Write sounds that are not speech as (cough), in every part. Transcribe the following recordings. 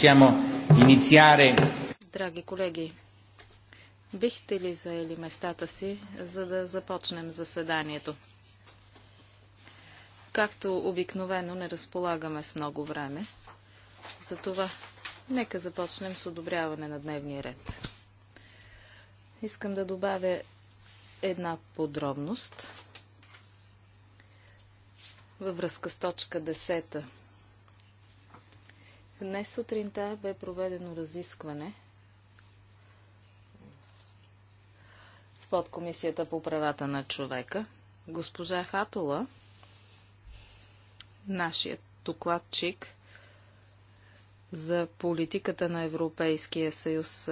Possiamo iniziare. Драги колеги, бихте ли заели местата си, за да започнем заседанието? Както обикновено не разполагаме с много време, затова нека започнем с одобряване на дневния ред. Искам да добавя една подробност във връзка с точка 10 Днес сутринта бе проведено разискване под Комисията по правата на човека. Госпожа Хатола, нашият докладчик за политиката на Европейския съюз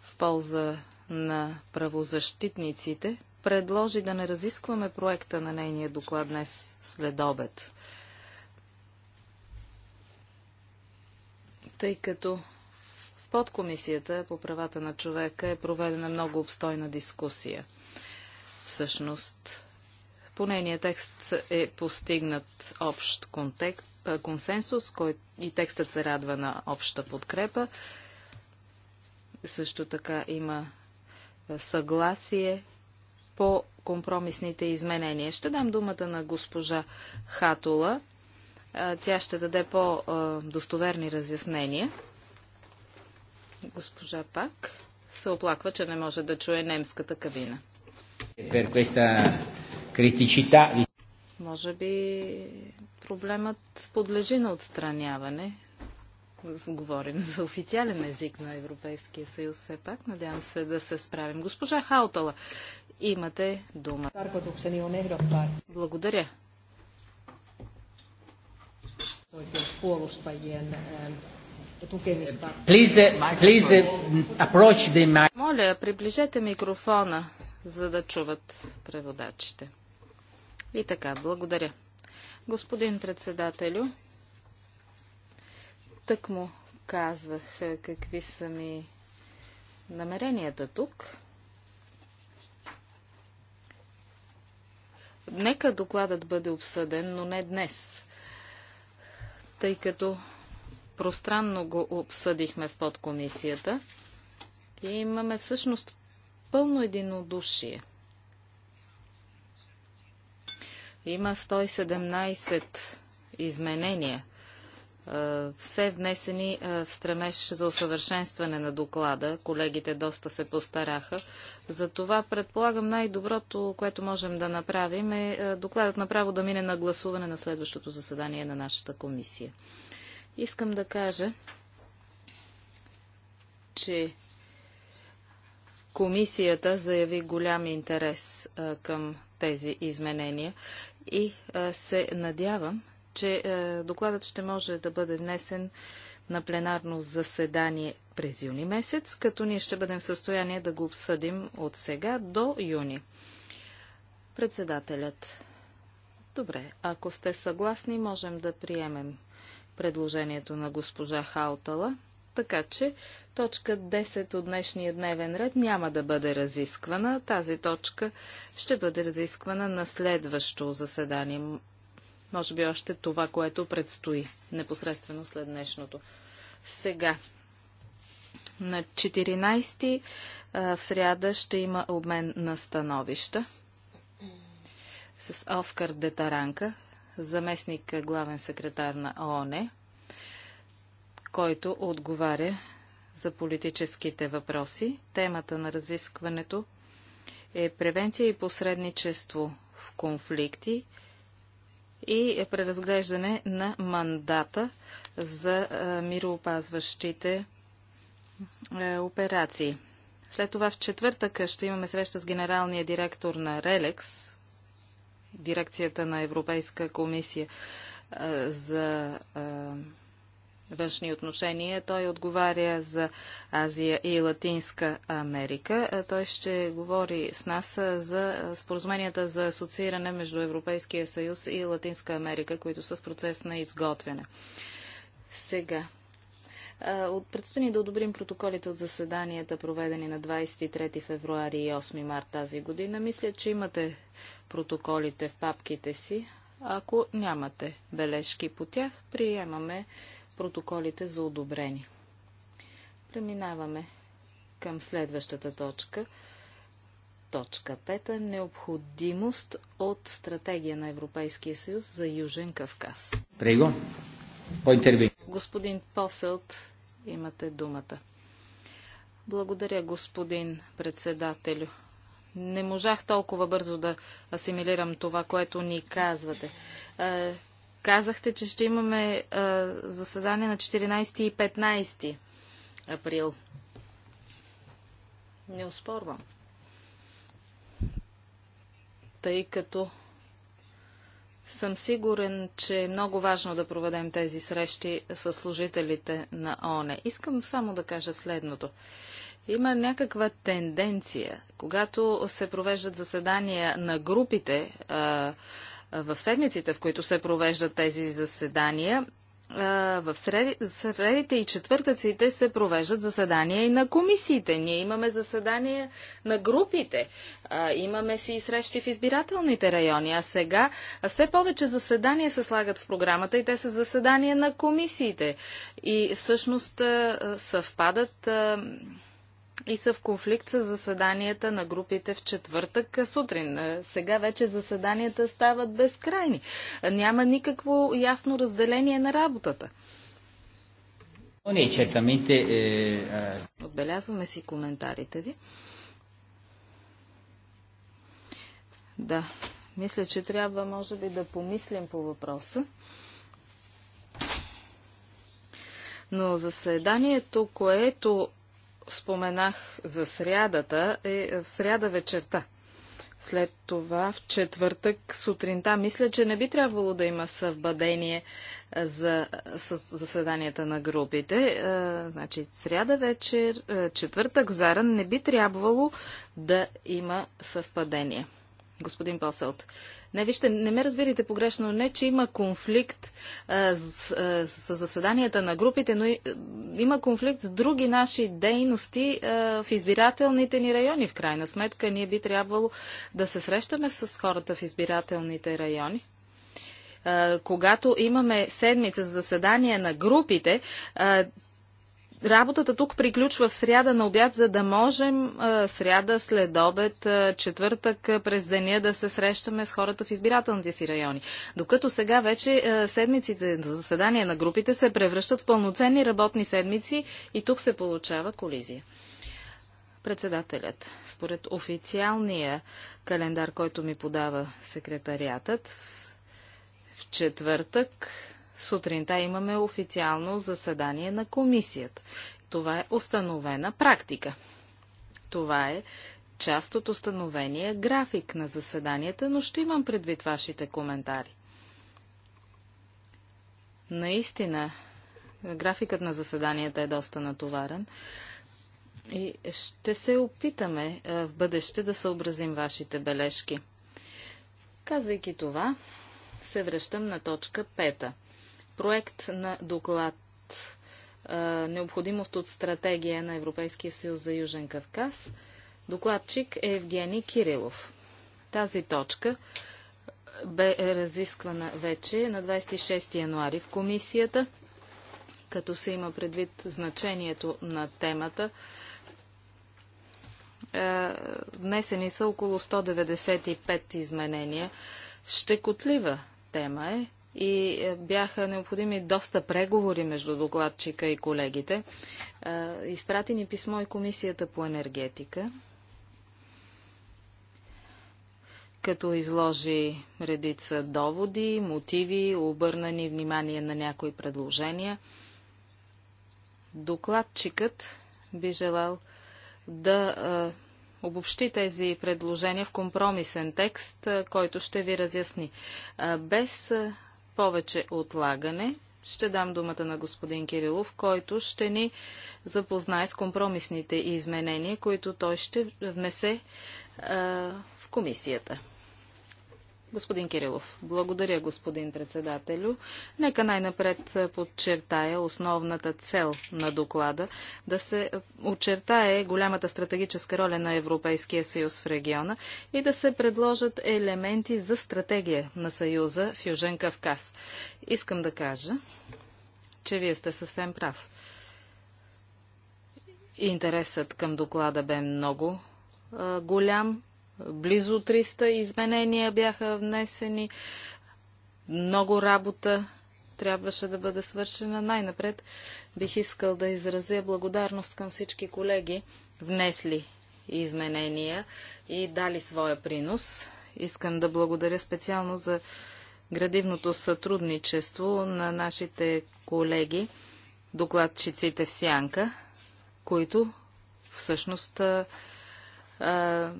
в полза на правозащитниците, предложи да не разискваме проекта на нейния доклад днес след обед. тъй като в подкомисията по правата на човека е проведена много обстойна дискусия. Всъщност, по нейния текст е постигнат общ контекст, консенсус, кой и текстът се радва на обща подкрепа. Също така има съгласие по компромисните изменения. Ще дам думата на госпожа Хатула тя ще даде по-достоверни разяснения. Госпожа Пак се оплаква, че не може да чуе немската кабина. Може би проблемът подлежи на отстраняване. Говорим за официален език на Европейския съюз все пак. Надявам се да се справим. Госпожа Хаутала, имате дума. Благодаря. Please, please approach the... Моля, приближете микрофона, за да чуват преводачите. И така, благодаря. Господин председателю, тък му казвах е, какви са ми намеренията тук. Нека докладът бъде обсъден, но не днес тъй като пространно го обсъдихме в подкомисията и имаме всъщност пълно единодушие. Има 117 изменения – е, все внесени е, в стремеж за усъвършенстване на доклада. Колегите доста се постараха. Затова предполагам най-доброто, което можем да направим е, е докладът направо да мине на гласуване на следващото заседание на нашата комисия. Искам да кажа, че комисията заяви голям интерес към тези изменения и се надявам, че е, докладът ще може да бъде внесен на пленарно заседание през юни месец, като ние ще бъдем в състояние да го обсъдим от сега до юни. Председателят. Добре, ако сте съгласни, можем да приемем предложението на госпожа Хаутала, така че точка 10 от днешния дневен ред няма да бъде разисквана. Тази точка ще бъде разисквана на следващо заседание. Може би още това, което предстои непосредствено след днешното. Сега, на 14 в сряда ще има обмен на становища с Оскар Детаранка, заместник главен секретар на ООН, който отговаря за политическите въпроси. Темата на разискването е превенция и посредничество в конфликти и преразглеждане на мандата за мироопазващите операции. След това в четвъртък ще имаме среща с генералния директор на Релекс, дирекцията на Европейска комисия за външни отношения. Той отговаря за Азия и Латинска Америка. Той ще говори с нас за споразуменията за асоцииране между Европейския съюз и Латинска Америка, които са в процес на изготвяне. Сега. предстои ни да одобрим протоколите от заседанията, проведени на 23 февруари и 8 март тази година. Мисля, че имате протоколите в папките си. Ако нямате бележки по тях, приемаме протоколите за одобрени. Преминаваме към следващата точка. Точка 5. Необходимост от стратегия на Европейския съюз за Южен Кавказ. Прего. Господин Поселт, имате думата. Благодаря, господин председателю. Не можах толкова бързо да асимилирам това, което ни казвате. Е, Казахте, че ще имаме а, заседание на 14 и 15 април. Не успорвам. Тъй като съм сигурен, че е много важно да проведем тези срещи с служителите на ОНЕ. Искам само да кажа следното. Има някаква тенденция, когато се провеждат заседания на групите, а, в седмиците, в които се провеждат тези заседания, в средите и четвъртъците се провеждат заседания и на комисиите. Ние имаме заседания на групите. имаме си и срещи в избирателните райони. А сега все повече заседания се слагат в програмата и те са заседания на комисиите. И всъщност съвпадат и са в конфликт с заседанията на групите в четвъртък сутрин. Е, сега вече заседанията стават безкрайни. Е, няма никакво ясно разделение на работата. Е, Отбелязваме си коментарите ви. Да, мисля, че трябва, може би, да помислим по въпроса. Но заседанието, което споменах за срядата е в сряда вечерта. След това в четвъртък сутринта. Мисля, че не би трябвало да има съвпадение за заседанията на групите. Значи, сряда вечер, четвъртък заран не би трябвало да има съвпадение. Господин Поселт, не, вижте, не ме разбирайте погрешно. Не, че има конфликт а, с, а, с заседанията на групите, но и, а, има конфликт с други наши дейности а, в избирателните ни райони. В крайна сметка, ние би трябвало да се срещаме с хората в избирателните райони когато имаме седмица за на групите, Работата тук приключва в сряда на обяд, за да можем сряда след обед, четвъртък през деня да се срещаме с хората в избирателните си райони. Докато сега вече седмиците за заседания на групите се превръщат в пълноценни работни седмици и тук се получава колизия председателят. Според официалния календар, който ми подава секретариатът, в четвъртък сутринта имаме официално заседание на комисията. Това е установена практика. Това е част от установения график на заседанията, но ще имам предвид вашите коментари. Наистина, графикът на заседанията е доста натоварен и ще се опитаме е, в бъдеще да съобразим вашите бележки. Казвайки това, се връщам на точка 5 проект на доклад Необходимост от стратегия на Европейския съюз за Южен Кавказ. Докладчик е Евгений Кирилов. Тази точка бе разисквана вече на 26 януари в комисията, като се има предвид значението на темата. Внесени са около 195 изменения. Щекотлива тема е и е, бяха необходими доста преговори между докладчика и колегите. Е, изпрати ни писмо и Комисията по енергетика, като изложи редица доводи, мотиви, обърнани внимание на някои предложения. Докладчикът би желал да е, обобщи тези предложения в компромисен текст, който ще ви разясни. Без повече отлагане. Ще дам думата на господин Кирилов, който ще ни запознае с компромисните изменения, които той ще внесе а, в комисията. Господин Кирилов, благодаря, господин председателю. Нека най-напред подчертая основната цел на доклада да се очертае голямата стратегическа роля на Европейския съюз в региона и да се предложат елементи за стратегия на съюза в Южен Кавказ. Искам да кажа, че вие сте съвсем прав. Интересът към доклада бе много голям. Близо 300 изменения бяха внесени. Много работа трябваше да бъде свършена. Най-напред бих искал да изразя благодарност към всички колеги, внесли изменения и дали своя принос. Искам да благодаря специално за градивното сътрудничество на нашите колеги, докладчиците в Сянка, които всъщност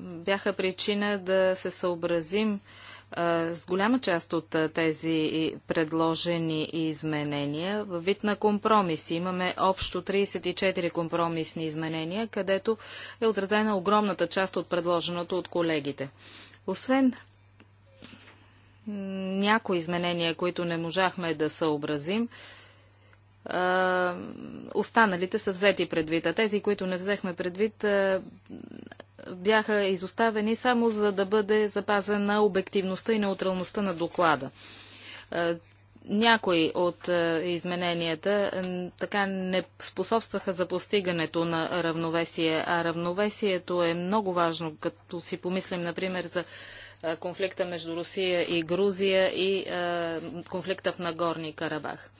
бяха причина да се съобразим с голяма част от тези предложени изменения във вид на компромиси. Имаме общо 34 компромисни изменения, където е отразена огромната част от предложеното от колегите. Освен някои изменения, които не можахме да съобразим, останалите са взети предвид, а тези, които не взехме предвид, бяха изоставени само за да бъде запазена обективността и неутралността на доклада. Е, някои от е, измененията така не способстваха за постигането на равновесие, а равновесието е много важно, като си помислим, например, за е, конфликта между Русия и Грузия и конфликта в Нагорни Карабах.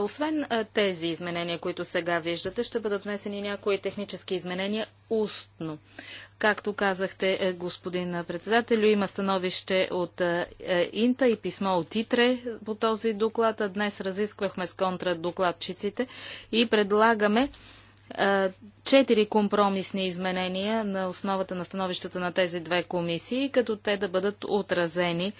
Освен тези изменения, които сега виждате, ще бъдат внесени някои технически изменения устно. Както казахте, е, господин председателю, има становище от е, е, Инта и писмо от Итре по този доклад. А днес разисквахме с контрадокладчиците и предлагаме четири компромисни изменения на основата на становищата на тези две комисии, като те да бъдат отразени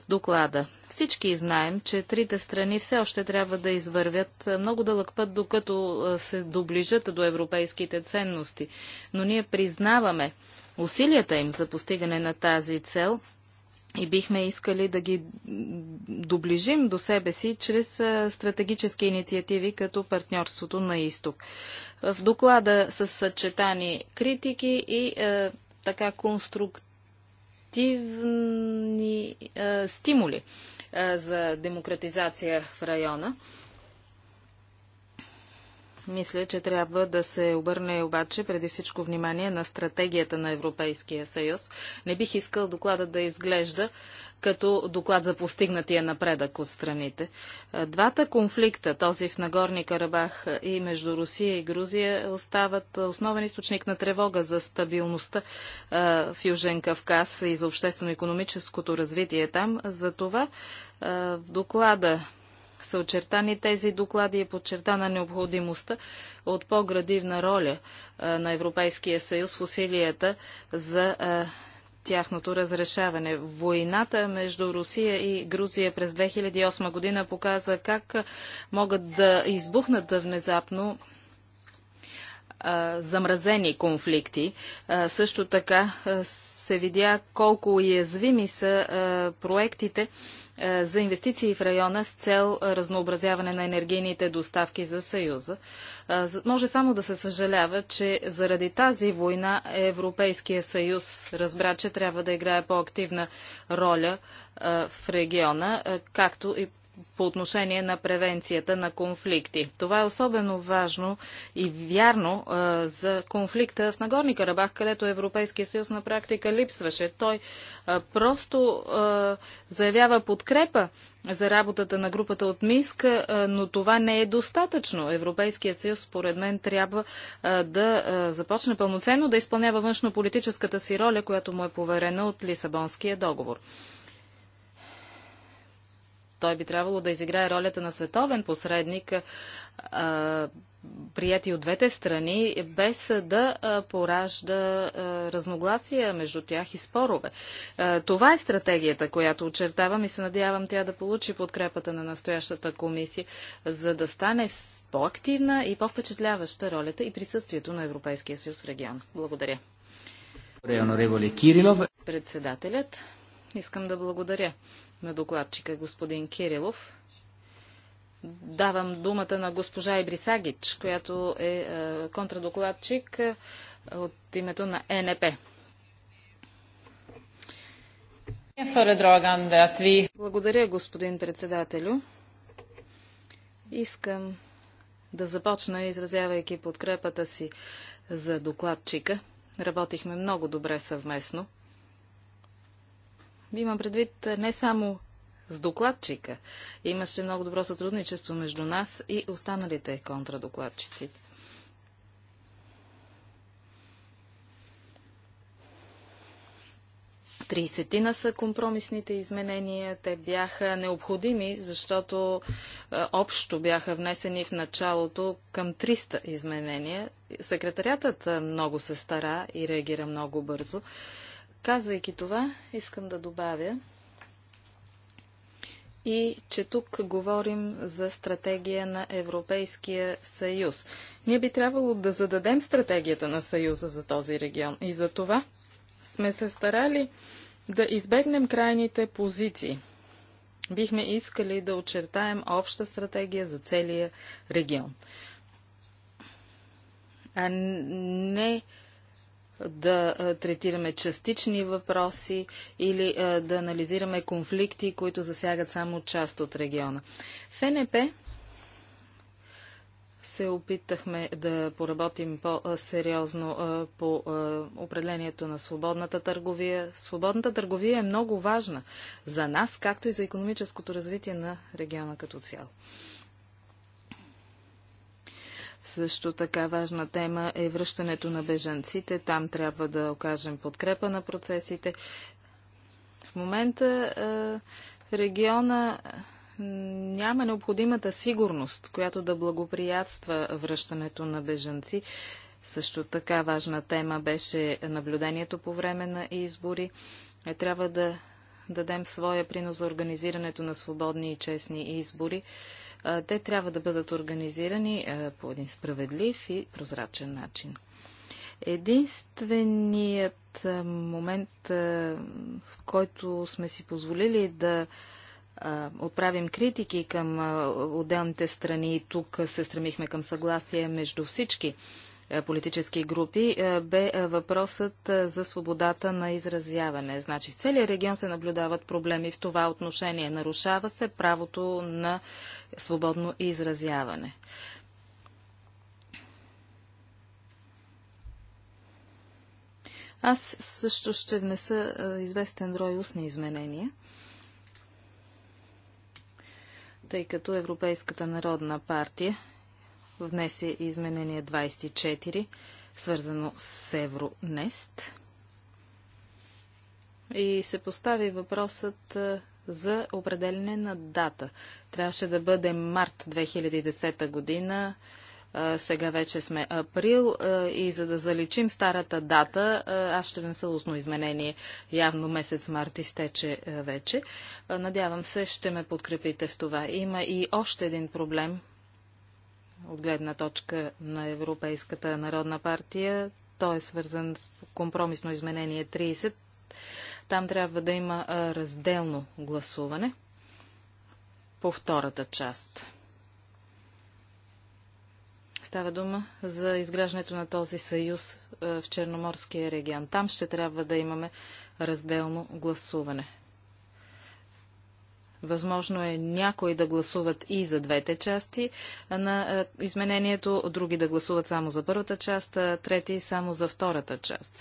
в доклада. Всички знаем, че трите страни все още трябва да извървят много дълъг път, докато се доближат до европейските ценности. Но ние признаваме усилията им за постигане на тази цел и бихме искали да ги доближим до себе си чрез стратегически инициативи като партньорството на изток. В доклада са съчетани критики и е, така конструктивни активни стимули за демократизация в района. Мисля, че трябва да се обърне обаче преди всичко внимание на стратегията на Европейския съюз. Не бих искал доклада да изглежда като доклад за постигнатия напредък от страните. Двата конфликта, този в Нагорни Карабах и между Русия и Грузия, остават основен източник на тревога за стабилността в Южен Кавказ и за обществено-економическото развитие там. За това в доклада са очертани тези доклади и е подчертана необходимостта от по-градивна роля на Европейския съюз в усилията за тяхното разрешаване. Войната между Русия и Грузия през 2008 година показа как могат да избухнат внезапно замразени конфликти. също така се видя колко уязвими са проектите е, за инвестиции в района с цел е, разнообразяване на енергийните доставки за Съюза. Е, може само да се съжалява, че заради тази война Европейския съюз разбра, че трябва да играе по-активна роля в региона, както и по отношение на превенцията на конфликти. Това е особено важно и вярно а, за конфликта в Нагорни Карабах, където Европейския съюз на практика липсваше. Той а, просто а, заявява подкрепа за работата на групата от МИСК, но това не е достатъчно. Европейският съюз, според мен, трябва да започне пълноценно да изпълнява външно-политическата си роля, която му е поверена от Лисабонския договор. Той би трябвало да изиграе ролята на световен посредник, прияти от двете страни, без да поражда разногласия между тях и спорове. Това е стратегията, която очертавам и се надявам тя да получи подкрепата на настоящата комисия, за да стане по-активна и по-впечатляваща ролята и присъствието на Европейския съюз в региона. Благодаря. Председателят, искам да благодаря на докладчика господин Кирилов. Давам думата на госпожа Ибрисагич, която е, е контрадокладчик е, от името на ЕНП. Е Благодаря, господин председателю. Искам да започна, изразявайки подкрепата си за докладчика. Работихме много добре съвместно. Имам предвид не само с докладчика. Имаше много добро сътрудничество между нас и останалите контрадокладчици. Трисетина са компромисните изменения. Те бяха необходими, защото общо бяха внесени в началото към 300 изменения. Секретарятът много се стара и реагира много бързо. Казвайки това, искам да добавя и че тук говорим за стратегия на Европейския съюз. Ние би трябвало да зададем стратегията на съюза за този регион и за това сме се старали да избегнем крайните позиции. Бихме искали да очертаем обща стратегия за целия регион. А не да третираме частични въпроси или да анализираме конфликти, които засягат само част от региона. В НП се опитахме да поработим по-сериозно по определението на свободната търговия. Свободната търговия е много важна за нас, както и за економическото развитие на региона като цяло. Също така важна тема е връщането на бежанците. Там трябва да окажем подкрепа на процесите. В момента в региона няма необходимата сигурност, която да благоприятства връщането на бежанци. Също така важна тема беше наблюдението по време на избори. Е, трябва да дадем своя принос за организирането на свободни и честни избори те трябва да бъдат организирани по един справедлив и прозрачен начин. Единственият момент, в който сме си позволили да отправим критики към отделните страни и тук се стремихме към съгласие между всички е, политически групи, е, бе е, въпросът за свободата на изразяване. Значи в целия регион се наблюдават проблеми в това отношение. Нарушава се правото на свободно изразяване. Аз също ще внеса известен брой устни изменения тъй като Европейската народна партия внесе изменение 24, свързано с Евронест. И се постави въпросът за определене на дата. Трябваше да бъде март 2010 година. Сега вече сме април и за да заличим старата дата, аз ще внеса устно изменение. Явно месец март изтече вече. Надявам се, ще ме подкрепите в това. Има и още един проблем, от гледна точка на Европейската народна партия. Той е свързан с компромисно изменение 30. Там трябва да има разделно гласуване по втората част. Става дума за изграждането на този съюз в Черноморския регион. Там ще трябва да имаме разделно гласуване. Възможно е някои да гласуват и за двете части на е, изменението, други да гласуват само за първата част, а трети само за втората част.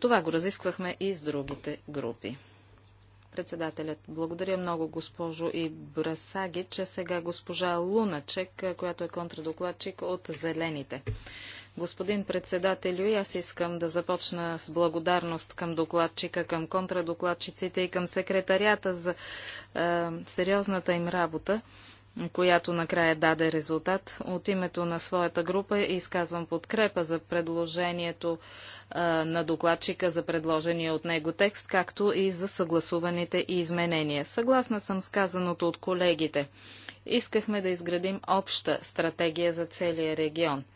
Това го разисквахме и с другите групи. Председателят, благодаря много госпожо и Брасаги, че сега госпожа Луначек, е, която е контрадокладчик от Зелените. Господин председателю, и аз искам да започна с благодарност към докладчика, към контрадокладчиците и към секретарията за е, сериозната им работа която накрая даде резултат. От името на своята група изказвам подкрепа за предложението е, на докладчика за предложения от него текст, както и за съгласуваните изменения. Съгласна съм с казаното от колегите. Искахме да изградим обща стратегия за целия регион –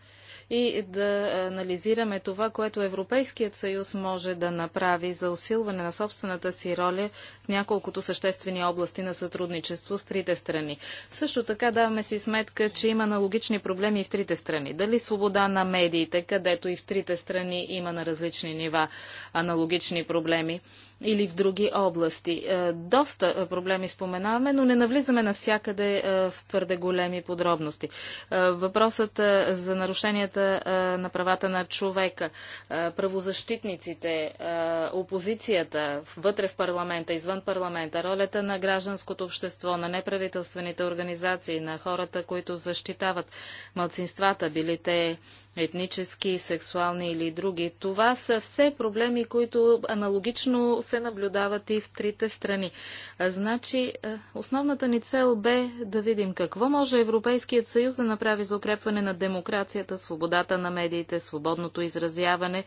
и да анализираме това, което Европейският съюз може да направи за усилване на собствената си роля в няколкото съществени области на сътрудничество с трите страни. Също така даваме си сметка, че има аналогични проблеми и в трите страни. Дали свобода на медиите, където и в трите страни има на различни нива аналогични проблеми или в други области. Е, доста е, проблеми споменаваме, но не навлизаме навсякъде е, в твърде големи подробности. Въпросът за нарушенията на правата на човека, правозащитниците, опозицията вътре в парламента, извън парламента, ролята на гражданското общество, на неправителствените организации, на хората, които защитават мълцинствата, били те етнически, сексуални или други. Това са все проблеми, които аналогично се наблюдават и в трите страни. А, значи, основната ни цел бе да видим какво може Европейският съюз да направи за укрепване на демокрацията, свободата на медиите, свободното изразяване,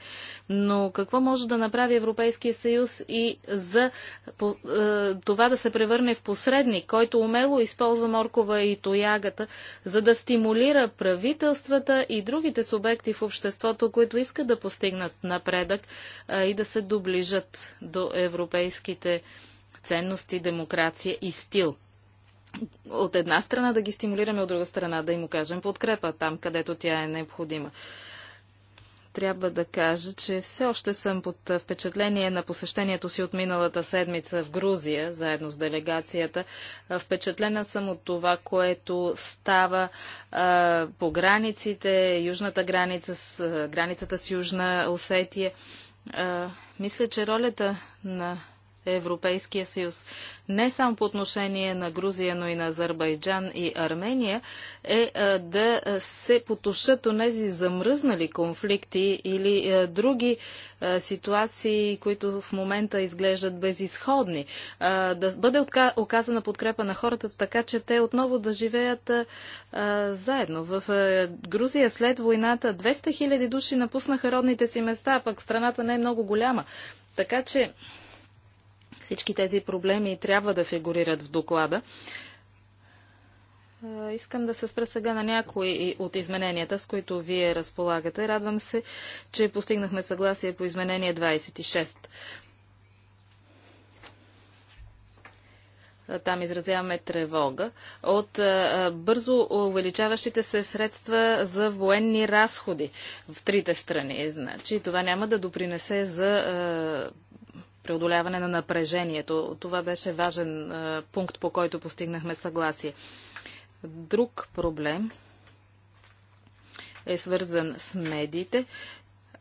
но какво може да направи Европейския съюз и за по, е, това да се превърне в посредник, който умело използва моркова и тоягата, за да стимулира правителствата и другите субъекти субекти в обществото, които искат да постигнат напредък и да се доближат до европейските ценности, демокрация и стил. От една страна да ги стимулираме, от друга страна да им окажем подкрепа там, където тя е необходима трябва да кажа, че все още съм под впечатление на посещението си от миналата седмица в Грузия, заедно с делегацията. Впечатлена съм от това, което става а, по границите, южната граница, с, а, границата с Южна Осетия. А, мисля, че ролята на Европейския съюз, не само по отношение на Грузия, но и на Азербайджан и Армения, е, е да се потушат онези замръзнали конфликти или е, други е, ситуации, които в момента изглеждат безисходни. Да бъде оказана подкрепа на хората, така че те отново да живеят заедно. В Грузия след войната 200 000 души напуснаха родните си места, пък страната не е много голяма. Така че всички тези проблеми трябва да фигурират в доклада. Искам да се спра сега на някои от измененията, с които вие разполагате. Радвам се, че постигнахме съгласие по изменение 26. там изразяваме тревога, от бързо увеличаващите се средства за военни разходи в трите страни. Значи това няма да допринесе за преодоляване на напрежението. Това беше важен е, пункт, по който постигнахме съгласие. Друг проблем е свързан с медиите.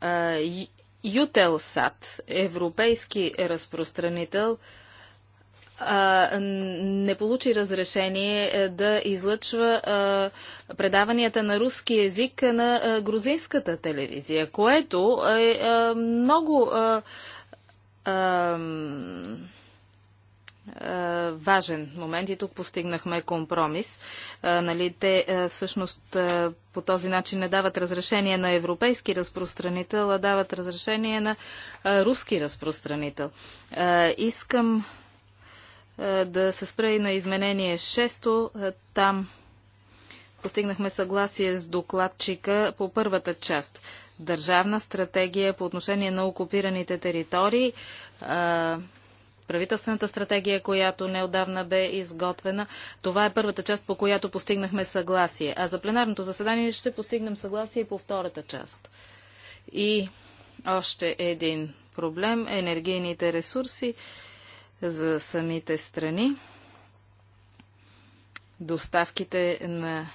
Е, Ютелсат, европейски разпространител, е, не получи разрешение да излъчва предаванията на руски язик на грузинската телевизия, което е много важен момент и тук постигнахме компромис. Нали, те всъщност по този начин не дават разрешение на европейски разпространител, а дават разрешение на руски разпространител. Искам да се спра и на изменение 6. Там постигнахме съгласие с докладчика по първата част държавна стратегия по отношение на окупираните територии, правителствената стратегия, която неодавна бе изготвена. Това е първата част, по която постигнахме съгласие. А за пленарното заседание ще постигнем съгласие по втората част. И още един проблем – енергийните ресурси за самите страни. Доставките на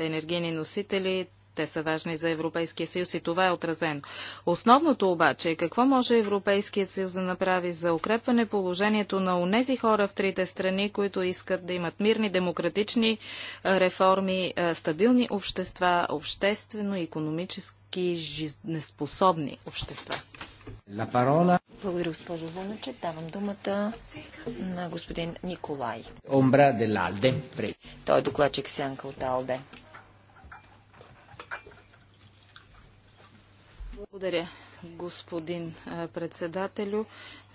енергийни носители те са важни за Европейския съюз и това е отразено. Основното обаче е какво може Европейският съюз да направи за укрепване положението на унези хора в трите страни, които искат да имат мирни, демократични реформи, стабилни общества, обществено и економически жизнеспособни общества. Благодаря, госпожо Луначе. Давам думата на господин Николай. Омбра де Той е докладчик сянка от Алде. Благодаря, господин председателю.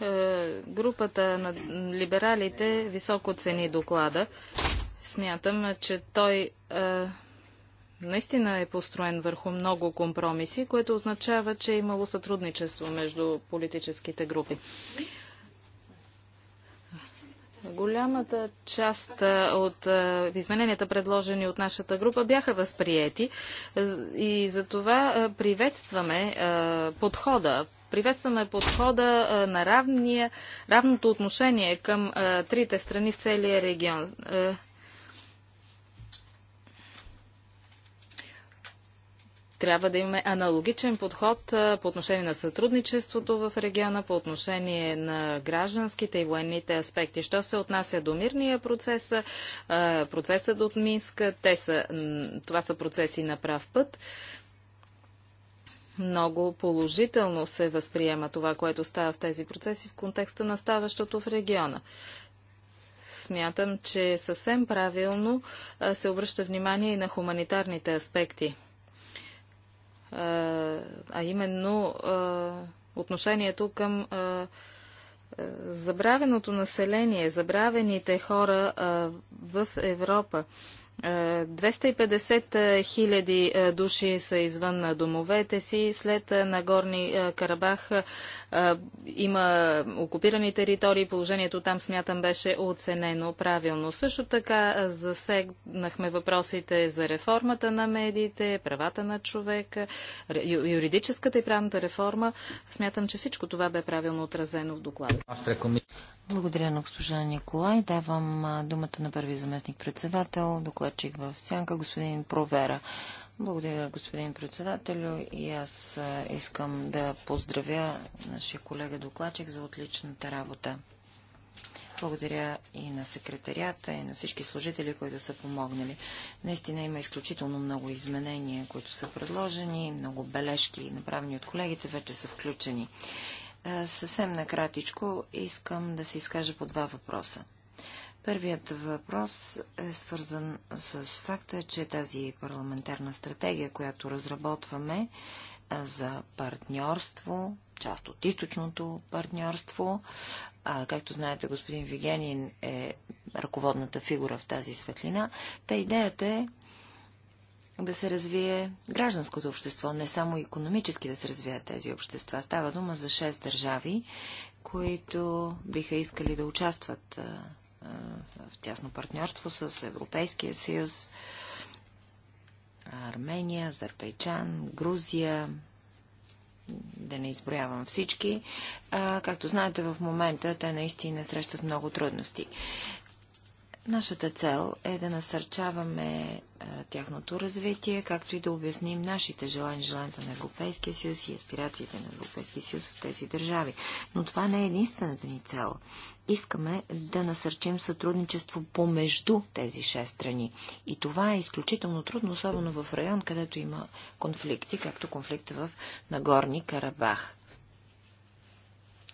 Е, групата на либералите високо цени доклада. Смятам, че той наистина е построен върху много компромиси, което означава, че е имало сътрудничество между политическите групи. Голямата част от измененията, предложени от нашата група, бяха възприети и за това приветстваме подхода. Приветстваме подхода на равния, равното отношение към трите страни в целия регион. Трябва да имаме аналогичен подход по отношение на сътрудничеството в региона, по отношение на гражданските и военните аспекти. Що се отнася до мирния процес, процесът от Минск, те са, това са процеси на прав път много положително се възприема това, което става в тези процеси в контекста на ставащото в региона. Смятам, че съвсем правилно се обръща внимание и на хуманитарните аспекти а именно отношението към забравеното население, забравените хора в Европа. 250 е, е, хиляди е, души са извън домовете си. След Нагорни Карабах има окупирани територии. Положението там, смятам, беше оценено правилно. Също така засегнахме въпросите за реформата на медиите, правата на човека, юридическата и правната реформа. Смятам, че всичко това бе правилно отразено в доклада. Благодаря на госпожа Николай. Давам думата на първи заместник председател, доклад докладчик в сянка, господин Провера. Благодаря, господин председателю. И аз искам да поздравя нашия колега докладчик за отличната работа. Благодаря и на секретарията, и на всички служители, които са помогнали. Наистина има изключително много изменения, които са предложени, много бележки, направени от колегите, вече са включени. Съвсем накратичко искам да се изкажа по два въпроса. Първият въпрос е свързан с факта, че тази парламентарна стратегия, която разработваме е, за партньорство, част от източното партньорство, а, както знаете, господин Вигенин е ръководната фигура в тази светлина, та идеята е да се развие гражданското общество, не само економически да се развият тези общества. Става дума за 6 държави, които биха искали да участват в тясно партньорство с Европейския съюз, Армения, Азербайджан, Грузия, да не изброявам всички. както знаете, в момента те наистина срещат много трудности. Нашата цел е да насърчаваме тяхното развитие, както и да обясним нашите желания, желанията на Европейския съюз и аспирациите на Европейския съюз в тези държави. Но това не е единствената ни цел искаме да насърчим сътрудничество помежду тези шест страни. И това е изключително трудно, особено в район, където има конфликти, както конфликта в Нагорни Карабах.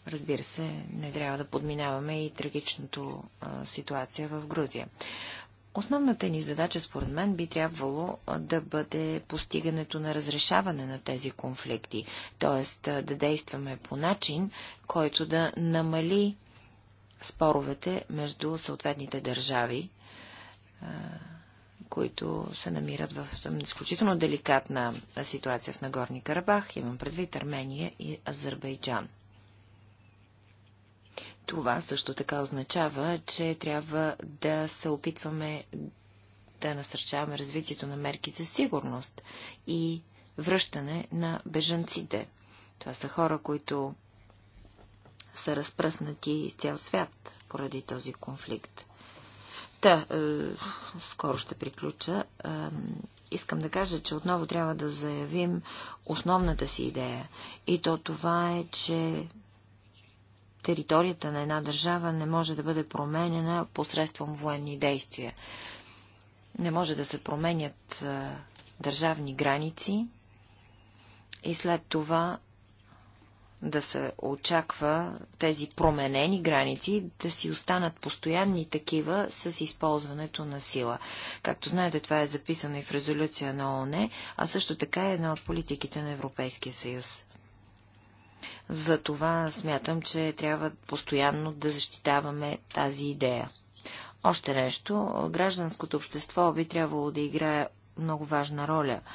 Разбира се, не трябва да подминаваме и трагичната ситуация в Грузия. Основната ни задача, според мен, би трябвало да бъде постигането на разрешаване на тези конфликти, т.е. да действаме по начин, който да намали споровете между съответните държави, които се намират в изключително деликатна ситуация в Нагорни Карабах, имам предвид Армения и Азербайджан. Това също така означава, че трябва да се опитваме да насърчаваме развитието на мерки за сигурност и връщане на бежанците. Това са хора, които са разпръснати из цял свят поради този конфликт. Та, е, скоро ще приключа. Е, искам да кажа, че отново трябва да заявим основната си идея. И то това е, че територията на една държава не може да бъде променена посредством военни действия. Не може да се променят е, държавни граници и след това да се очаква тези променени граници да си останат постоянни такива с използването на сила. Както знаете, това е записано и в резолюция на ООН, а също така е една от политиките на Европейския съюз. Затова смятам, че трябва постоянно да защитаваме тази идея. Още нещо, гражданското общество би трябвало да играе много важна роля –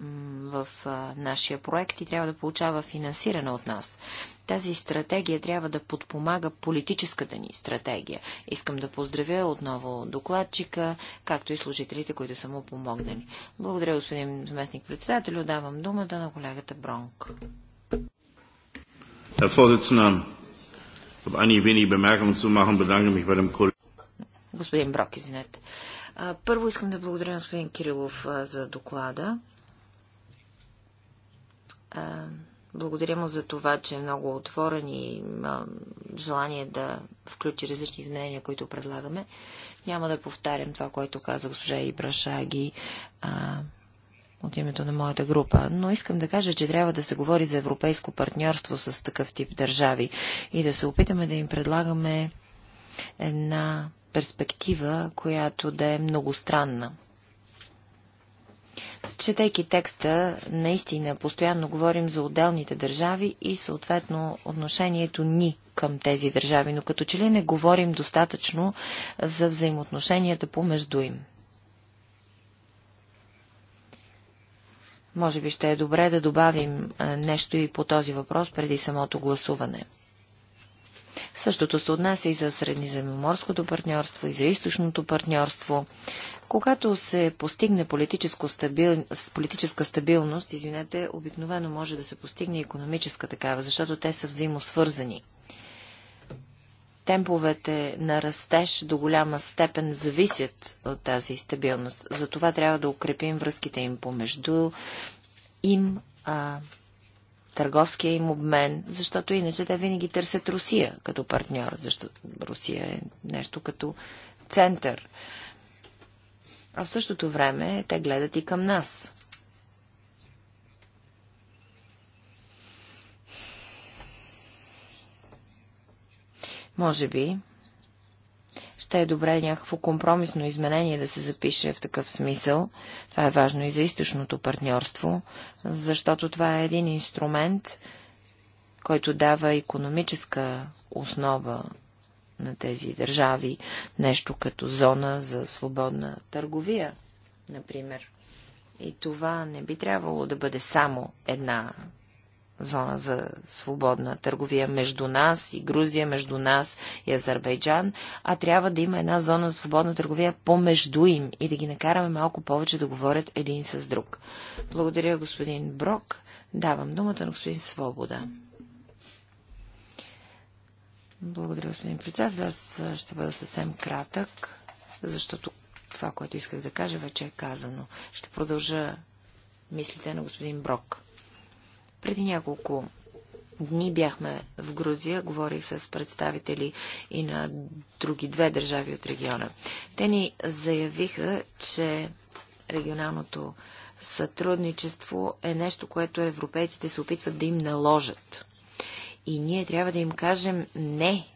в нашия проект и трябва да получава финансиране от нас. Тази стратегия трябва да подпомага политическата ни стратегия. Искам да поздравя отново докладчика, както и служителите, които са му помогнали. Благодаря, господин заместник председател. Давам думата на колегата Бронк. Господин Брок, извинете. Първо искам да благодаря господин Кирилов за доклада. Благодаря му за това, че е много отворен и има желание да включи различни изменения, които предлагаме. Няма да повтарям това, което каза госпожа Ибрашаги а, от името на моята група, но искам да кажа, че трябва да се говори за европейско партньорство с такъв тип държави и да се опитаме да им предлагаме една перспектива, която да е многостранна. Четейки текста, наистина постоянно говорим за отделните държави и съответно отношението ни към тези държави, но като че ли не говорим достатъчно за взаимоотношенията помежду им. Може би ще е добре да добавим нещо и по този въпрос преди самото гласуване. Същото се отнася и за Средиземноморското партньорство, и за източното партньорство. Когато се постигне стабил... политическа стабилност, извинете, обикновено може да се постигне економическа такава, защото те са взаимосвързани. Темповете на растеж до голяма степен зависят от тази стабилност. Затова трябва да укрепим връзките им помежду им, а, търговския им обмен, защото иначе те винаги търсят Русия като партньор, защото Русия е нещо като център а в същото време те гледат и към нас. Може би ще е добре някакво компромисно изменение да се запише в такъв смисъл. Това е важно и за източното партньорство, защото това е един инструмент, който дава економическа основа на тези държави, нещо като зона за свободна търговия, например. И това не би трябвало да бъде само една зона за свободна търговия между нас и Грузия, между нас и Азербайджан, а трябва да има една зона за свободна търговия помежду им и да ги накараме малко повече да говорят един с друг. Благодаря, господин Брок. Давам думата на господин Свобода. Благодаря, господин председател. Аз ще бъда съвсем кратък, защото това, което исках да кажа, вече е казано. Ще продължа мислите на господин Брок. Преди няколко дни бяхме в Грузия, говорих с представители и на други две държави от региона. Те ни заявиха, че регионалното сътрудничество е нещо, което европейците се опитват да им наложат. И ние трябва да им кажем не.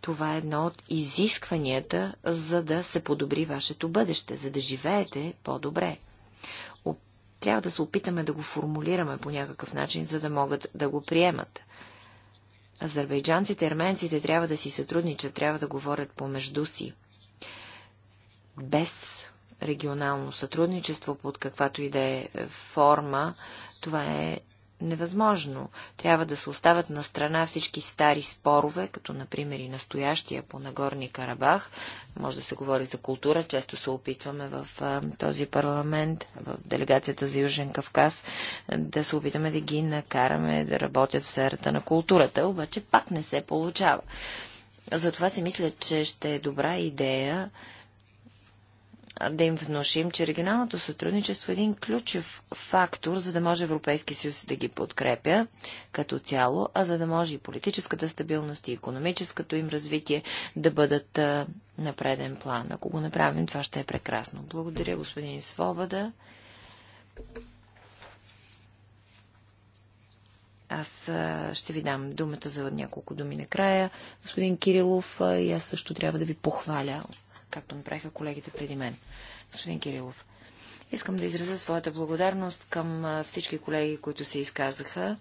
Това е едно от изискванията, за да се подобри вашето бъдеще, за да живеете по-добре. Трябва да се опитаме да го формулираме по някакъв начин, за да могат да го приемат. Азербайджанците и арменците трябва да си сътрудничат, трябва да говорят помежду си. Без регионално сътрудничество под каквато и да е форма, това е невъзможно. Трябва да се остават на страна всички стари спорове, като например и настоящия по Нагорни Карабах. Може да се говори за култура, често се опитваме в а, този парламент, в делегацията за Южен Кавказ, да се опитаме да ги накараме да работят в сферата на културата, обаче пак не се получава. Затова си мисля, че ще е добра идея да им внушим, че регионалното сътрудничество е един ключов фактор, за да може Европейски съюз да ги подкрепя като цяло, а за да може и политическата стабилност и економическото им развитие да бъдат на преден план. Ако го направим, това ще е прекрасно. Благодаря, господин Свобода. Аз ще ви дам думата за няколко думи накрая. Господин Кирилов, и аз също трябва да ви похваля както направиха колегите преди мен. Господин Кирилов, искам да изразя своята благодарност към всички колеги, които се изказаха.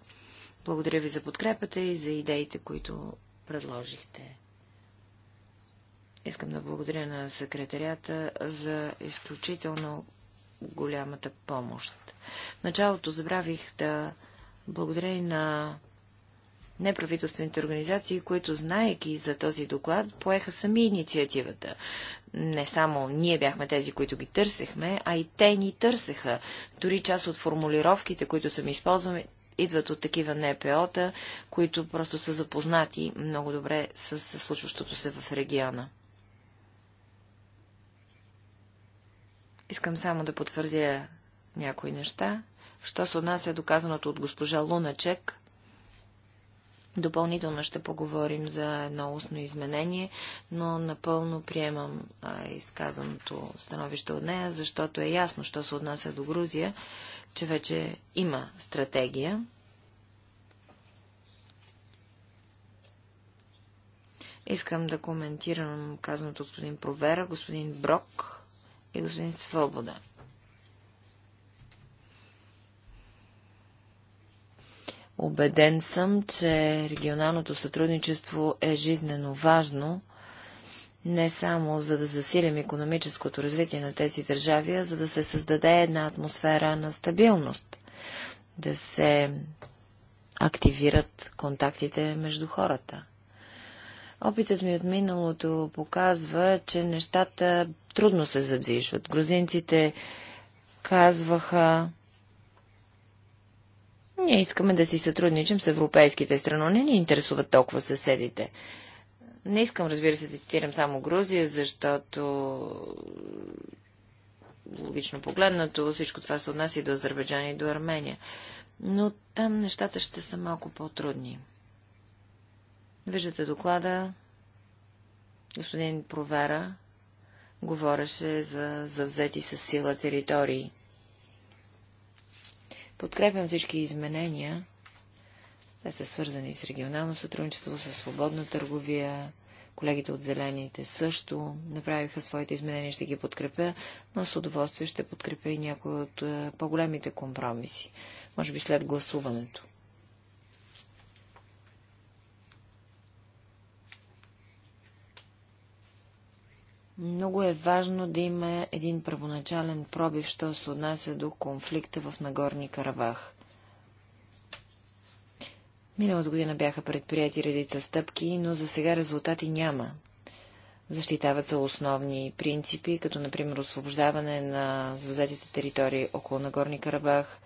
Благодаря ви за подкрепата и за идеите, които предложихте. Искам да благодаря на секретарията за изключително голямата помощ. В началото забравих да благодаря и на неправителствените организации, които, знаеки за този доклад, поеха сами инициативата не само ние бяхме тези, които ги търсехме, а и те ни търсеха. Дори част от формулировките, които съм използвам, идват от такива НПО-та, които просто са запознати много добре с случващото се в региона. Искам само да потвърдя някои неща. Що се отнася е доказаното от госпожа Луначек, Допълнително ще поговорим за едно устно изменение, но напълно приемам а, изказаното становище от нея, защото е ясно, що се отнася до Грузия, че вече има стратегия. Искам да коментирам казаното господин Провера, господин Брок и господин Свобода. Обеден съм, че регионалното сътрудничество е жизнено важно не само за да засилим економическото развитие на тези държави, а за да се създаде една атмосфера на стабилност, да се активират контактите между хората. Опитът ми от миналото показва, че нещата трудно се задвижват. Грузинците казваха, ние искаме да си сътрудничим с европейските страни. Не ни интересуват толкова съседите. Не искам, разбира се, да цитирам само Грузия, защото логично погледнато всичко това се отнася и до Азербайджан и до Армения. Но там нещата ще са малко по-трудни. Виждате доклада. Господин Провера говореше за завзети с сила територии. Подкрепям всички изменения. Те са свързани с регионално сътрудничество, с свободна търговия. Колегите от Зелените също направиха своите изменения, ще ги подкрепя, но с удоволствие ще подкрепя и някои от е, по-големите компромиси. Може би след гласуването. Много е важно да има един първоначален пробив, що се отнася до конфликта в Нагорни Карабах. Миналата година бяха предприяти редица стъпки, но за сега резултати няма. Защитават се основни принципи, като например освобождаване на завзетите територии около Нагорни Карабах,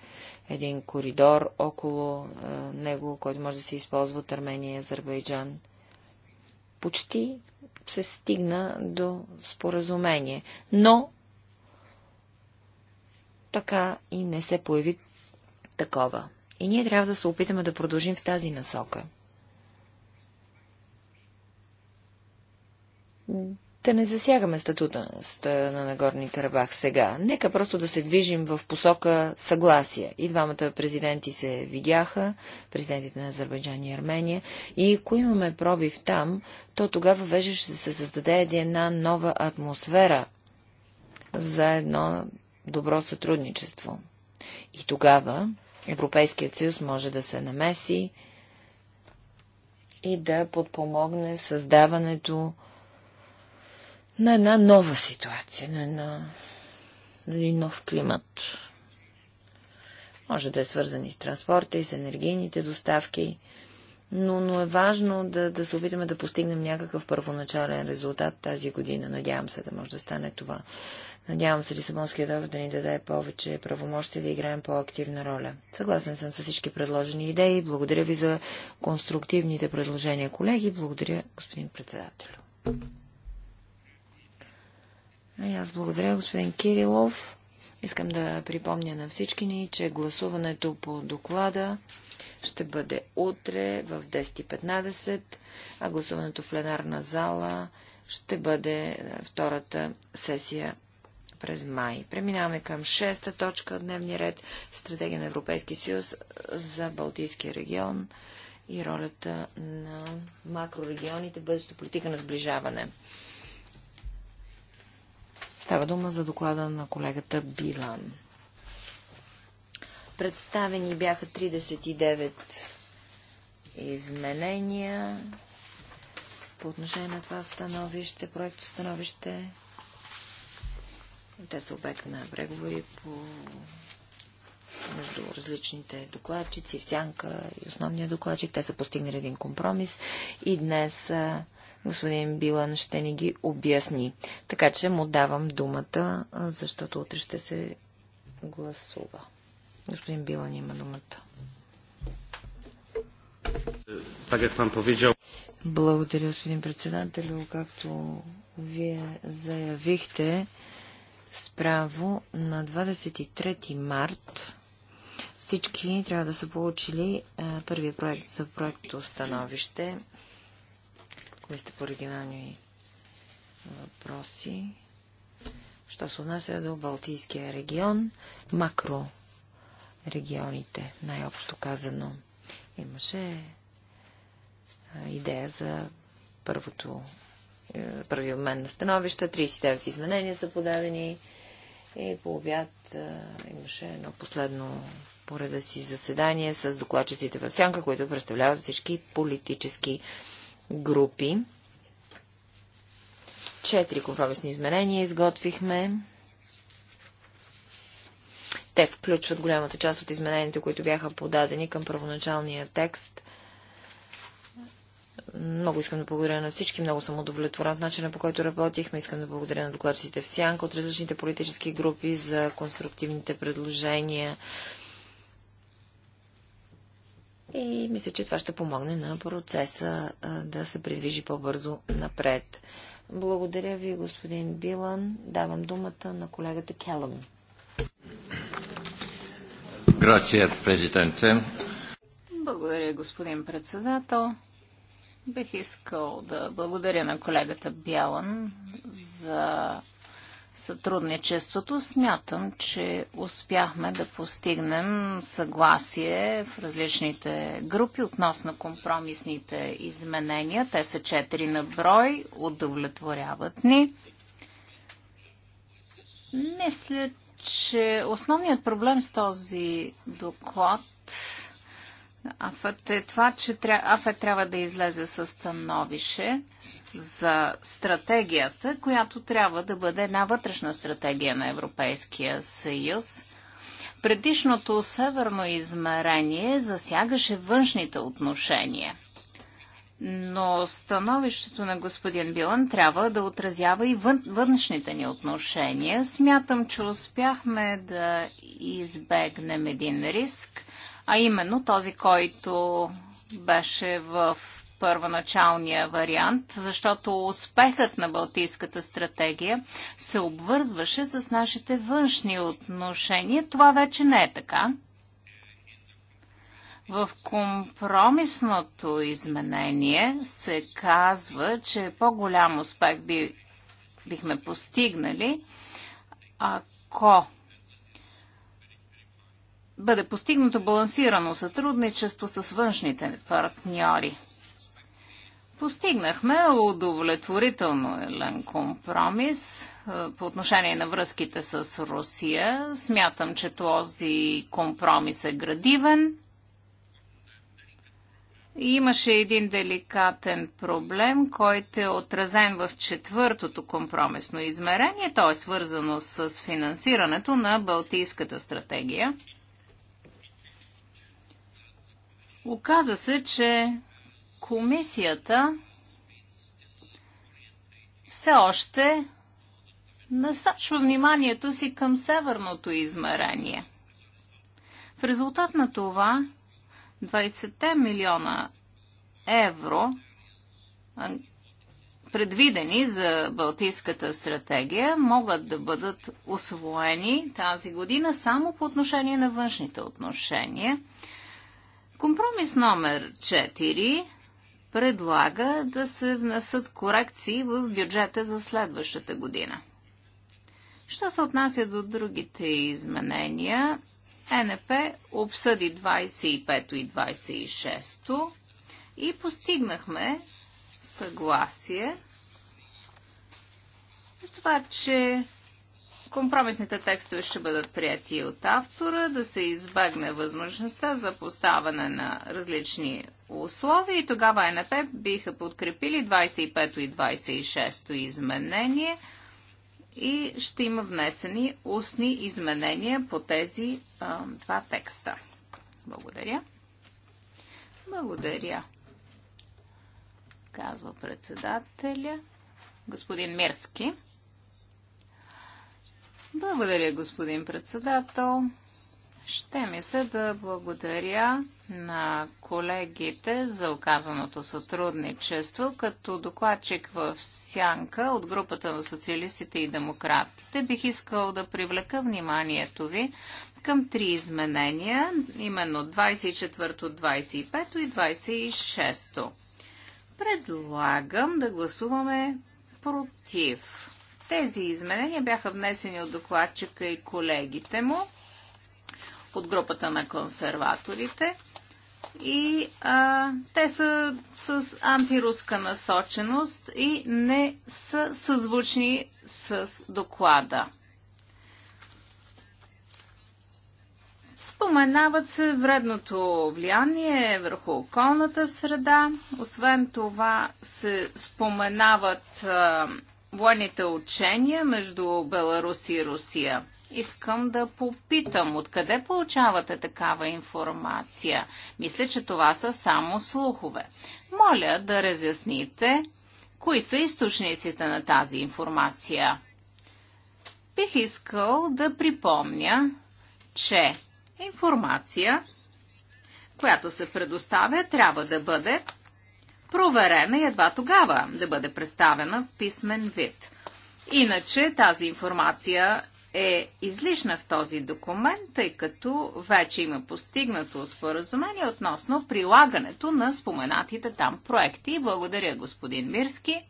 един коридор около е, него, който може да се използва от Армения и Азербайджан. Почти се стигна до споразумение. Но така и не се появи такова. И ние трябва да се опитаме да продължим в тази насока. Да не засягаме статута на Нагорни Карабах сега. Нека просто да се движим в посока съгласие. И двамата президенти се видяха, президентите на Азербайджан и Армения. И ако имаме пробив там, то тогава вече ще се създаде една нова атмосфера за едно добро сътрудничество. И тогава Европейският съюз може да се намеси и да подпомогне в създаването на една нова ситуация, на, една, на един нов климат. Може да е свързан и с транспорта, и с енергийните доставки, но, но е важно да, да се опитаме да постигнем някакъв първоначален резултат тази година. Надявам се да може да стане това. Надявам се Лисабонския договор да ни даде повече правомощи да играем по-активна роля. Съгласен съм с всички предложени идеи. Благодаря ви за конструктивните предложения, колеги. Благодаря, господин председател. И аз благодаря, господин Кирилов. Искам да припомня на всички ни, че гласуването по доклада ще бъде утре в 10.15, а гласуването в пленарна зала ще бъде е, втората сесия през май. Преминаваме към шеста точка от дневния ред Стратегия на Европейски съюз за Балтийския регион и ролята на макрорегионите в бъдеща политика на сближаване. Става дума за доклада на колегата Билан. Представени бяха 39 изменения по отношение на това становище, проекто становище. Те са обект на преговори по между различните докладчици, в сянка и основния докладчик. Те са постигнали един компромис и днес а, господин Билан ще ни ги обясни. Така че му давам думата, защото утре ще се гласува. Господин Билан има думата. Благодаря, господин председател, Както вие заявихте, справо на 23 март всички трябва да са получили първият първия проект за проекто становище сте по регионални въпроси. Що се отнася до Балтийския регион, макро регионите, най-общо казано. Имаше идея за първото, е, първи обмен на становища, 39 изменения са подадени и по обяд имаше едно последно пореда си заседание с докладчиците в Сянка, които представляват всички политически групи. Четири компромисни изменения изготвихме. Те включват голямата част от измененията, които бяха подадени към първоначалния текст. Много искам да благодаря на всички, много съм удовлетворен от начина по който работихме. Искам да благодаря на докладчиците в Сянка от различните политически групи за конструктивните предложения, и мисля, че това ще помогне на процеса да се придвижи по-бързо напред. Благодаря ви, господин Билан. Давам думата на колегата Келъм. Благодаря, господин председател. Бих искал да благодаря на колегата Бялан за сътрудничеството. Смятам, че успяхме да постигнем съгласие в различните групи относно компромисните изменения. Те са четири на брой, удовлетворяват ни. Мисля, че основният проблем с този доклад АФЕ е това, че АФЕ трябва да излезе със становище, за стратегията, която трябва да бъде една вътрешна стратегия на Европейския съюз. Предишното северно измерение засягаше външните отношения. Но становището на господин Билан трябва да отразява и вън, външните ни отношения. Смятам, че успяхме да избегнем един риск, а именно този, който беше в първоначалния вариант, защото успехът на Балтийската стратегия се обвързваше с нашите външни отношения. Това вече не е така. В компромисното изменение се казва, че по-голям успех би, бихме постигнали, ако бъде постигнато балансирано сътрудничество с външните партньори. Постигнахме удовлетворително елен компромис по отношение на връзките с Русия. Смятам, че този компромис е градивен. И имаше един деликатен проблем, който е отразен в четвъртото компромисно измерение. То е свързано с финансирането на Балтийската стратегия. Оказа се, че комисията все още насочва вниманието си към северното измерение. В резултат на това 20 милиона евро предвидени за Балтийската стратегия могат да бъдат освоени тази година само по отношение на външните отношения. Компромис номер 4 предлага да се внесат корекции в бюджета за следващата година. Що се отнася до другите изменения, НП обсъди 25 то и 26 то и постигнахме съгласие с това, че Компромисните текстове ще бъдат прияти от автора, да се избегне възможността за поставане на различни условия и тогава НП биха подкрепили 25 то и 26 то изменение и ще има внесени устни изменения по тези а, два текста. Благодаря. Благодаря. Казва председателя. Господин Мирски. Благодаря, господин председател. Ще ми се да благодаря на колегите за оказаното сътрудничество като докладчик в Сянка от групата на социалистите и демократите. Бих искал да привлека вниманието ви към три изменения, именно 24, 25 и 26. Предлагам да гласуваме против тези изменения бяха внесени от докладчика и колегите му от групата на консерваторите и а, те са с антируска насоченост и не са съзвучни с доклада. Споменават се вредното влияние върху околната среда. Освен това се споменават а, военните учения между Беларус и Русия. Искам да попитам, откъде получавате такава информация? Мисля, че това са само слухове. Моля да разясните, кои са източниците на тази информация. Бих искал да припомня, че информация, която се предоставя, трябва да бъде проверена и едва тогава да бъде представена в писмен вид. Иначе тази информация е излишна в този документ, тъй като вече има постигнато споразумение относно прилагането на споменатите там проекти. Благодаря, господин Мирски.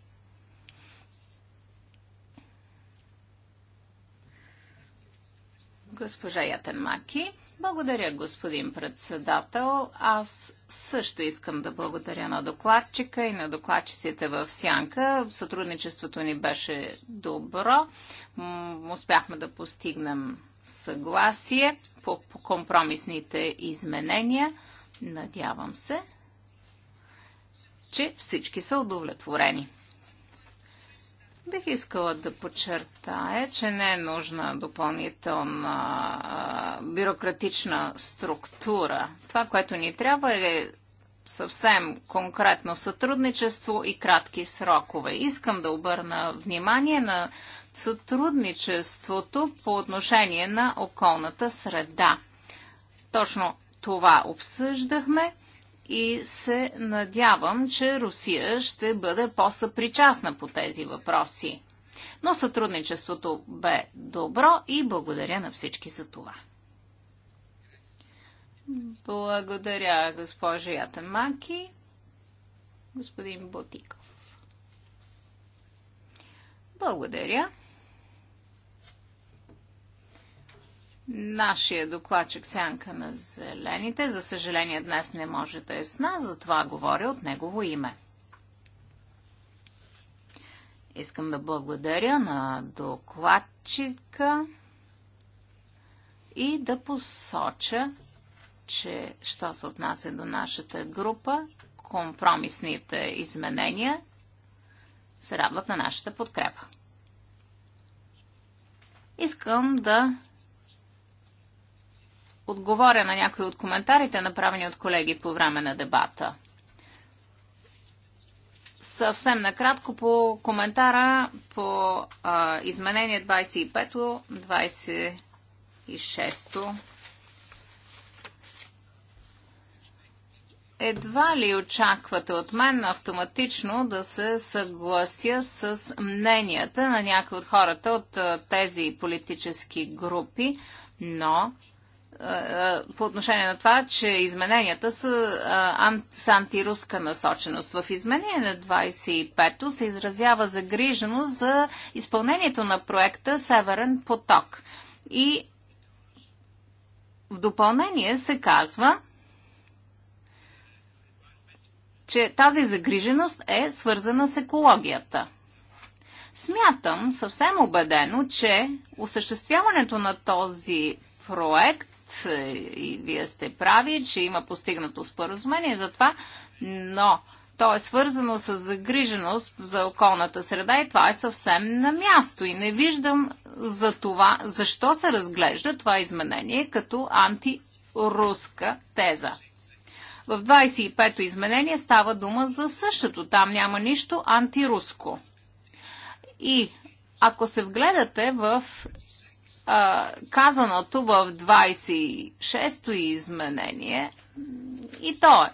Госпожа Ятенмаки. Благодаря, господин председател. Аз също искам да благодаря на докладчика и на докладчиците в Сянка. Сътрудничеството ни беше добро. Успяхме да постигнем съгласие по, по компромисните изменения. Надявам се, че всички са удовлетворени. Бих искала да подчертая, че не е нужна допълнителна бюрократична структура. Това, което ни трябва е съвсем конкретно сътрудничество и кратки срокове. Искам да обърна внимание на сътрудничеството по отношение на околната среда. Точно това обсъждахме и се надявам, че Русия ще бъде по-съпричастна по тези въпроси. Но сътрудничеството бе добро и благодаря на всички за това. Благодаря, госпожа Ятемаки. Господин Ботиков. Благодаря. нашия докладчик Сянка на Зелените. За съжаление днес не може да е с нас, затова говоря от негово име. Искам да благодаря на докладчика и да посоча, че, що се отнася до нашата група, компромисните изменения се радват на нашата подкрепа. Искам да отговоря на някои от коментарите, направени от колеги по време на дебата. Съвсем накратко по коментара по а, изменение 25 26-то. Едва ли очаквате от мен автоматично да се съглася с мненията на някои от хората от а, тези политически групи, но е, е, по отношение на това, че измененията са, е, с антируска насоченост. В изменение на 25-то се изразява загриженост за изпълнението на проекта Северен поток. И в допълнение се казва, че тази загриженост е свързана с екологията. Смятам съвсем убедено, че осъществяването на този проект е, и вие сте прави, че има постигнато споразумение за това, но то е свързано с загриженост за околната среда и това е съвсем на място. И не виждам за това, защо се разглежда това изменение като антируска теза. В 25-то изменение става дума за същото. Там няма нищо антируско. И ако се вгледате в а, казаното в 26-то изменение и то е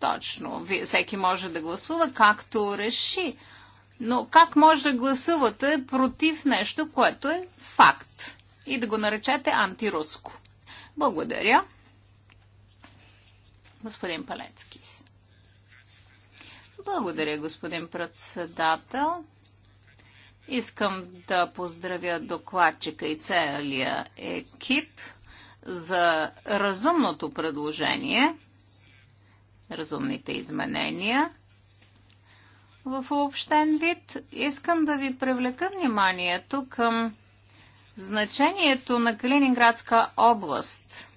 точно. Всеки може да гласува както реши. Но как може да гласувате против нещо, което е факт и да го наречете антируско? Благодаря. Господин Палецки. Благодаря, господин председател. Искам да поздравя докладчика и целия екип за разумното предложение, разумните изменения. В общен вид искам да ви привлека вниманието към значението на Калининградска област.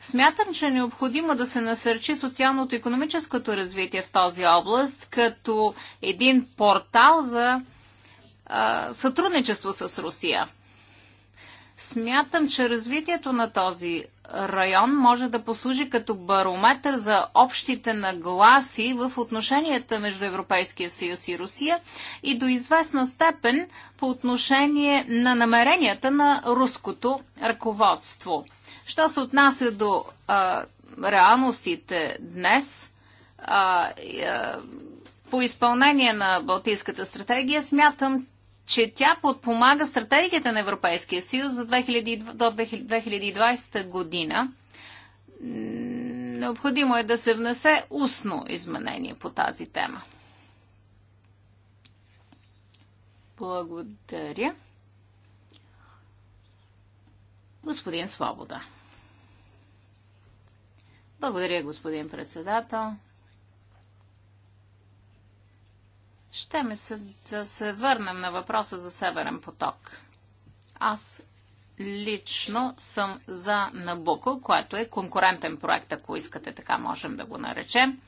Смятам, че е необходимо да се насърчи социалното и економическото развитие в този област като един портал за а, сътрудничество с Русия. Смятам, че развитието на този район може да послужи като барометър за общите нагласи в отношенията между Европейския съюз и Русия и до известна степен по отношение на намеренията на руското ръководство. Що се отнася до а, реалностите днес, а, а, по изпълнение на Балтийската стратегия, смятам, че тя подпомага стратегията на Европейския съюз за 2000, до 2020 година. Необходимо е да се внесе устно изменение по тази тема. Благодаря. Господин Свобода. Благодаря, господин председател. Ще ми се да се върнем на въпроса за Северен поток. Аз лично съм за Набуко, което е конкурентен проект, ако искате така можем да го наречем.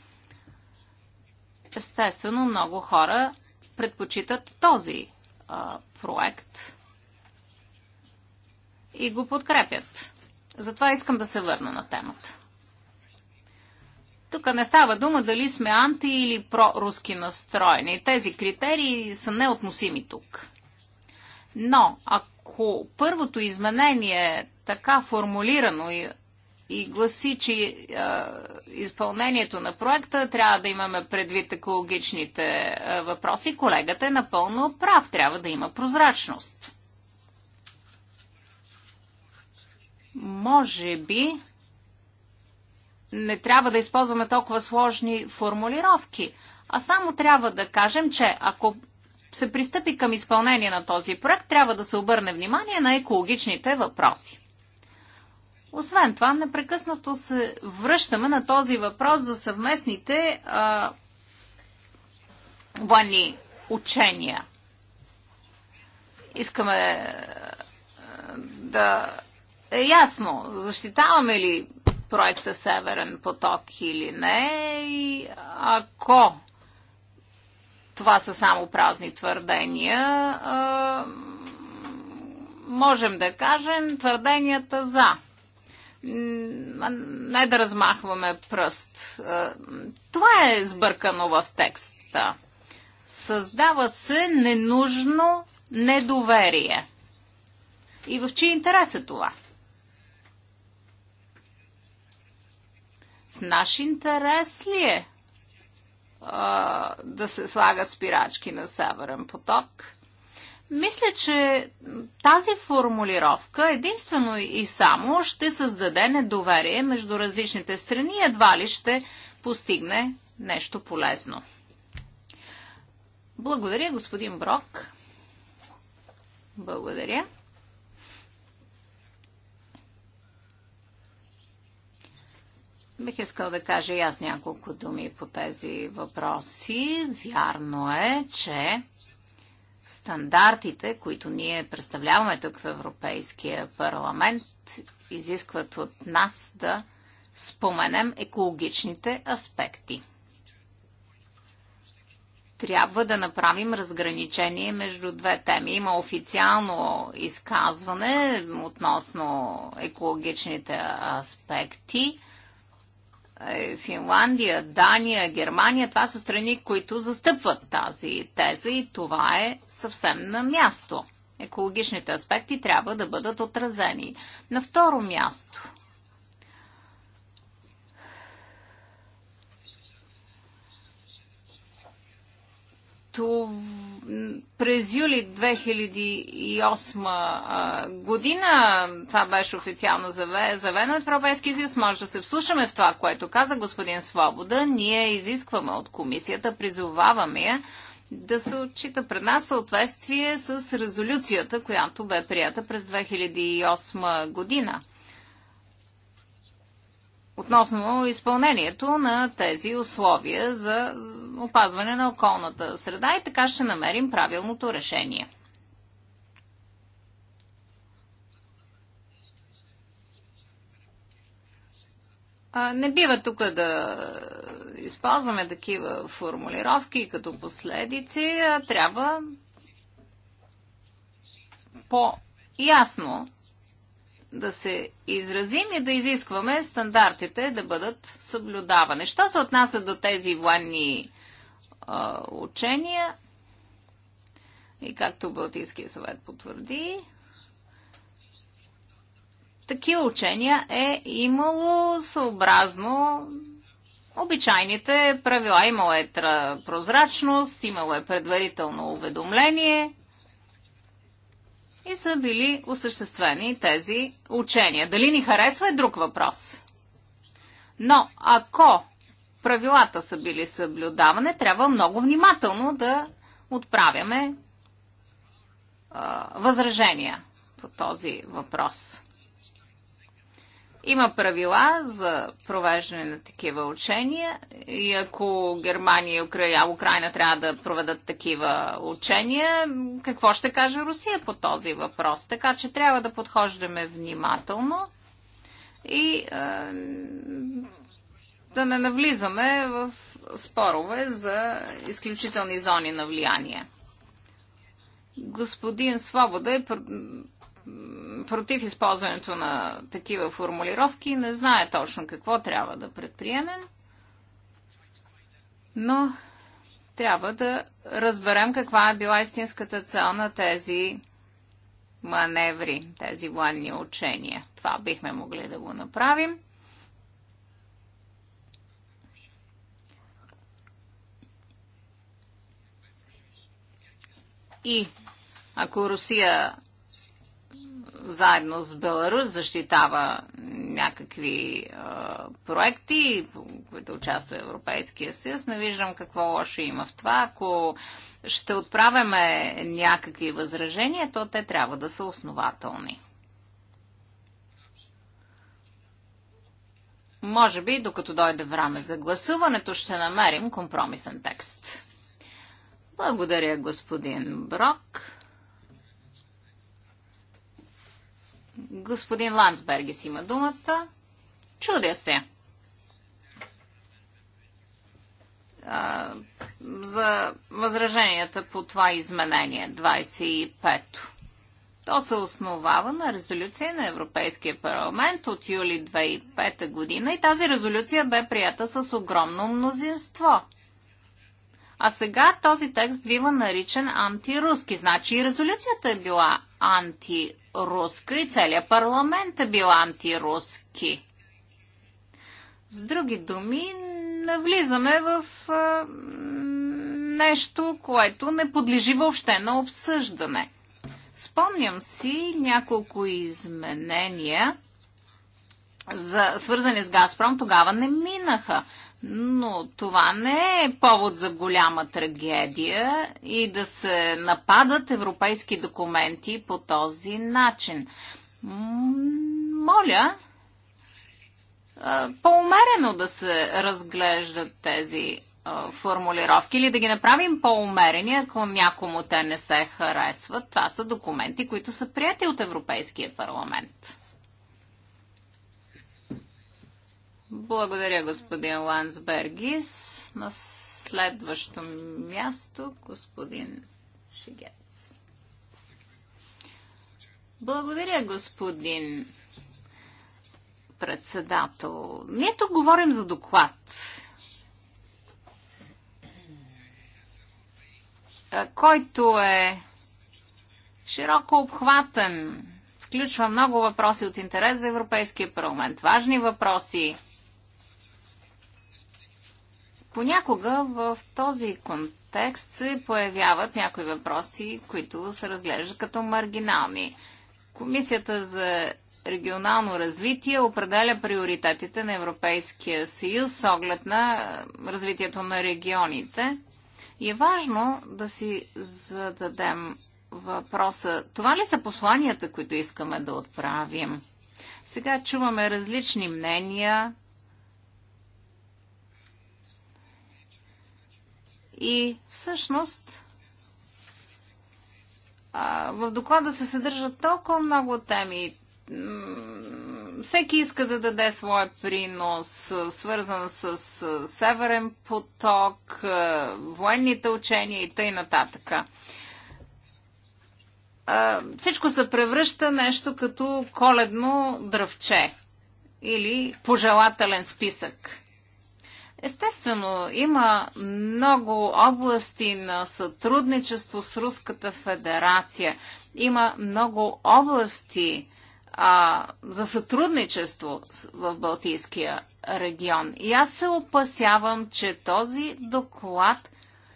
Естествено, много хора предпочитат този а, проект и го подкрепят. Затова искам да се върна на темата. Тук не става дума дали сме анти или проруски настроени. Тези критерии са неотносими тук. Но ако първото изменение е така формулирано и, и гласи, че е, изпълнението на проекта трябва да имаме предвид екологичните е, въпроси, колегата е напълно прав. Трябва да има прозрачност. Може би не трябва да използваме толкова сложни формулировки, а само трябва да кажем, че ако се пристъпи към изпълнение на този проект, трябва да се обърне внимание на екологичните въпроси. Освен това, непрекъснато се връщаме на този въпрос за съвместните а, военни учения. Искаме да е ясно, защитаваме ли проекта Северен поток или не. И ако това са само празни твърдения, можем да кажем твърденията за. Не да размахваме пръст. Това е сбъркано в текста. Създава се ненужно недоверие. И в чий интерес е това? В наш интерес ли е а, да се слагат спирачки на Северен поток? Мисля, че тази формулировка единствено и само ще създаде недоверие между различните страни и едва ли ще постигне нещо полезно. Благодаря, господин Брок. Благодаря. Бих искал да кажа и аз няколко думи по тези въпроси. Вярно е, че стандартите, които ние представляваме тук в Европейския парламент, изискват от нас да споменем екологичните аспекти. Трябва да направим разграничение между две теми. Има официално изказване относно екологичните аспекти е, Финландия, Дания, Германия, това са страни, които застъпват тази теза и това е съвсем на място. Екологичните аспекти трябва да бъдат отразени. На второ място – през юли 2008 година, това беше официално заведено от Европейския съюз, може да се вслушаме в това, което каза господин Свобода. Ние изискваме от комисията, призоваваме я да се отчита пред нас съответствие с резолюцията, която бе прията през 2008 година относно изпълнението на тези условия за опазване на околната среда и така ще намерим правилното решение. Не бива тук да използваме такива формулировки като последици, а трябва по-ясно да се изразим и да изискваме стандартите да бъдат съблюдавани. Що се отнася до тези военни а, учения, и както Балтийския съвет потвърди, такива учения е имало съобразно обичайните правила. Имало е прозрачност, имало е предварително уведомление – и са били осъществени тези учения. Дали ни харесва е друг въпрос. Но ако правилата са били съблюдаване, трябва много внимателно да отправяме а, възражения по този въпрос. Има правила за провеждане на такива учения и ако Германия и Украина, Украина трябва да проведат такива учения, какво ще каже Русия по този въпрос? Така че трябва да подхождаме внимателно и е, да не навлизаме в спорове за изключителни зони на влияние. Господин Свобода е против използването на такива формулировки, не знае точно какво трябва да предприемем, но трябва да разберем каква е била истинската цел на тези маневри, тези военни учения. Това бихме могли да го направим. И ако Русия заедно с Беларус защитава някакви а, проекти, по които участва Европейския съюз. Не виждам какво лошо има в това. Ако ще отправяме някакви възражения, то те трябва да са основателни. Може би, докато дойде време за гласуването, ще намерим компромисен текст. Благодаря, господин Брок. Господин си има думата. Чудя се. А, за възраженията по това изменение 25-то. То се основава на резолюция на Европейския парламент от юли 2005 година и тази резолюция бе прията с огромно мнозинство – а сега този текст бива наричан антируски. Значи и резолюцията е била антируска и целият парламент е бил антируски. С други думи, навлизаме в нещо, което не подлежи въобще на обсъждане. Спомням си няколко изменения, за, свързани с Газпром, тогава не минаха. Но това не е повод за голяма трагедия и да се нападат европейски документи по този начин. Моля, по-умерено да се разглеждат тези формулировки или да ги направим по-умерени, ако някому те не се харесват. Това са документи, които са прияти от Европейския парламент. Благодаря, господин Лансбергис. На следващо място, господин Шигец. Благодаря, господин председател. Ние тук говорим за доклад. който е широко обхватен, включва много въпроси от интерес за Европейския парламент, важни въпроси, Понякога в този контекст се появяват някои въпроси, които се разглеждат като маргинални. Комисията за регионално развитие определя приоритетите на Европейския съюз с оглед на развитието на регионите. И е важно да си зададем въпроса, това ли са посланията, които искаме да отправим? Сега чуваме различни мнения, И всъщност в доклада се съдържат толкова много теми. Всеки иска да даде своя принос, свързан с Северен поток, военните учения и т.н. Всичко се превръща нещо като коледно дръвче или пожелателен списък. Естествено, има много области на сътрудничество с Руската федерация. Има много области а, за сътрудничество в Балтийския регион. И аз се опасявам, че този доклад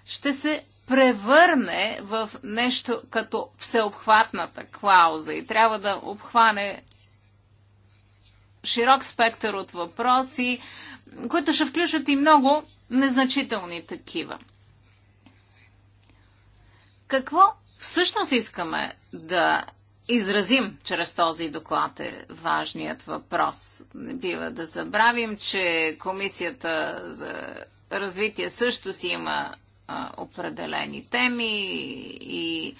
ще се превърне в нещо като всеобхватната клауза и трябва да обхване широк спектър от въпроси, които ще включват и много незначителни такива. Какво всъщност искаме да изразим чрез този доклад е важният въпрос. Не бива да забравим, че Комисията за развитие също си има определени теми и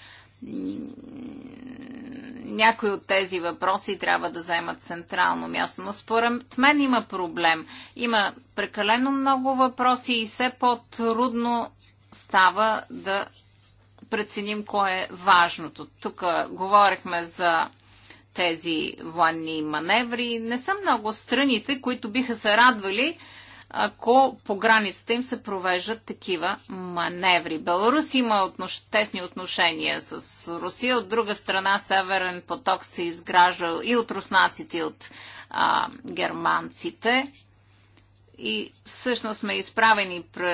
някои от тези въпроси трябва да заемат централно място. Но според мен има проблем. Има прекалено много въпроси и все по-трудно става да преценим кое е важното. Тук говорихме за тези военни маневри. Не са много страните, които биха се радвали ако по границата им се провеждат такива маневри. Беларус има отнош... тесни отношения с Русия, от друга страна Северен поток се изгражда и от руснаците, и от а, германците. И всъщност сме изправени при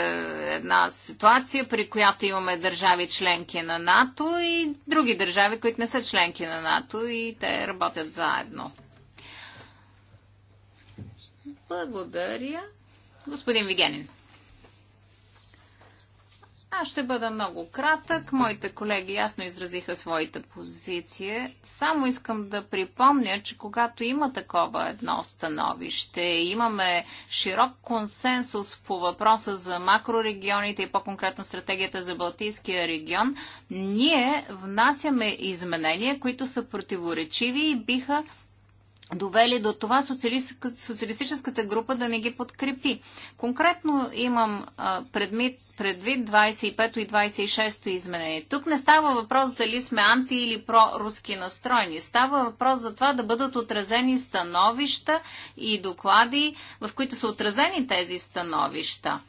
една ситуация, при която имаме държави членки на НАТО и други държави, които не са членки на НАТО и те работят заедно. Благодаря. Господин Вигенин. Аз ще бъда много кратък. Моите колеги ясно изразиха своите позиции. Само искам да припомня, че когато има такова едно становище, имаме широк консенсус по въпроса за макрорегионите и по-конкретно стратегията за Балтийския регион, ние внасяме изменения, които са противоречиви и биха довели до това социалистическата група да не ги подкрепи. Конкретно имам предмит, предвид 25 и 26 изменение. Тук не става въпрос дали сме анти или про-руски настроени. Става въпрос за това да бъдат отразени становища и доклади, в които са отразени тези становища.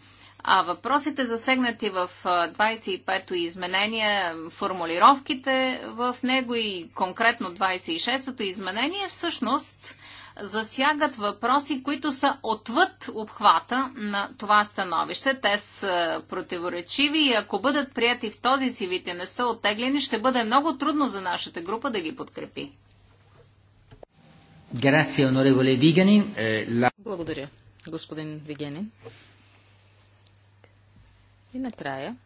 А въпросите засегнати в 25-то изменение, формулировките в него и конкретно 26-то изменение всъщност засягат въпроси, които са отвъд обхвата на това становище. Те са противоречиви и ако бъдат прияти в този си вид и не са оттеглени, ще бъде много трудно за нашата група да ги подкрепи. Е, Благодаря, господин Вигенин. И накрая,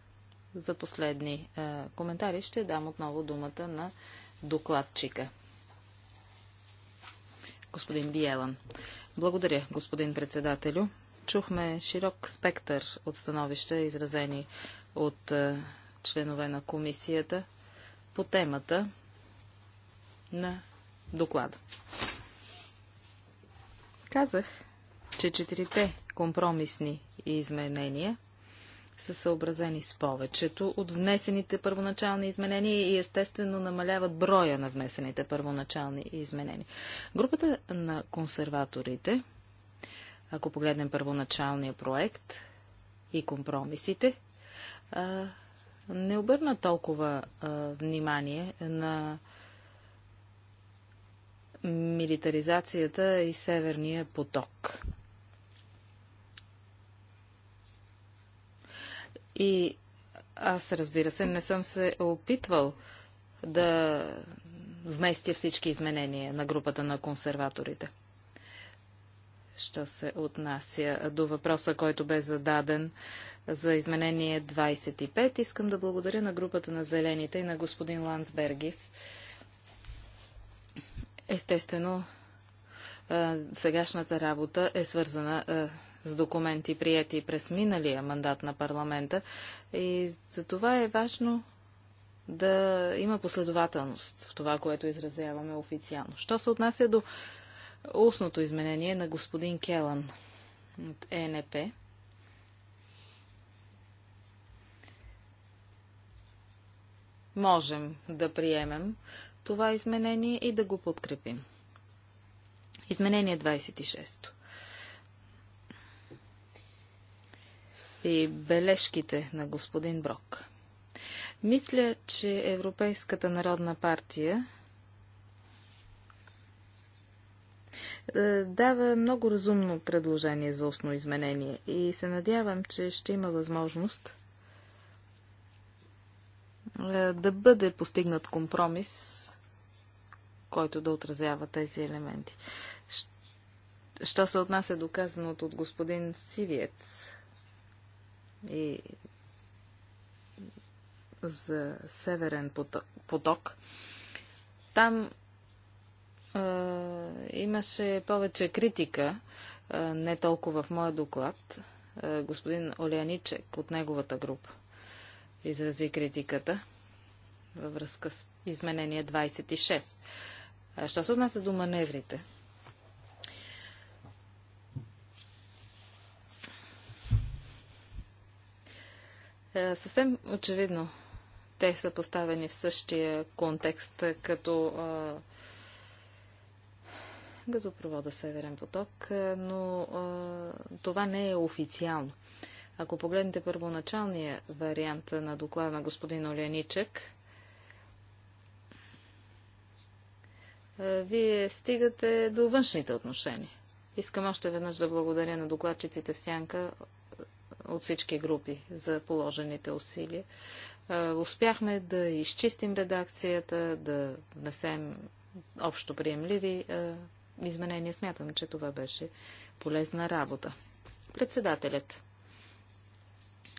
за последни е, коментари, ще дам отново думата на докладчика. Господин Биелан. Благодаря, господин председателю. Чухме широк спектър от становища, изразени от е, членове на комисията по темата на доклада. Казах, че четирите компромисни изменения – са съобразени с повечето от внесените първоначални изменения и естествено намаляват броя на внесените първоначални изменения. Групата на консерваторите, ако погледнем първоначалния проект и компромисите, не обърна толкова внимание на милитаризацията и Северния поток. И аз, разбира се, не съм се опитвал да вместя всички изменения на групата на консерваторите. Що се отнася до въпроса, който бе зададен за изменение 25, искам да благодаря на групата на Зелените и на господин Лансбергис. Естествено, сегашната работа е свързана с документи, прияти през миналия мандат на парламента. И за това е важно да има последователност в това, което изразяваме официално. Що се отнася до устното изменение на господин Келан от ЕНП, можем да приемем това изменение и да го подкрепим. Изменение 26. и бележките на господин Брок. Мисля, че Европейската народна партия е, дава много разумно предложение за устно изменение и се надявам, че ще има възможност е, да бъде постигнат компромис, който да отразява тези елементи. Що се отнася доказаното от господин Сивиец? и за Северен поток. Там а, имаше повече критика, а, не толкова в моя доклад. А, господин Оляничек от неговата група изрази критиката във връзка с изменение 26. Що се отнася до маневрите? Е, съвсем очевидно, те са поставени в същия контекст като газопровода Северен поток, е, но това не е официално. Ако погледнете първоначалния вариант на доклада на господин Оляничек, е, вие стигате до външните отношения. Искам още веднъж да благодаря на докладчиците в Сянка от всички групи за положените усилия. Успяхме да изчистим редакцията, да внесем общо приемливи изменения. Смятам, че това беше полезна работа. Председателят.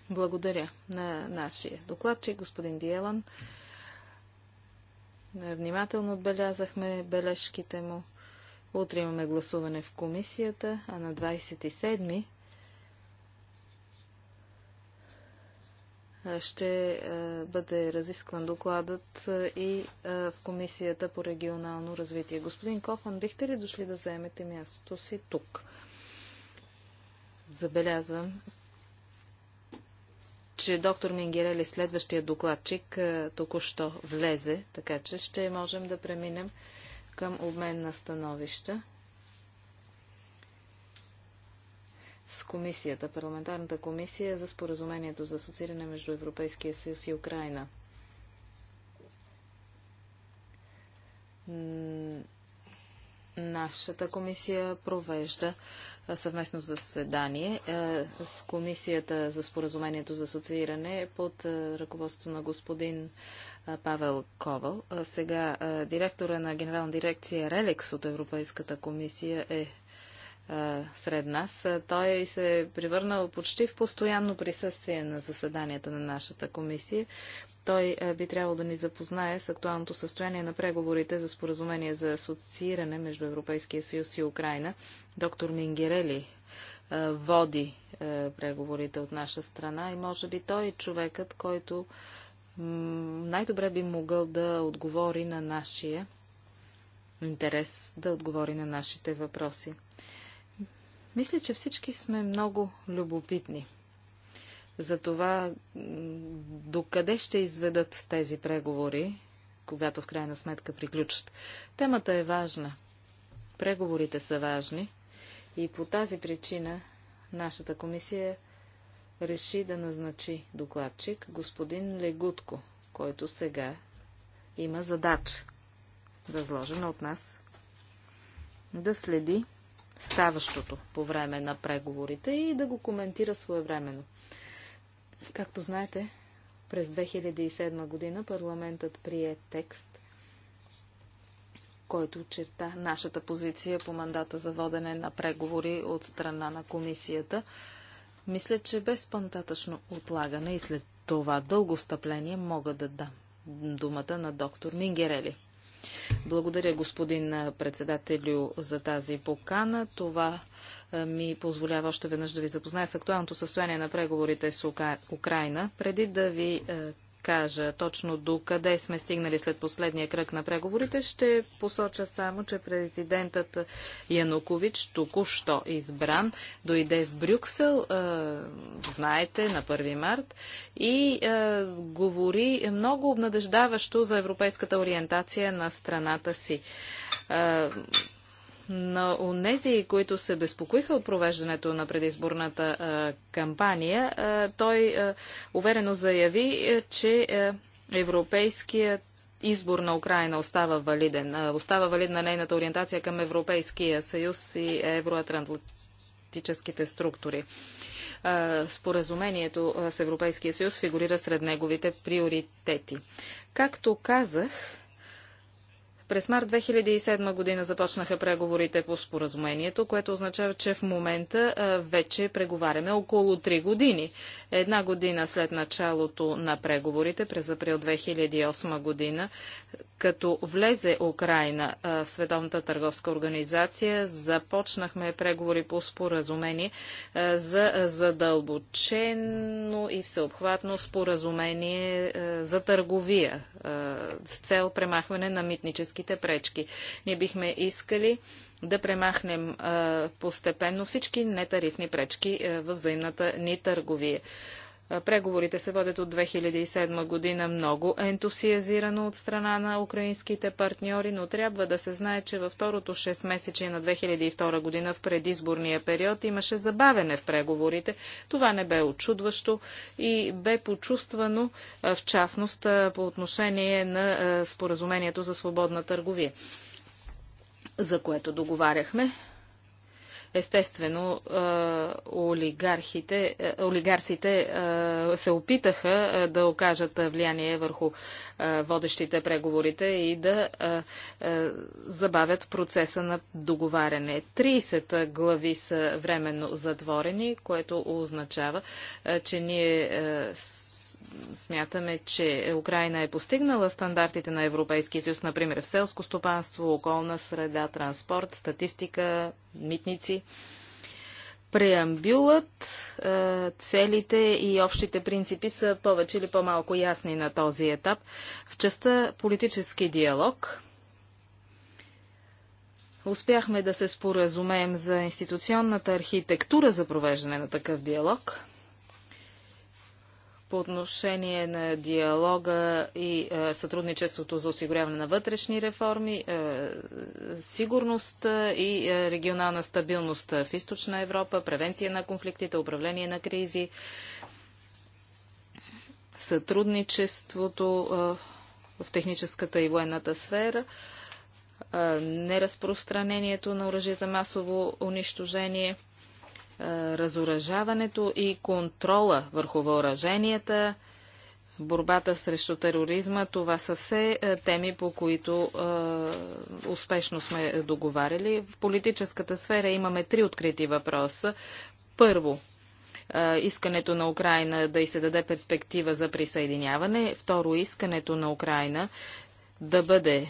Благодаря на нашия докладчик, господин Диелан. Внимателно отбелязахме бележките му. Утре имаме гласуване в комисията, а на 27-ми ще е, бъде разискван докладът е, и е, в Комисията по регионално развитие. Господин Кофан, бихте ли дошли да заемете мястото си тук? Забелязвам, че доктор Мингерели, следващия докладчик, току-що влезе, така че ще можем да преминем към обмен на становища. с комисията, парламентарната комисия за споразумението за асоцииране между Европейския съюз и Украина. Нашата комисия провежда съвместно заседание с Комисията за споразумението за асоцииране под ръководството на господин Павел Ковал. Сега директора на генерална дирекция Релекс от Европейската комисия е сред нас. Той се е превърнал почти в постоянно присъствие на заседанията на нашата комисия. Той би трябвало да ни запознае с актуалното състояние на преговорите за споразумение за асоцииране между Европейския съюз и Украина. Доктор Мингерели води преговорите от наша страна и може би той е човекът, който най-добре би могъл да отговори на нашия интерес, да отговори на нашите въпроси. Мисля, че всички сме много любопитни за това докъде ще изведат тези преговори, когато в крайна сметка приключат. Темата е важна. Преговорите са важни и по тази причина нашата комисия реши да назначи докладчик господин Легутко, който сега има задача, възложена от нас, да следи ставащото по време на преговорите и да го коментира своевременно. Както знаете, през 2007 година парламентът прие текст, който черта нашата позиция по мандата за водене на преговори от страна на комисията. Мисля, че без пантатъчно отлагане и след това дълго стъпление мога да дам думата на доктор Мингерели. Благодаря, господин председателю, за тази покана. Това ми позволява още веднъж да ви запозная с актуалното състояние на преговорите с Украина. Преди да ви кажа точно до къде сме стигнали след последния кръг на преговорите. Ще посоча само, че президентът Янукович, току-що избран, дойде в Брюксел, знаете, на 1 март и говори много обнадеждаващо за европейската ориентация на страната си на онези, които се безпокоиха от провеждането на предизборната кампания, той уверено заяви, че европейският избор на Украина остава валиден. Остава валидна нейната ориентация към Европейския съюз и евроатлантическите структури. Споразумението с Европейския съюз фигурира сред неговите приоритети. Както казах, през март 2007 година започнаха преговорите по споразумението, което означава, че в момента вече преговаряме около 3 години. Една година след началото на преговорите, през април 2008 година, като влезе Украина в Световната търговска организация, започнахме преговори по споразумение за задълбочено и всеобхватно споразумение за търговия с цел премахване на митнически малките пречки. Ние бихме искали да премахнем постепенно всички нетарифни пречки в взаимната ни търговия. Преговорите се водят от 2007 година много ентусиазирано от страна на украинските партньори, но трябва да се знае, че във второто 6 месече на 2002 година в предизборния период имаше забавене в преговорите. Това не бе очудващо и бе почувствано в частност по отношение на споразумението за свободна търговия за което договаряхме. Естествено, олигархите, олигарсите се опитаха да окажат влияние върху водещите преговорите и да забавят процеса на договаряне. 30 глави са временно затворени, което означава, че ние смятаме, че Украина е постигнала стандартите на Европейския съюз, например в селско стопанство, околна среда, транспорт, статистика, митници. Преамбюлът, е, целите и общите принципи са повече или по-малко ясни на този етап. В частта политически диалог успяхме да се споразумеем за институционната архитектура за провеждане на такъв диалог – по отношение на диалога и е, сътрудничеството за осигуряване на вътрешни реформи, е, сигурност е, и регионална стабилност в Източна Европа, превенция на конфликтите, управление на кризи, сътрудничеството в техническата и военната сфера, неразпространението на оръжие за масово унищожение – разоръжаването и контрола върху въоръженията, борбата срещу тероризма, това са все теми, по които успешно сме договаряли. В политическата сфера имаме три открити въпроса. Първо, искането на Украина да й се даде перспектива за присъединяване. Второ, искането на Украина да бъде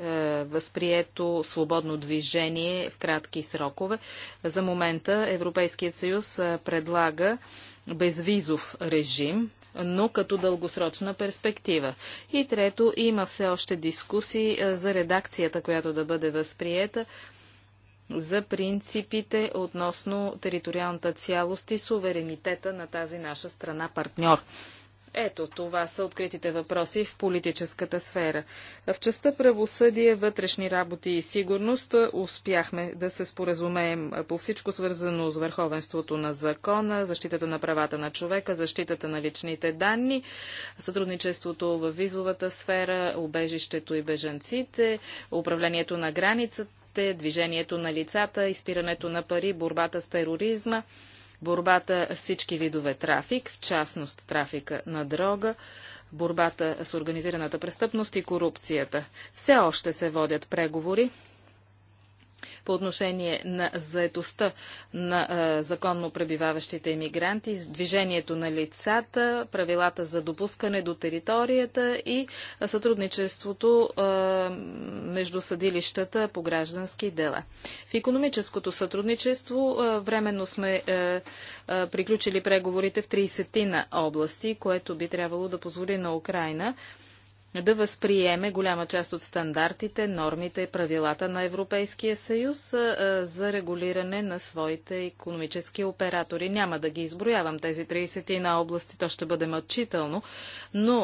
е, възприето свободно движение в кратки срокове. За момента Европейският съюз е, предлага безвизов режим, но като дългосрочна перспектива. И трето, има все още дискусии е, за редакцията, която да бъде възприета за принципите относно териториалната цялост и суверенитета на тази наша страна партньор. Ето, това са откритите въпроси в политическата сфера. В частта правосъдие, вътрешни работи и сигурност успяхме да се споразумеем по всичко свързано с върховенството на закона, защитата на правата на човека, защитата на личните данни, сътрудничеството в визовата сфера, убежището и бежанците, управлението на границата, движението на лицата, изпирането на пари, борбата с тероризма борбата с всички видове трафик, в частност трафика на дрога, борбата с организираната престъпност и корупцията. Все още се водят преговори по отношение на заетостта на законно пребиваващите иммигранти, движението на лицата, правилата за допускане до територията и сътрудничеството между съдилищата по граждански дела. В економическото сътрудничество временно сме приключили преговорите в 30 на области, което би трябвало да позволи на Украина да възприеме голяма част от стандартите, нормите и правилата на Европейския съюз за регулиране на своите економически оператори. Няма да ги изброявам тези 30 на области, то ще бъде мъчително, но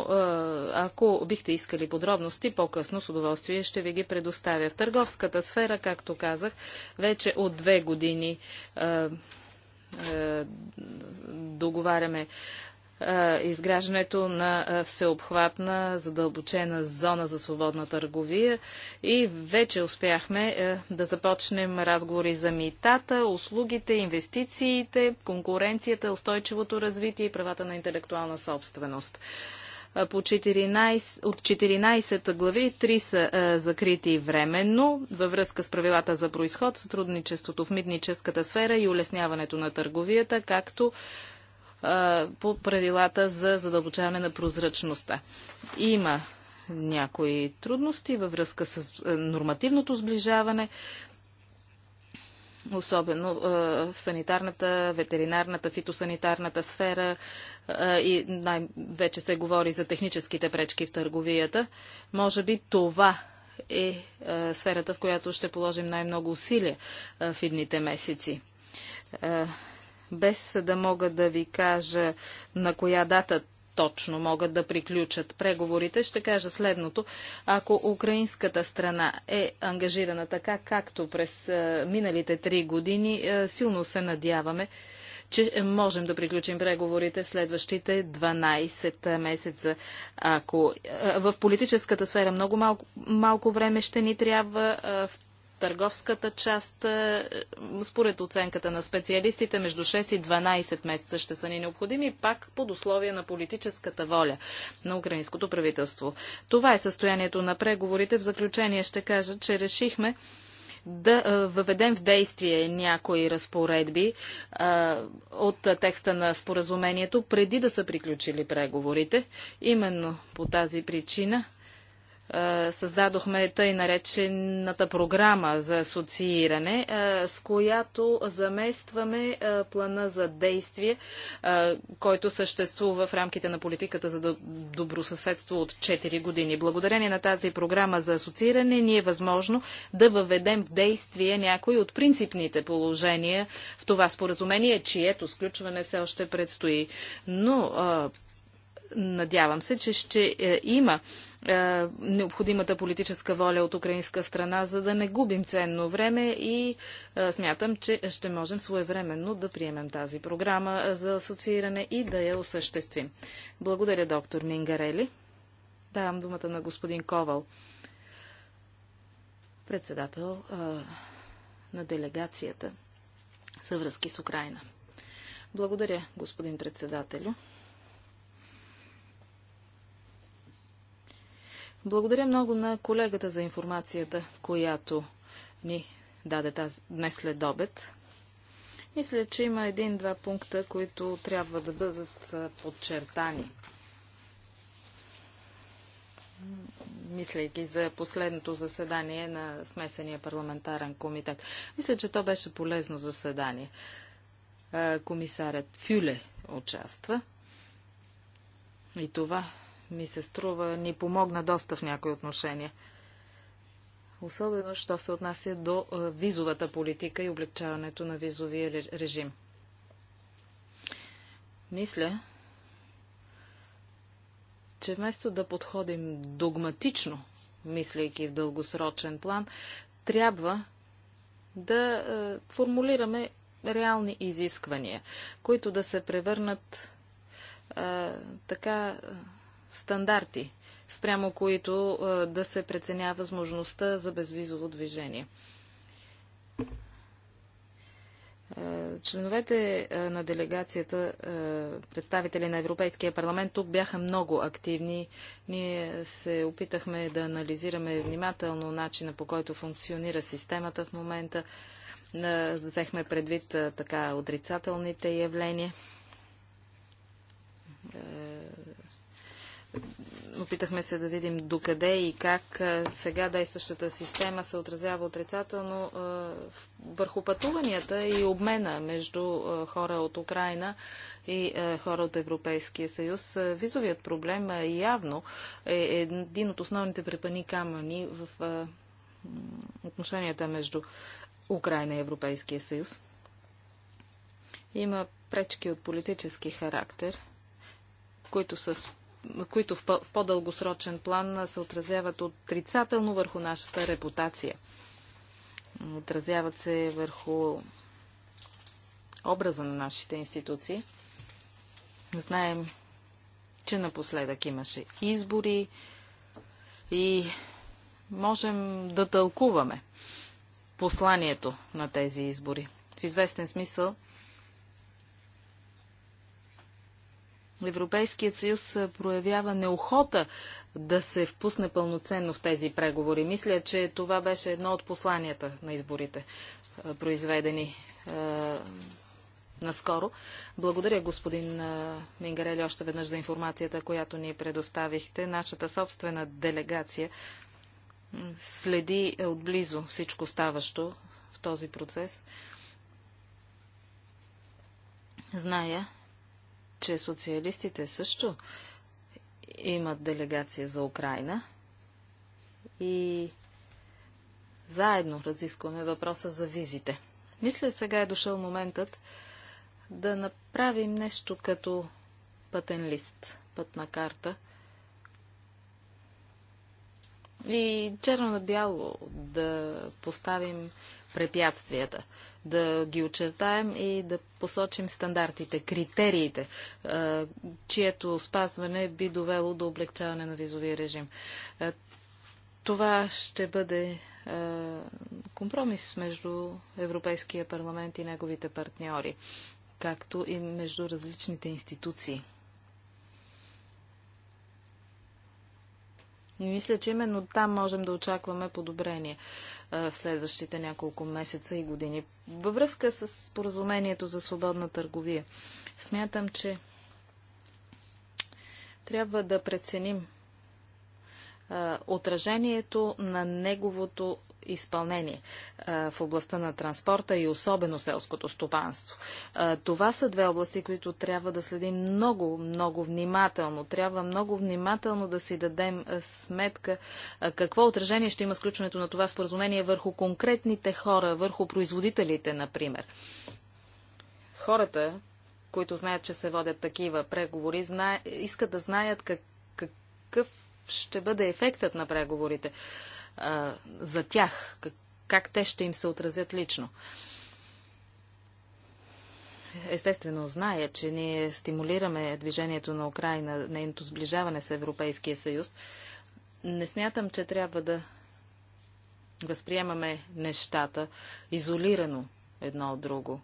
ако бихте искали подробности, по-късно с удоволствие ще ви ги предоставя. В търговската сфера, както казах, вече от две години договаряме е, изграждането на е, всеобхватна задълбочена зона за свободна търговия и вече успяхме е, да започнем разговори за митата, услугите, инвестициите, конкуренцията, устойчивото развитие и правата на интелектуална собственост по 14, от 14 глави 3 са а, закрити временно във връзка с правилата за происход, сътрудничеството в мидническата сфера и улесняването на търговията, както по правилата за задълбочаване на прозрачността. Има някои трудности във връзка с нормативното сближаване, особено в санитарната, ветеринарната, фитосанитарната сфера и най-вече се говори за техническите пречки в търговията. Може би това е сферата, в която ще положим най-много усилия в едните месеци без да мога да ви кажа на коя дата точно могат да приключат преговорите, ще кажа следното. Ако украинската страна е ангажирана така, както през е, миналите три години, е, силно се надяваме, че можем да приключим преговорите в следващите 12 месеца. Ако е, в политическата сфера много малко, малко време ще ни трябва, в търговската част, е, според оценката на специалистите, между 6 и 12 месеца ще са ни необходими, пак под условие на политическата воля на украинското правителство. Това е състоянието на преговорите. В заключение ще кажа, че решихме да е, въведем в действие някои разпоредби а, е, от текста на споразумението преди да са приключили преговорите. Именно по тази причина създадохме тъй наречената програма за асоцииране, с която заместваме плана за действие, който съществува в рамките на политиката за добросъседство от 4 години. Благодарение на тази програма за асоцииране ние е възможно да въведем в действие някои от принципните положения в това споразумение, чието сключване все още предстои. Но надявам се, че ще е, има е, необходимата политическа воля от украинска страна, за да не губим ценно време и е, смятам, че ще можем своевременно да приемем тази програма е, за асоцииране и да я осъществим. Благодаря, доктор Мингарели. Давам думата на господин Ковал, председател на делегацията за връзки с Украина. Благодаря, господин председателю. Благодаря много на колегата за информацията, която ни даде тази, днес след обед. Мисля, че има един-два пункта, които трябва да бъдат подчертани. Мислейки за последното заседание на смесения парламентарен комитет. Мисля, че то беше полезно заседание. Комисарят Фюле участва. И това ми се струва, ни помогна доста в някои отношения. Особено, що се отнася до е, визовата политика и облегчаването на визовия режим. Мисля, че вместо да подходим догматично, мислейки в дългосрочен план, трябва да е, формулираме реални изисквания, които да се превърнат а, е, така стандарти, спрямо които е, да се преценява възможността за безвизово движение. Е, членовете е, на делегацията, представители на Европейския парламент, тук бяха много активни. Ние се опитахме да анализираме внимателно начина по който функционира системата в момента. Взехме предвид така отрицателните явления Опитахме се да видим докъде и как сега действащата система се отразява отрицателно върху пътуванията и обмена между хора от Украина и хора от Европейския съюз. Визовият проблем явно е един от основните препани камъни в отношенията между Украина и Европейския съюз. Има пречки от политически характер, които са които в по-дългосрочен план се отразяват отрицателно върху нашата репутация. Отразяват се върху образа на нашите институции. Знаем, че напоследък имаше избори и можем да тълкуваме посланието на тези избори. В известен смисъл Европейският съюз проявява неохота да се впусне пълноценно в тези преговори. Мисля, че това беше едно от посланията на изборите, произведени е, наскоро. Благодаря, господин е, Мингарели, още веднъж за информацията, която ни предоставихте. Нашата собствена делегация следи е, отблизо всичко ставащо в този процес. Зная, че социалистите също имат делегация за Украина и заедно разискваме въпроса за визите. Мисля, сега е дошъл моментът да направим нещо като пътен лист, пътна карта. И черно на бяло да поставим препятствията да ги очертаем и да посочим стандартите, критериите, чието спазване би довело до облегчаване на визовия режим. Това ще бъде компромис между Европейския парламент и неговите партньори, както и между различните институции. И мисля, че именно там можем да очакваме подобрение в следващите няколко месеца и години. Във връзка с поразумението за свободна търговия, смятам, че трябва да преценим отражението на неговото изпълнение в областта на транспорта и особено селското стопанство. Това са две области, които трябва да следим много, много внимателно. Трябва много внимателно да си дадем сметка какво отражение ще има сключването на това споразумение върху конкретните хора, върху производителите, например. Хората, които знаят, че се водят такива преговори, зна... искат да знаят как... какъв ще бъде ефектът на преговорите за тях, как, как те ще им се отразят лично. Естествено, зная, че ние стимулираме движението на Украина, нейното сближаване с Европейския съюз. Не смятам, че трябва да възприемаме нещата изолирано едно от друго.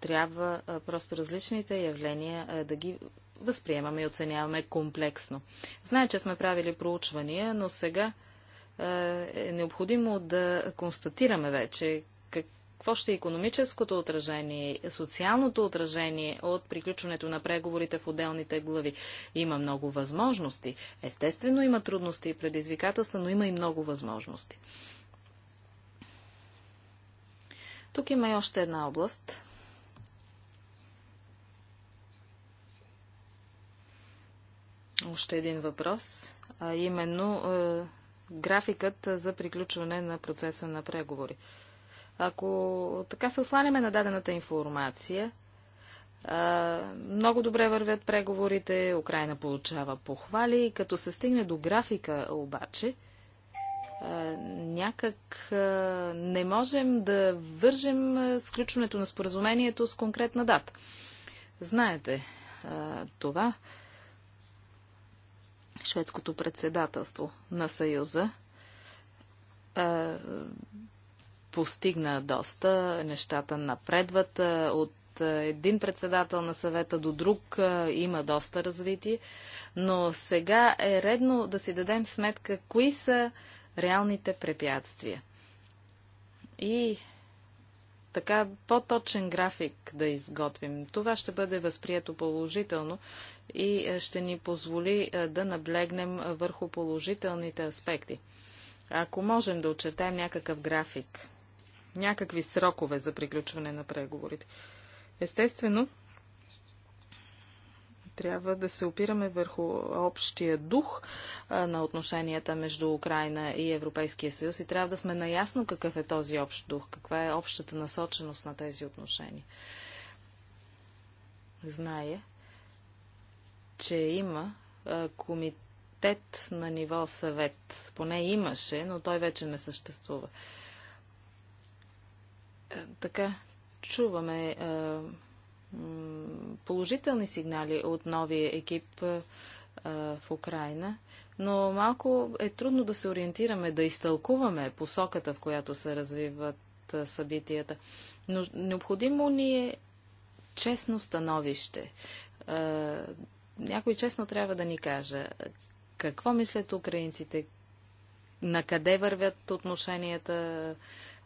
Трябва а, просто различните явления а, да ги възприемаме и оценяваме комплексно. Зная, че сме правили проучвания, но сега е, е необходимо да констатираме вече какво ще е економическото отражение, социалното отражение от приключването на преговорите в отделните глави. Има много възможности. Естествено има трудности и предизвикателства, но има и много възможности. Тук има и още една област. Още един въпрос, а именно е, графикът за приключване на процеса на преговори. Ако така се осланяме на дадената информация, много добре вървят преговорите, Украина получава похвали. Като се стигне до графика обаче, някак не можем да вържем сключването на споразумението с конкретна дата. Знаете, това шведското председателство на Съюза е, постигна доста. Нещата напредват. Е, от един председател на съвета до друг е, има доста развитие. Но сега е редно да си дадем сметка кои са реалните препятствия. И така по-точен график да изготвим. Това ще бъде възприето положително и е, ще ни позволи е, да наблегнем върху положителните аспекти. Ако можем да очертаем някакъв график, някакви срокове за приключване на преговорите. Естествено, трябва да се опираме върху общия дух а, на отношенията между Украина и Европейския съюз и трябва да сме наясно какъв е този общ дух, каква е общата насоченост на тези отношения. Знае, че има а, комитет на ниво съвет. Поне имаше, но той вече не съществува. А, е, така, чуваме положителни сигнали от новия екип в Украина, но малко е трудно да се ориентираме, да изтълкуваме посоката, в която се развиват събитията. Но необходимо ни е честно становище. някой честно трябва да ни каже какво мислят украинците, на къде вървят отношенията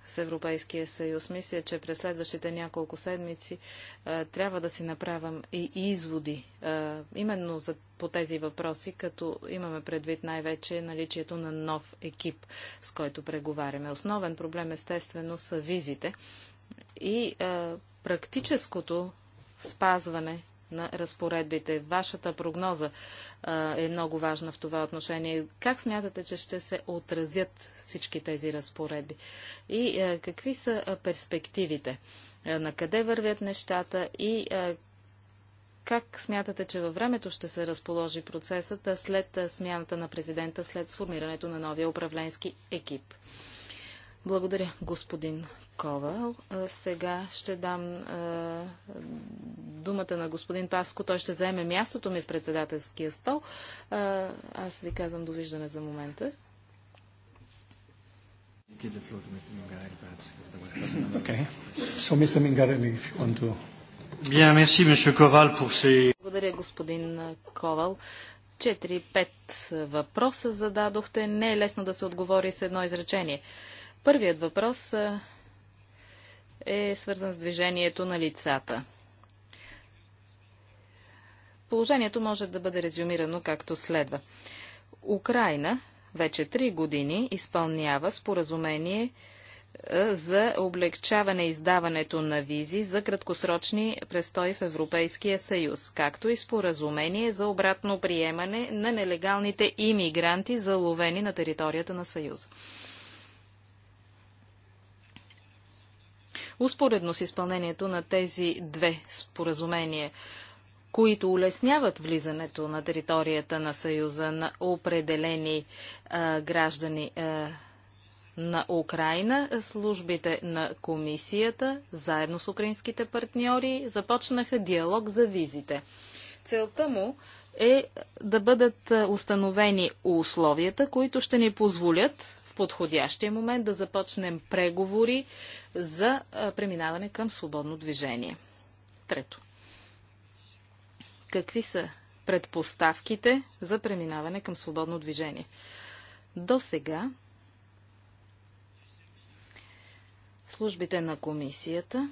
с Европейския съюз. Мисля, че през следващите няколко седмици а, трябва да си направим и изводи а, именно за, по тези въпроси, като имаме предвид най-вече наличието на нов екип, с който преговаряме. Основен проблем естествено са визите и а, практическото спазване на разпоредбите. Вашата прогноза а, е много важна в това отношение. Как смятате, че ще се отразят всички тези разпоредби? И а, какви са а, перспективите? На къде вървят нещата и как смятате, че във времето ще се разположи процесът след смяната на президента, след сформирането на новия управленски екип? Благодаря, господин Ковал. Сега ще дам е, думата на господин Паско. Той ще заеме мястото ми в председателския стол. Е, аз ви казвам довиждане за момента. Благодаря, господин Ковал. 4-5 въпроса зададохте. Не е лесно да се отговори с едно изречение. Първият въпрос е свързан с движението на лицата. Положението може да бъде резюмирано както следва. Украина вече три години изпълнява споразумение за облегчаване издаването на визи за краткосрочни престои в Европейския съюз, както и споразумение за обратно приемане на нелегалните имигранти, заловени на територията на съюза. успоредно с изпълнението на тези две споразумения които улесняват влизането на територията на Съюза на определени а, граждани а, на Украина, службите на комисията, заедно с украинските партньори, започнаха диалог за визите. Целта му е да бъдат установени условията, които ще ни позволят в подходящия момент да започнем преговори за преминаване към свободно движение. Трето. Какви са предпоставките за преминаване към свободно движение? До сега службите на комисията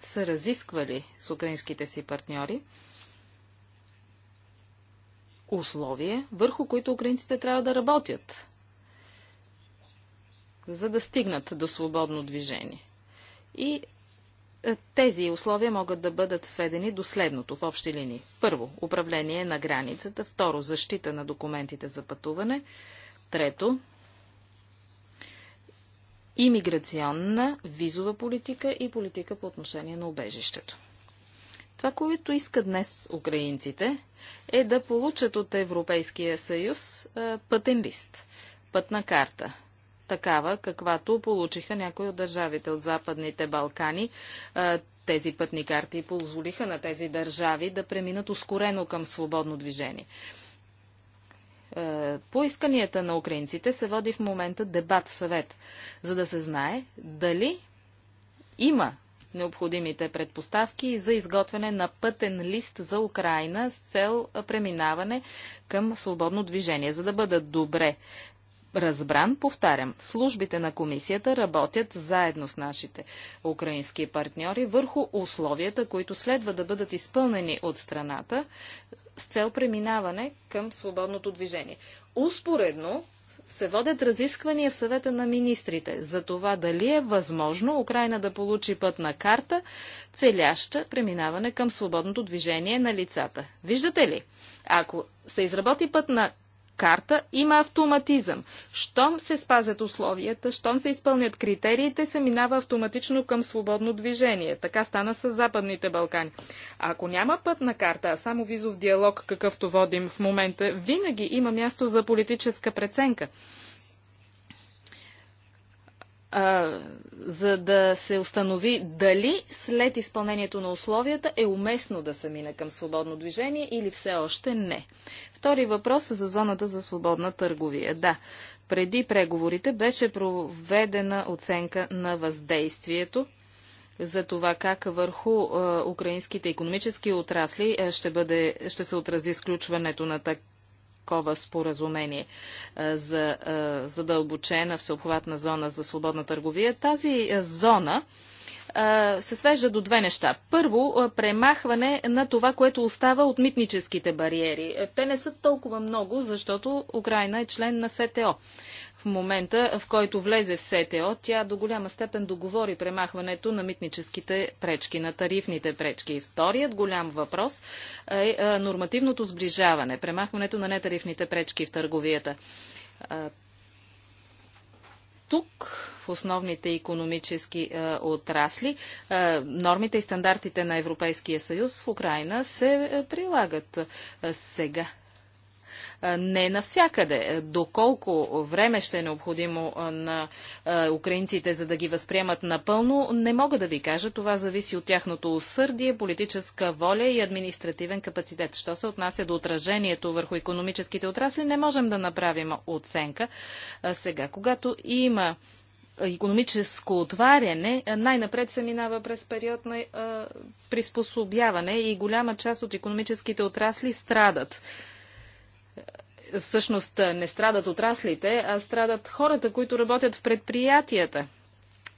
са разисквали с украинските си партньори условия, върху които украинците трябва да работят за да стигнат до свободно движение. И е, тези условия могат да бъдат сведени до следното в общи линии. Първо, управление на границата. Второ, защита на документите за пътуване. Трето, имиграционна, визова политика и политика по отношение на убежището. Това, което искат днес украинците, е да получат от Европейския съюз е, пътен лист, пътна карта – такава, каквато получиха някои от държавите от Западните Балкани. Тези пътни карти позволиха на тези държави да преминат ускорено към свободно движение. По исканията на украинците се води в момента дебат съвет, за да се знае дали има необходимите предпоставки за изготвяне на пътен лист за Украина с цел преминаване към свободно движение. За да бъдат добре разбран, повтарям, службите на комисията работят заедно с нашите украински партньори върху условията, които следва да бъдат изпълнени от страната с цел преминаване към свободното движение. Успоредно се водят разисквания в съвета на министрите за това дали е възможно Украина да получи пътна карта, целяща преминаване към свободното движение на лицата. Виждате ли, ако се изработи пътна карта има автоматизъм. Щом се спазят условията, щом се изпълнят критериите, се минава автоматично към свободно движение. Така стана с Западните Балкани. А ако няма пътна карта, а само визов диалог, какъвто водим в момента, винаги има място за политическа преценка а, за да се установи дали след изпълнението на условията е уместно да се мине към свободно движение или все още не. Втори въпрос е за зоната за свободна търговия. Да, преди преговорите беше проведена оценка на въздействието за това как върху украинските економически отрасли ще, бъде, ще се отрази сключването на така такова споразумение за задълбочена всеобхватна зона за свободна търговия. Тази зона се свежда до две неща. Първо, премахване на това, което остава от митническите бариери. Те не са толкова много, защото Украина е член на СТО в момента, в който влезе в СТО, тя до голяма степен договори премахването на митническите пречки, на тарифните пречки. И вторият голям въпрос е, е нормативното сближаване, премахването на нетарифните пречки в търговията. Тук в основните економически е, отрасли. е, нормите и стандартите на Европейския съюз в Украина се е, прилагат. Е, сега не навсякъде. Доколко време ще е необходимо на украинците, за да ги възприемат напълно, не мога да ви кажа. Това зависи от тяхното усърдие, политическа воля и административен капацитет. Що се отнася до отражението върху економическите отрасли, не можем да направим оценка. Сега, когато има економическо отваряне, най-напред се минава през период на а, приспособяване и голяма част от економическите отрасли страдат всъщност не страдат отраслите, а страдат хората, които работят в предприятията.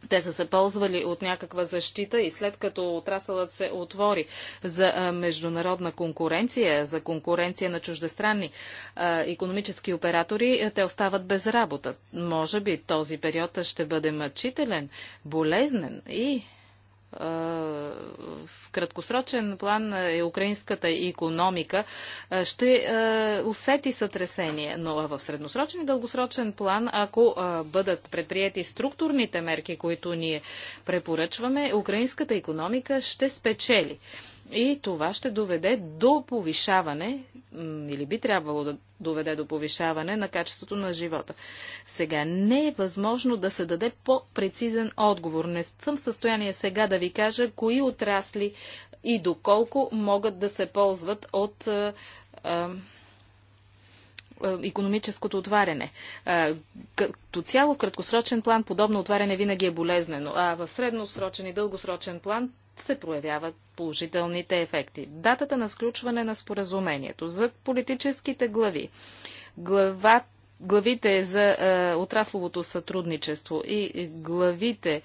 Те са се ползвали от някаква защита и след като отрасълът се отвори за международна конкуренция, за конкуренция на чуждестранни економически оператори, те остават без работа. Може би този период ще бъде мъчителен, болезнен и в краткосрочен план е украинската економика ще усети сътресение, но в средносрочен и дългосрочен план, ако бъдат предприяти структурните мерки, които ние препоръчваме, украинската економика ще спечели. И това ще доведе до повишаване, или би трябвало да доведе до повишаване на качеството на живота. Сега не е възможно да се даде по-прецизен отговор. Не съм в състояние сега да ви кажа кои отрасли и доколко могат да се ползват от економическото отваряне. като цяло, краткосрочен план, подобно отваряне винаги е болезнено, а в средносрочен и дългосрочен план се проявяват положителните ефекти. Датата на сключване на споразумението за политическите глави. Глава, главите за е, отрасловото сътрудничество и главите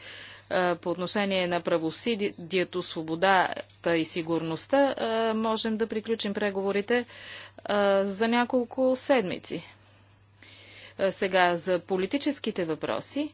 е, по отношение на правосъдието, свободата и сигурността е, можем да приключим преговорите е, за няколко седмици. Е, сега за политическите въпроси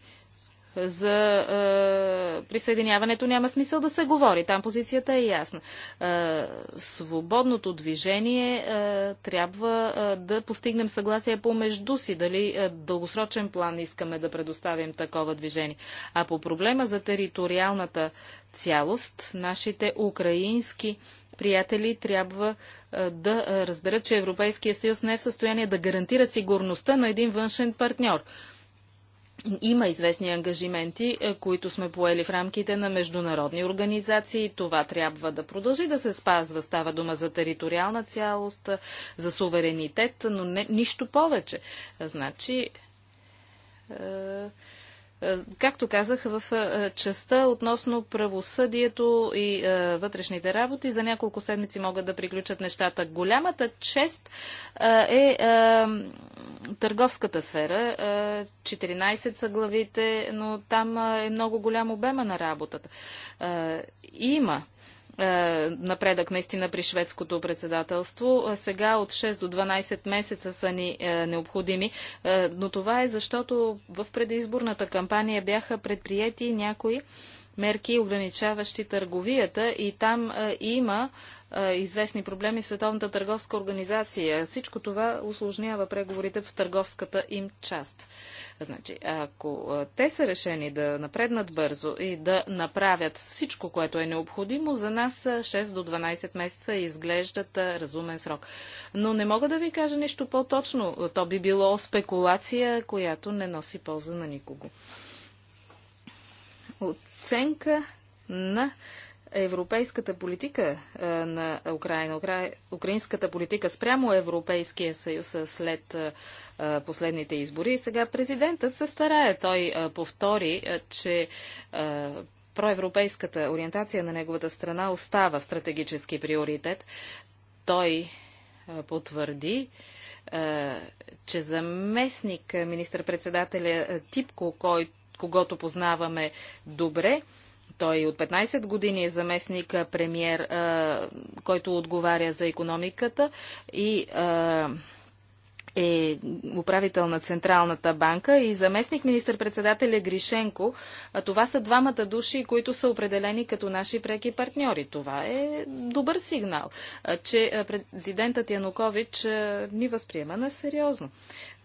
за е, присъединяването няма смисъл да се говори. Там позицията е ясна. Е, свободното движение е, трябва е, да постигнем съгласие помежду си, дали е, дългосрочен план искаме да предоставим такова движение. А по проблема за териториалната цялост, нашите украински приятели трябва е, да е, разберат, че Европейския съюз не е в състояние да гарантира сигурността на един външен партньор. Има известни ангажименти, е, които сме поели в рамките на международни организации. Това трябва да продължи да се спазва. Става дума за териториална цялост, е, за суверенитет, но не, нищо повече. Значи, е, е, както казах, в е, частта относно правосъдието и е, вътрешните работи, за няколко седмици могат да приключат нещата. Голямата чест е търговската сфера. 14 са главите, но там е много голям обема на работата. Има е, напредък наистина при шведското председателство. Сега от 6 до 12 месеца са ни е, необходими, е, но това е защото в предизборната кампания бяха предприяти някои мерки, ограничаващи търговията и там има известни проблеми в Световната търговска организация. Всичко това усложнява преговорите в търговската им част. Значи, ако те са решени да напреднат бързо и да направят всичко, което е необходимо, за нас 6 до 12 месеца изглеждат разумен срок. Но не мога да ви кажа нещо по-точно. То би било спекулация, която не носи полза на никого. Оценка на европейската политика е, на Украина, украинската политика спрямо Европейския съюз е, след е, последните избори. И сега президентът се старае. Той повтори, че проевропейската ориентация на неговата страна остава стратегически приоритет. Той потвърди, че заместник министър-председателя Типко, кой, когато познаваме добре, той от 15 години е заместник премьер, който отговаря за економиката и е управител на Централната банка и заместник министър-председателя Гришенко. Това са двамата души, които са определени като наши преки партньори. Това е добър сигнал, че президентът Янукович ни възприема на сериозно.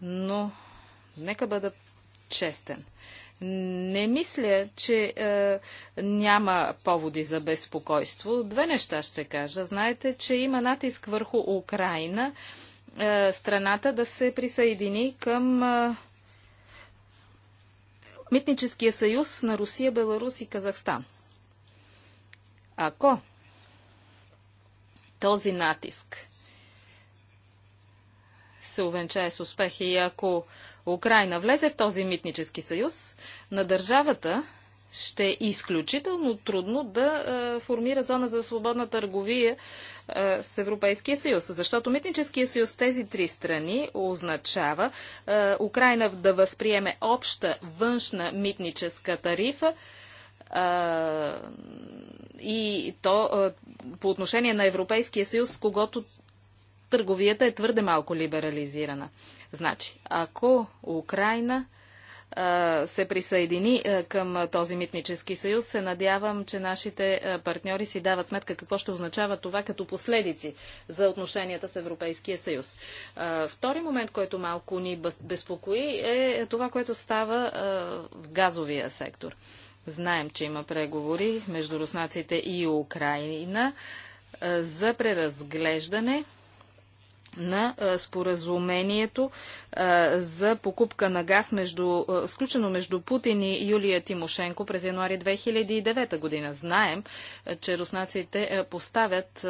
Но нека бъда честен. Не мисля, че е, няма поводи за безпокойство. Две неща ще кажа. Знаете, че има натиск върху Украина, е, страната да се присъедини към е, Митническия съюз на Русия, Беларус и Казахстан. Ако този натиск се увенчае с успех и ако Украина влезе в този митнически съюз, на държавата ще е изключително трудно да формира зона за свободна търговия с Европейския съюз, защото Митническия съюз тези три страни означава Украина да възприеме обща външна митническа тарифа и то по отношение на Европейския съюз, когато търговията е твърде малко либерализирана. Значи, ако Украина се присъедини към този митнически съюз. Се надявам, че нашите партньори си дават сметка какво ще означава това като последици за отношенията с Европейския съюз. Втори момент, който малко ни безпокои е това, което става в газовия сектор. Знаем, че има преговори между руснаците и Украина за преразглеждане на споразумението за покупка на газ, между, сключено между Путин и Юлия Тимошенко през януари 2009 година. Знаем, че руснаците поставят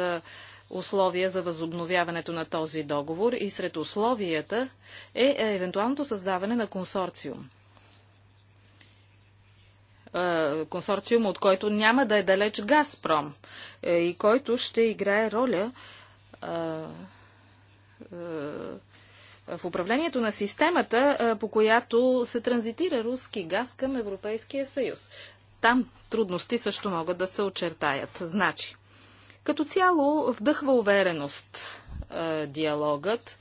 условия за възобновяването на този договор и сред условията е, е евентуалното създаване на консорциум консорциум, от който няма да е далеч Газпром е, и който ще играе роля е, в управлението на системата, е, по която се транзитира руски газ към Европейския съюз. Там трудности също могат да се очертаят. Значи, като цяло вдъхва увереност е, диалогът.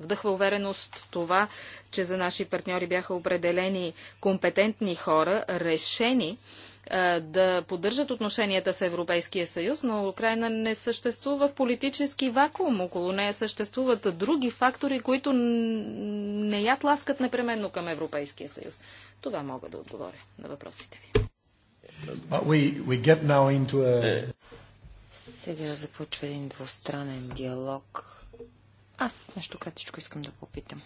Вдъхва увереност това, че за наши партньори бяха определени компетентни хора, решени да поддържат отношенията с Европейския съюз, но Украина не съществува в политически вакуум. Около нея съществуват други фактори, които не я тласкат непременно към Европейския съюз. Това мога да отговоря на въпросите ви. We, we a... Е. Сега започва един двустранен диалог. Аз нещо кратичко искам да попитам.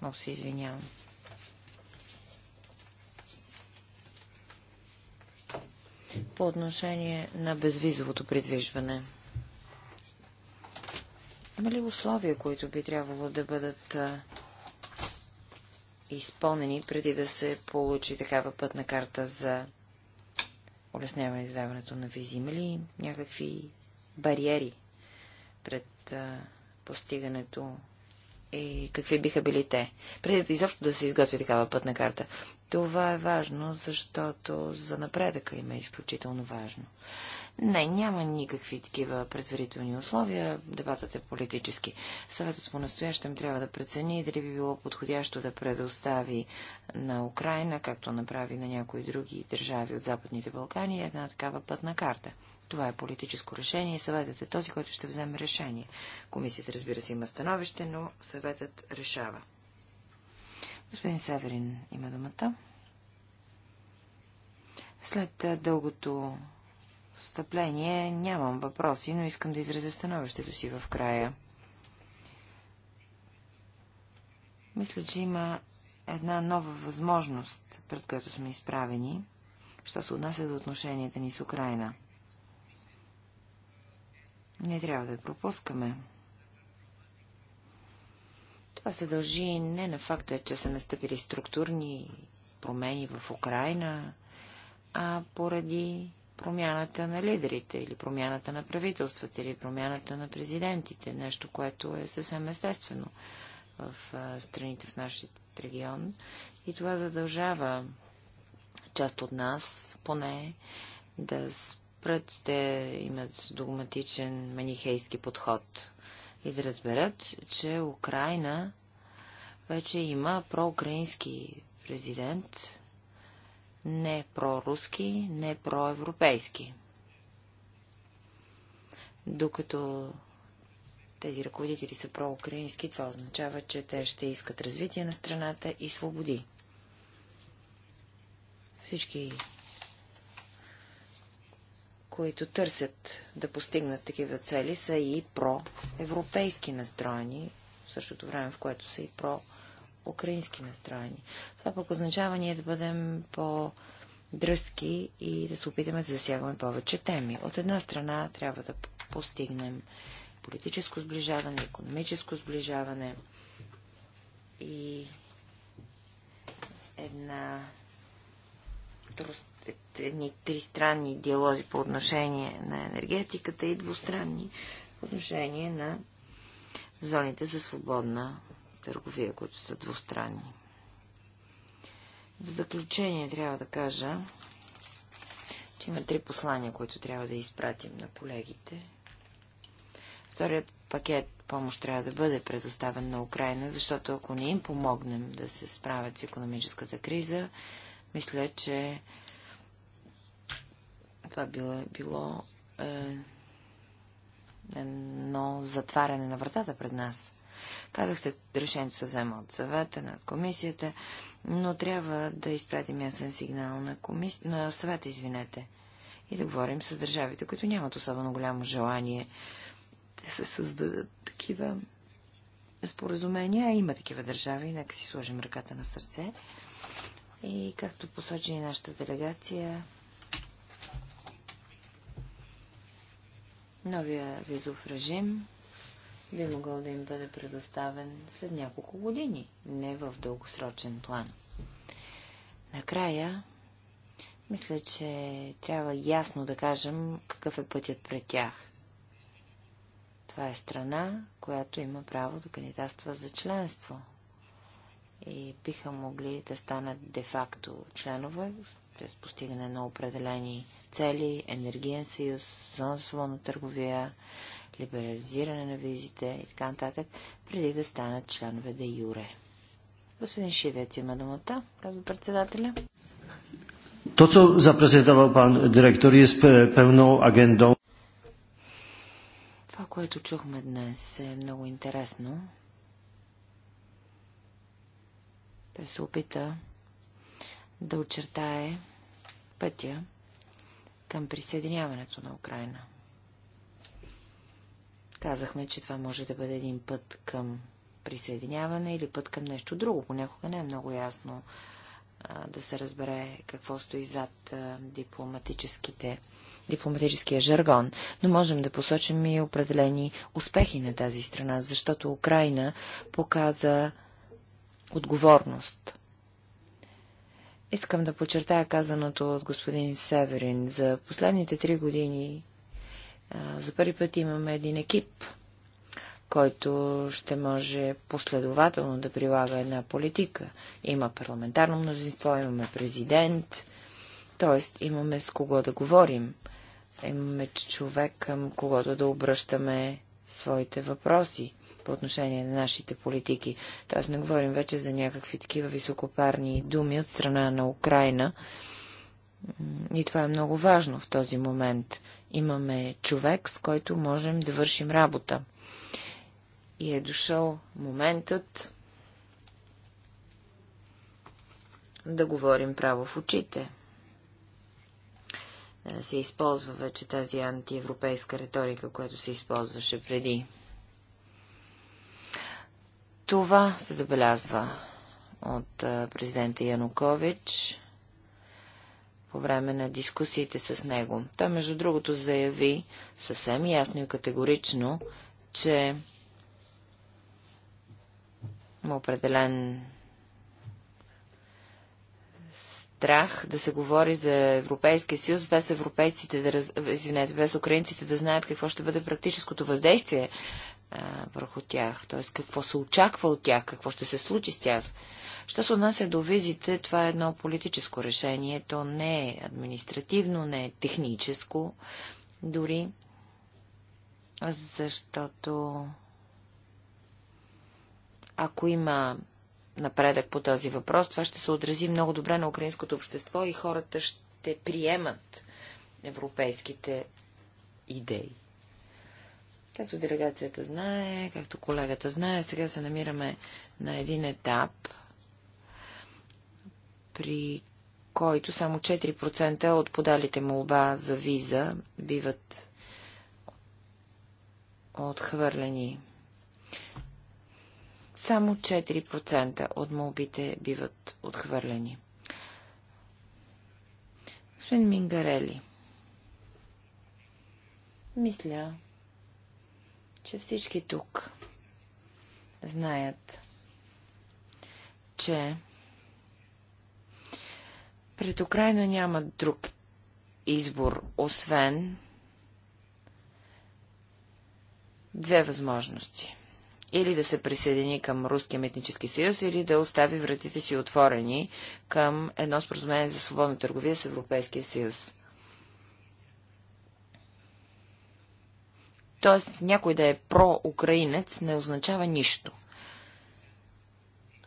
Много се извинявам. по отношение на безвизовото придвижване. Има ли условия, които би трябвало да бъдат изпълнени преди да се получи такава пътна карта за улесняване издаването на визи? Има ли някакви бариери пред а, постигането и какви биха били те, преди да изобщо да се изготви такава пътна карта. Това е важно, защото за напредъка им е изключително важно. Не, няма никакви такива предварителни условия. Дебатът е политически. Съветът по настоящем трябва да прецени дали би било подходящо да предостави на Украина, както направи на някои други държави от Западните Балкани, една такава пътна карта. Това е политическо решение и съветът е този, който ще вземе решение. Комисията, разбира се, има становище, но съветът решава. Господин Северин има думата. След дългото встъпление нямам въпроси, но искам да изразя становището си в края. Мисля, че има една нова възможност, пред която сме изправени, що се отнася до отношенията ни с Украина. Не трябва да я пропускаме. Това се дължи не на факта, че са настъпили структурни промени в Украина, а поради промяната на лидерите, или промяната на правителствата, или промяната на президентите. Нещо, което е съвсем естествено в страните в нашия регион. И това задължава част от нас, поне, да спрат, те имат догматичен манихейски подход и да разберат, че Украина вече има проукраински президент, не проруски, не проевропейски. Докато тези ръководители са проукраински, това означава, че те ще искат развитие на страната и свободи. Всички които търсят да постигнат такива цели, са и про-европейски настроени, в същото време, в което са и про-украински настроени. Това пък означава ние да бъдем по- дръзки и да се опитаме да засягаме повече теми. От една страна трябва да постигнем политическо сближаване, економическо сближаване и една едни тристранни диалози по отношение на енергетиката и двустранни по отношение на зоните за свободна търговия, които са двустранни. В заключение трябва да кажа, че има три послания, които трябва да изпратим на колегите. Вторият пакет помощ трябва да бъде предоставен на Украина, защото ако не им помогнем да се справят с економическата криза, мисля, че това било, било е, едно затваряне на вратата пред нас. Казахте, решението се взема от съвета, над комисията, но трябва да изпратим ясен сигнал на, комис... на съвета, извинете, и да говорим с държавите, които нямат особено голямо желание да се създадат такива споразумения. Има такива държави, нека си сложим ръката на сърце. И както посочи нашата делегация, Новия визов режим би могъл да им бъде предоставен след няколко години, не в дългосрочен план. Накрая, мисля, че трябва ясно да кажем какъв е пътят пред тях. Това е страна, която има право да кандидатства за членство и биха могли да станат де-факто членове чрез постигане на определени цели, енергиен съюз, зона свободна търговия, либерализиране на визите и така нататък, преди да станат членове да юре. Господин Шивец има думата, казва председателя. То, co пан директор dyrektor, с пълно агендо. Това, което чухме днес, е много интересно. Той се опита да очертае пътя към присъединяването на Украина. Казахме, че това може да бъде един път към присъединяване или път към нещо друго. Понякога не е много ясно а, да се разбере какво стои зад а, дипломатическите дипломатическия жаргон, но можем да посочим и определени успехи на тази страна, защото Украина показа отговорност Искам да подчертая казаното от господин Северин. За последните три години а, за първи път имаме един екип, който ще може последователно да прилага една политика. Има парламентарно мнозинство, имаме президент, т.е. имаме с кого да говорим. Имаме човек, към когото да обръщаме своите въпроси по отношение на нашите политики. Тоест не говорим вече за някакви такива високопарни думи от страна на Украина. И това е много важно в този момент. Имаме човек, с който можем да вършим работа. И е дошъл моментът да говорим право в очите. Да се използва вече тази антиевропейска риторика, която се използваше преди. Това се забелязва от президента Янукович по време на дискусиите с него. Той, между другото, заяви съвсем ясно и категорично, че има определен страх да се говори за Европейския съюз, без европейците да раз... извинете, без украинците да знаят какво ще бъде практическото въздействие върху тях, т.е. какво се очаква от тях, какво ще се случи с тях. Що се отнася до визите, това е едно политическо решение, то не е административно, не е техническо дори, защото ако има напредък по този въпрос, това ще се отрази много добре на украинското общество и хората ще приемат европейските идеи. Както делегацията знае, както колегата знае, сега се намираме на един етап, при който само 4% от подалите молба за виза биват отхвърлени. Само 4% от молбите биват отхвърлени. Господин Мингарели, мисля, че всички тук знаят, че пред Украина няма друг избор, освен две възможности. Или да се присъедини към Руския митнически съюз, или да остави вратите си отворени към едно споразумение за свободна търговия с Европейския съюз. Тоест, някой да е про-украинец не означава нищо.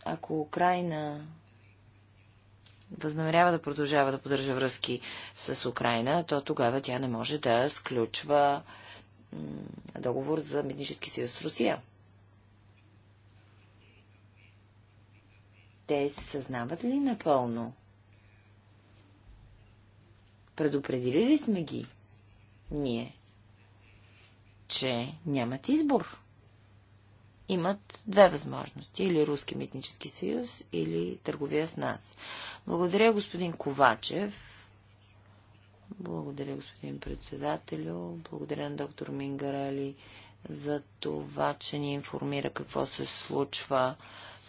Ако Украина възнамерява да продължава да поддържа връзки с Украина, то тогава тя не може да сключва договор за митнически съюз с Русия. Те съзнават ли напълно? Предупредили ли сме ги? Ние че нямат избор. Имат две възможности. Или Руски митнически съюз, или търговия с нас. Благодаря, господин Ковачев. Благодаря, господин председателю. Благодаря на доктор Мингарели за това, че ни информира какво се случва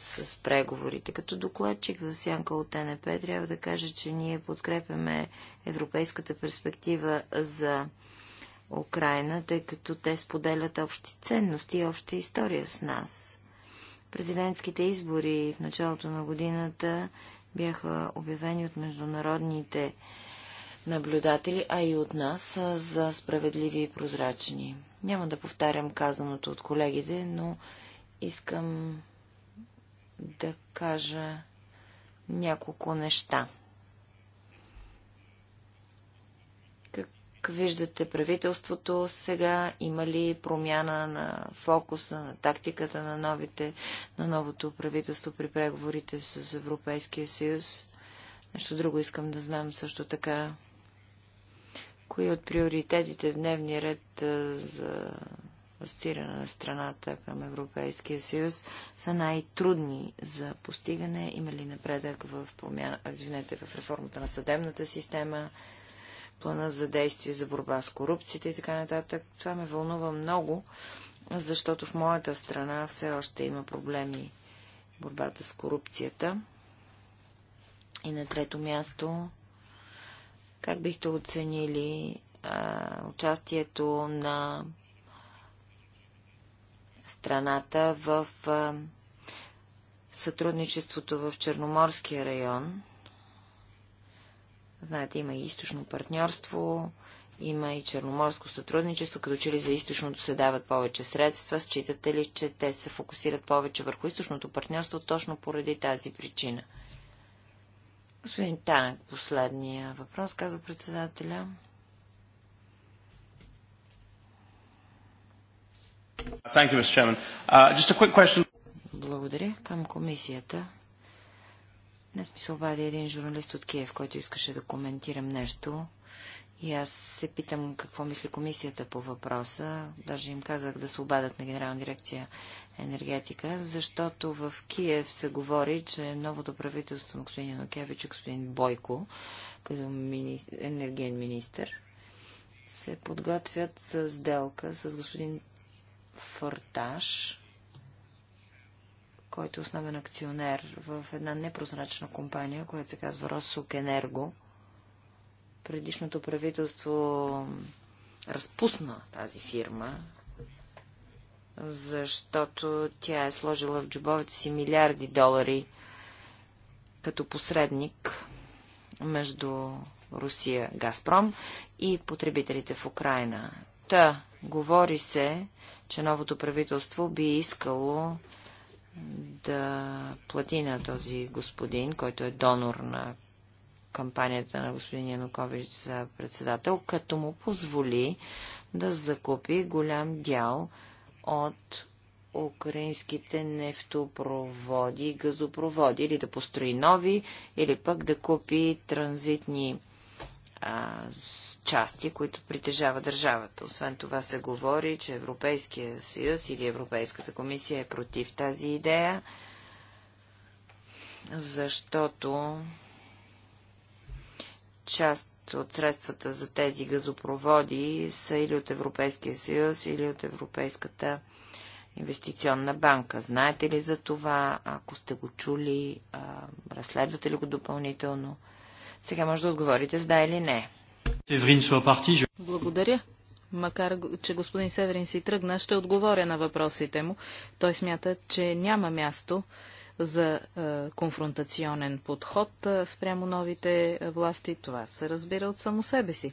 с преговорите. Като докладчик в сянка от ТНП трябва да кажа, че ние подкрепяме европейската перспектива за Украина, тъй като те споделят общи ценности и обща история с нас. Президентските избори в началото на годината бяха обявени от международните наблюдатели, а и от нас за справедливи и прозрачни. Няма да повтарям казаното от колегите, но искам да кажа няколко неща. Как виждате правителството сега? Има ли промяна на фокуса, на тактиката на, новите, на новото правителство при преговорите с Европейския съюз? Нещо друго искам да знам също така. Кои от приоритетите в дневния ред за асоцииране на страната към Европейския съюз са най-трудни за постигане? Има ли напредък в, промяна, извинете, в реформата на съдебната система? плана за действие за борба с корупцията и така нататък. Това ме вълнува много, защото в моята страна все още има проблеми борбата с корупцията. И на трето място, как бихте оценили а, участието на страната в а, сътрудничеството в Черноморския район Знаете, има и източно партньорство, има и черноморско сътрудничество, като че ли за източното се дават повече средства. Считате ли, че те се фокусират повече върху източното партньорство точно поради тази причина? Господин Танък, последния въпрос, казва председателя. Uh, Благодаря към комисията. Днес ми се обади един журналист от Киев, който искаше да коментирам нещо. И аз се питам какво мисли комисията по въпроса. Даже им казах да се обадят на Генерална дирекция енергетика, защото в Киев се говори, че новото правителство на господин Янокевич и господин Бойко, като мини... енергиен министр, се подготвят за сделка с господин Фърташ, който е основен акционер в една непрозрачна компания, която се казва Росук Енерго. Предишното правителство разпусна тази фирма, защото тя е сложила в джобовете си милиарди долари като посредник между Русия, Газпром и потребителите в Украина. Та, говори се, че новото правителство би искало да плати на този господин, който е донор на кампанията на господин Янукович за председател, като му позволи да закупи голям дял от украинските нефтопроводи газопроводи, или да построи нови, или пък да купи транзитни а, части, които притежава държавата. Освен това се говори, че Европейския съюз или Европейската комисия е против тази идея, защото част от средствата за тези газопроводи са или от Европейския съюз, или от Европейската инвестиционна банка. Знаете ли за това? Ако сте го чули, разследвате ли го допълнително? Сега може да отговорите с да или не. Благодаря. Макар, че господин Северин си тръгна, ще отговоря на въпросите му. Той смята, че няма място за е, конфронтационен подход е, спрямо новите е, власти. Това се разбира от само себе си.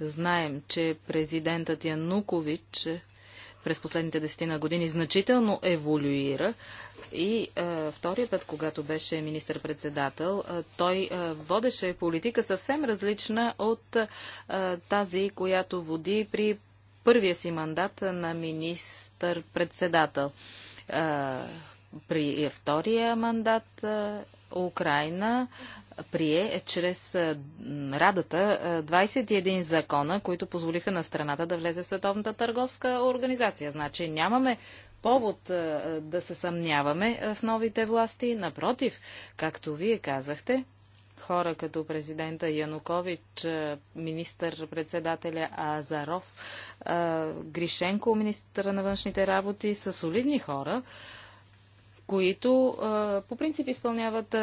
Знаем, че президентът Янукович е, през последните десетина години значително еволюира, и а, е, втория път, когато беше министър-председател, е, той а, е, водеше политика съвсем различна от а, тази, която води при първия си мандат на министър-председател. при втория мандат а, Украина прие чрез Радата 21 закона, които позволиха на страната да влезе в Световната търговска организация. Значи нямаме повод да се съмняваме в новите власти. Напротив, както вие казахте, хора като президента Янукович, министър-председателя Азаров, Гришенко, министъра на външните работи, са солидни хора, които по принцип изпълняват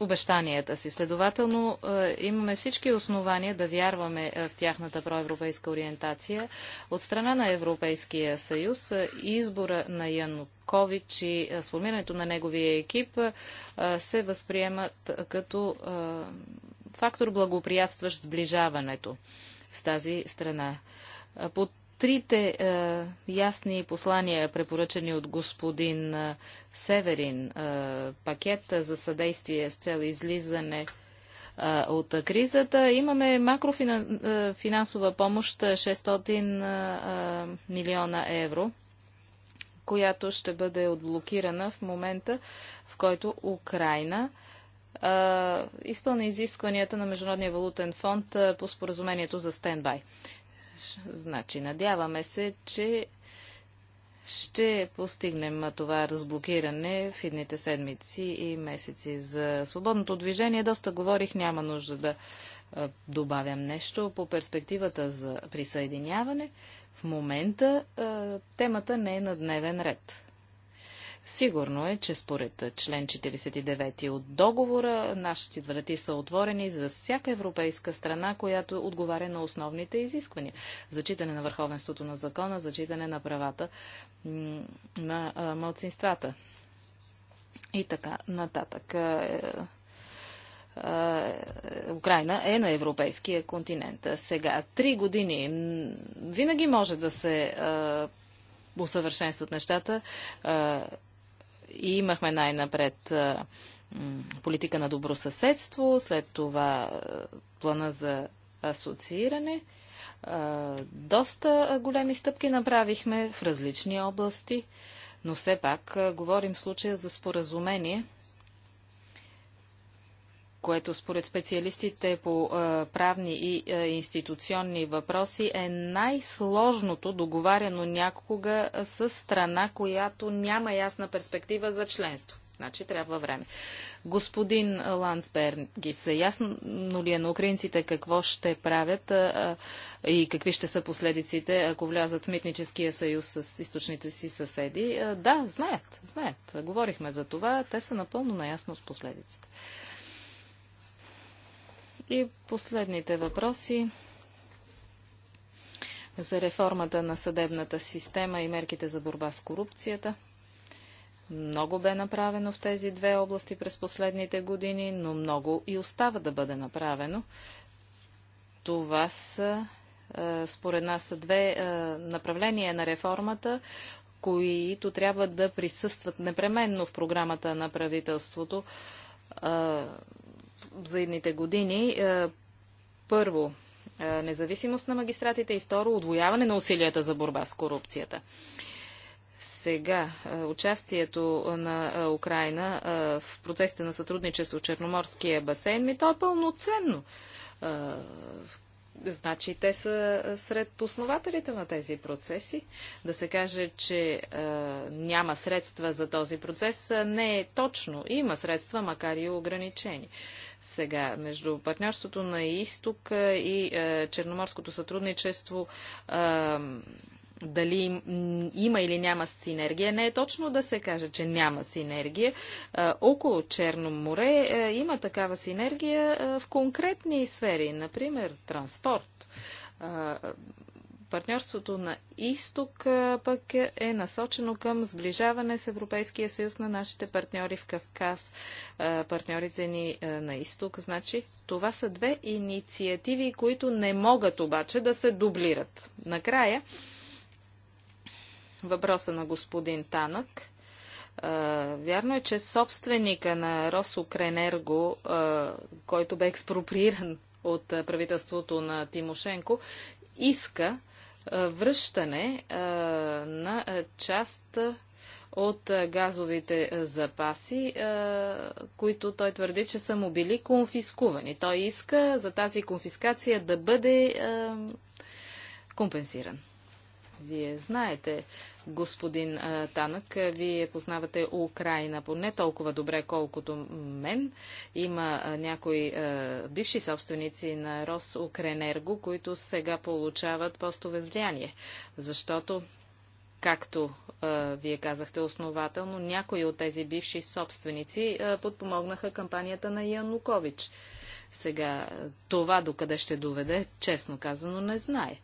обещанията си. Следователно, е, имаме всички основания да вярваме е, в тяхната проевропейска ориентация. От страна на Европейския съюз е, избора на Янукович и сформирането на неговия екип се възприемат като фактор благоприятстващ сближаването с тази страна. Под трите е, ясни послания, препоръчани от господин е, Северин, е, пакет за съдействие с цел излизане е, от кризата. Имаме макрофинансова е, помощ 600 е, милиона евро, която ще бъде отблокирана в момента, в който Украина изпълни изискванията на Международния валутен фонд по споразумението за стендбай. Значи, надяваме се, че ще постигнем това разблокиране в едните седмици и месеци. За свободното движение доста говорих, няма нужда да добавям нещо по перспективата за присъединяване. В момента темата не е на дневен ред. Сигурно е, че според член 49 от договора, нашите врати са отворени за всяка европейска страна, която отговаря на основните изисквания. Зачитане на върховенството на закона, зачитане на правата на малцинствата. И така нататък. Е, е, е, Украина е на европейския континент. Сега, три години винаги може да се усъвършенстват нещата и имахме най-напред политика на добро съседство, след това плана за асоцииране. Доста големи стъпки направихме в различни области, но все пак говорим в случая за споразумение – което според специалистите по а, правни и а, институционни въпроси е най-сложното договаряно някога с страна, която няма ясна перспектива за членство. Значи трябва време. Господин Ландсбергис, ясно ли е на украинците какво ще правят а, и какви ще са последиците, ако влязат в Митническия съюз с източните си съседи? да, знаят, знаят. Говорихме за това. Те са напълно наясно с последиците. И последните въпроси за реформата на съдебната система и мерките за борба с корупцията. Много бе направено в тези две области през последните години, но много и остава да бъде направено. Това са, според нас, са две направления на реформата, които трябва да присъстват непременно в програмата на правителството за едните години. Е, първо, е, независимост на магистратите и второ, отвояване на усилията за борба с корупцията. Сега е, участието на Украина в процесите на сътрудничество в Черноморския басейн, ми то е пълноценно. Значи те са сред основателите на тези процеси. Да се каже, че е, няма средства за този процес, не е точно. Има средства, макар и ограничени. Е, сега, между партньорството на изток и е, черноморското сътрудничество, е, дали има или няма синергия. Не е точно да се каже, че няма синергия. около Черно море има такава синергия в конкретни сфери, например транспорт Партньорството на изток пък е насочено към сближаване с Европейския съюз на нашите партньори в Кавказ, партньорите ни на изток. Значи, това са две инициативи, които не могат обаче да се дублират. Накрая, въпроса на господин Танък. Вярно е, че собственика на Росукренерго, който бе експроприиран от правителството на Тимошенко, иска връщане на част от газовите запаси, които той твърди, че са му били конфискувани. Той иска за тази конфискация да бъде компенсиран. Вие знаете господин Танък. Вие познавате Украина поне толкова добре, колкото мен. Има някои бивши собственици на Рос Укренерго, които сега получават постове с влияние, защото както а, вие казахте основателно, някои от тези бивши собственици а, подпомогнаха кампанията на Янукович. Сега това докъде ще доведе, честно казано, не знае.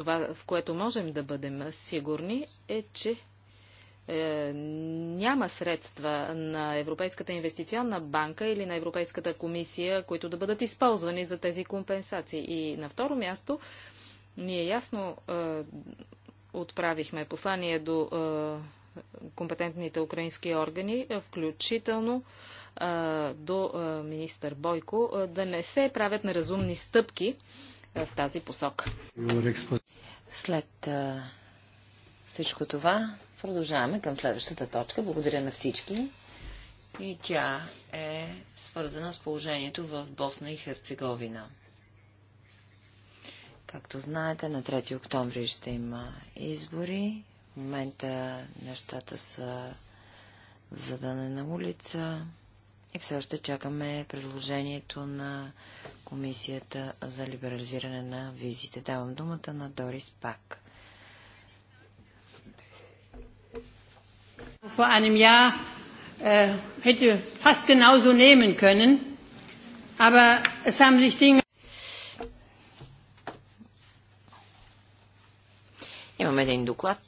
Това, в което можем да бъдем сигурни, е, че е, няма средства на Европейската инвестиционна банка или на Европейската комисия, които да бъдат използвани за тези компенсации. И на второ място, ние ясно е, отправихме послание до е, компетентните украински органи, е, включително е, до е, министър Бойко, е, да не се правят неразумни стъпки в тази посока. След всичко това продължаваме към следващата точка. Благодаря на всички. И тя е свързана с положението в Босна и Херцеговина. Както знаете, на 3 октомври ще има избори. В момента нещата са задане на улица. И все още чакаме предложението на Комисията за либерализиране на визите. Давам думата на Дорис Пак. Vor einem Jahr äh, hätte fast genauso nehmen können, aber es haben sich Dinge. Имам един доклад.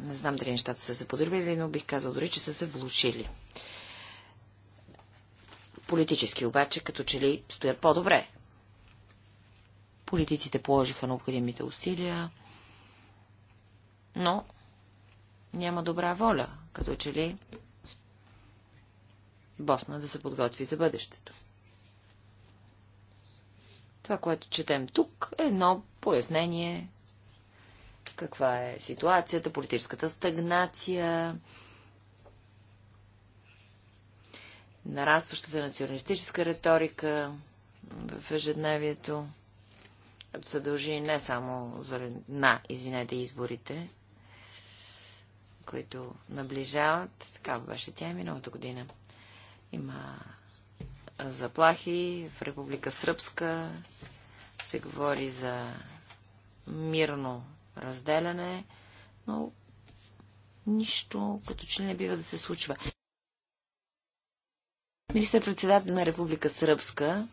Не знам дали нещата са се подробили, но бих казал дори, че са се влушили. Политически обаче, като че ли стоят по-добре. Политиците положиха необходимите усилия, но няма добра воля, като че ли Босна да се подготви за бъдещето. Това, което четем тук, е едно пояснение каква е ситуацията, политическата стагнация, нарастващата националистическа риторика в ежедневието, като се дължи не само за, на, извинете, изборите, които наближават. така беше тя миналата година. Има заплахи в Република Сръбска. Се говори за мирно разделяне, но нищо като че не бива да се случва. Министър-председател на Република Сръбска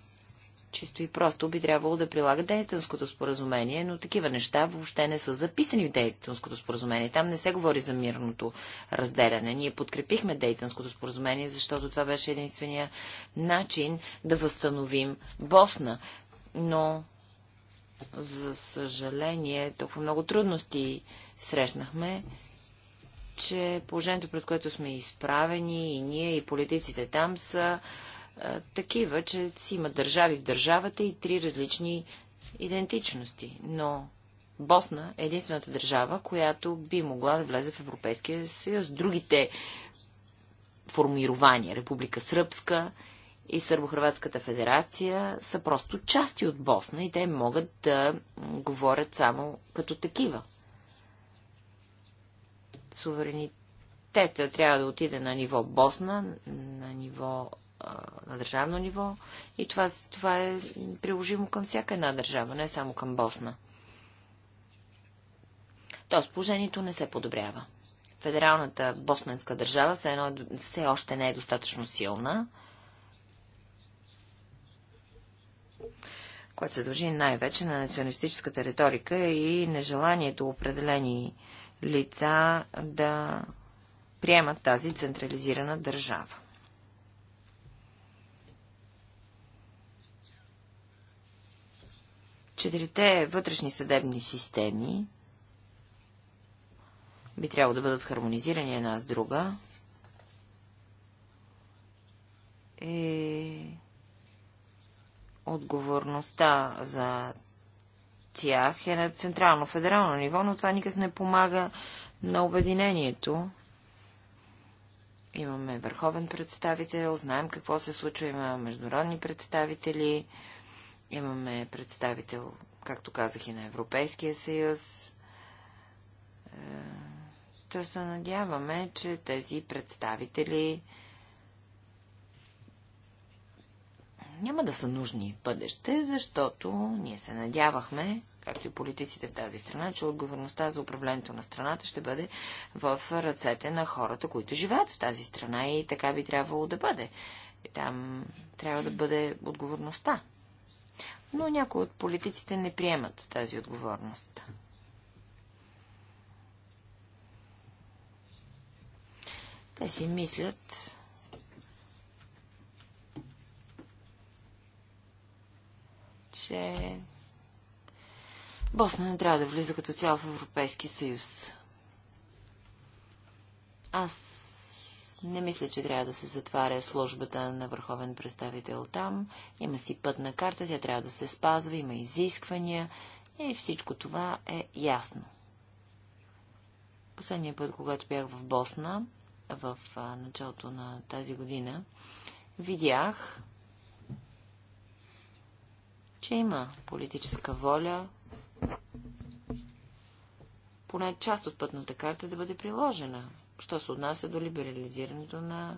чисто и просто би трябвало да прилага Дейтонското споразумение, но такива неща въобще не са записани в Дейтонското споразумение. Там не се говори за мирното разделяне. Ние подкрепихме Дейтонското споразумение, защото това беше единствения начин да възстановим Босна. Но, за съжаление, толкова много трудности срещнахме че положението, пред което сме изправени и ние, и политиците там са а, е, такива, че си има държави в държавата и три различни идентичности. Но Босна е единствената държава, която би могла да влезе в Европейския съюз. Другите формирования, Република Сръбска и Сърбо-Хрватската федерация, са просто части от Босна и те могат да говорят само като такива суверенитета трябва да отиде на ниво Босна, на ниво на държавно ниво и това, това е приложимо към всяка една държава, не само към Босна. Тоест положението не се подобрява. Федералната босненска държава все, едно, е все още не е достатъчно силна, което се дължи най-вече на националистическата риторика и нежеланието определени лица да приемат тази централизирана държава. Четирите вътрешни съдебни системи би трябвало да бъдат хармонизирани една с друга. И е, отговорността за тях е на централно, федерално ниво, но това никак не помага на обединението. Имаме върховен представител, знаем какво се случва, има международни представители, имаме представител, както казах, и на Европейския съюз. Е, Та се надяваме, че тези представители няма да са нужни в бъдеще, защото ние се надявахме, както и политиците в тази страна, че отговорността за управлението на страната ще бъде в ръцете на хората, които живеят в тази страна и така би трябвало да бъде. И там трябва да бъде отговорността. Но някои от политиците не приемат тази отговорност. Те си мислят, че Босна не трябва да влиза като цяло в Европейския съюз. Аз не мисля, че трябва да се затваря службата на върховен представител там. Има си пътна карта, тя трябва да се спазва, има изисквания и всичко това е ясно. Последния път, когато бях в Босна, в началото на тази година, видях че има политическа воля поне част от пътната карта да бъде приложена, що се отнася до либерализирането на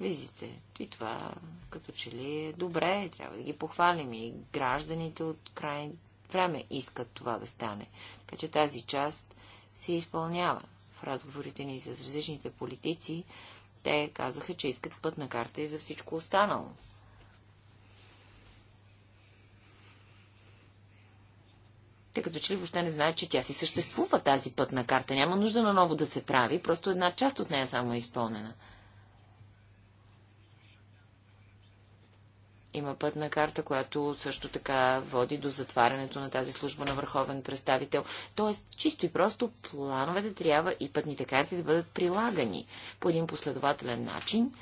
визите. И това като че ли е добре, трябва да ги похвалим и гражданите от край време искат това да стане. Така че тази част се изпълнява. В разговорите ни с различните политици те казаха, че искат пътна карта и за всичко останало. те като че ли въобще не знаят, че тя си съществува тази пътна карта. Няма нужда на ново да се прави, просто една част от нея само е изпълнена. Има пътна карта, която също така води до затварянето на тази служба на върховен представител. Тоест, чисто и просто плановете трябва и пътните карти да бъдат прилагани по един последователен начин,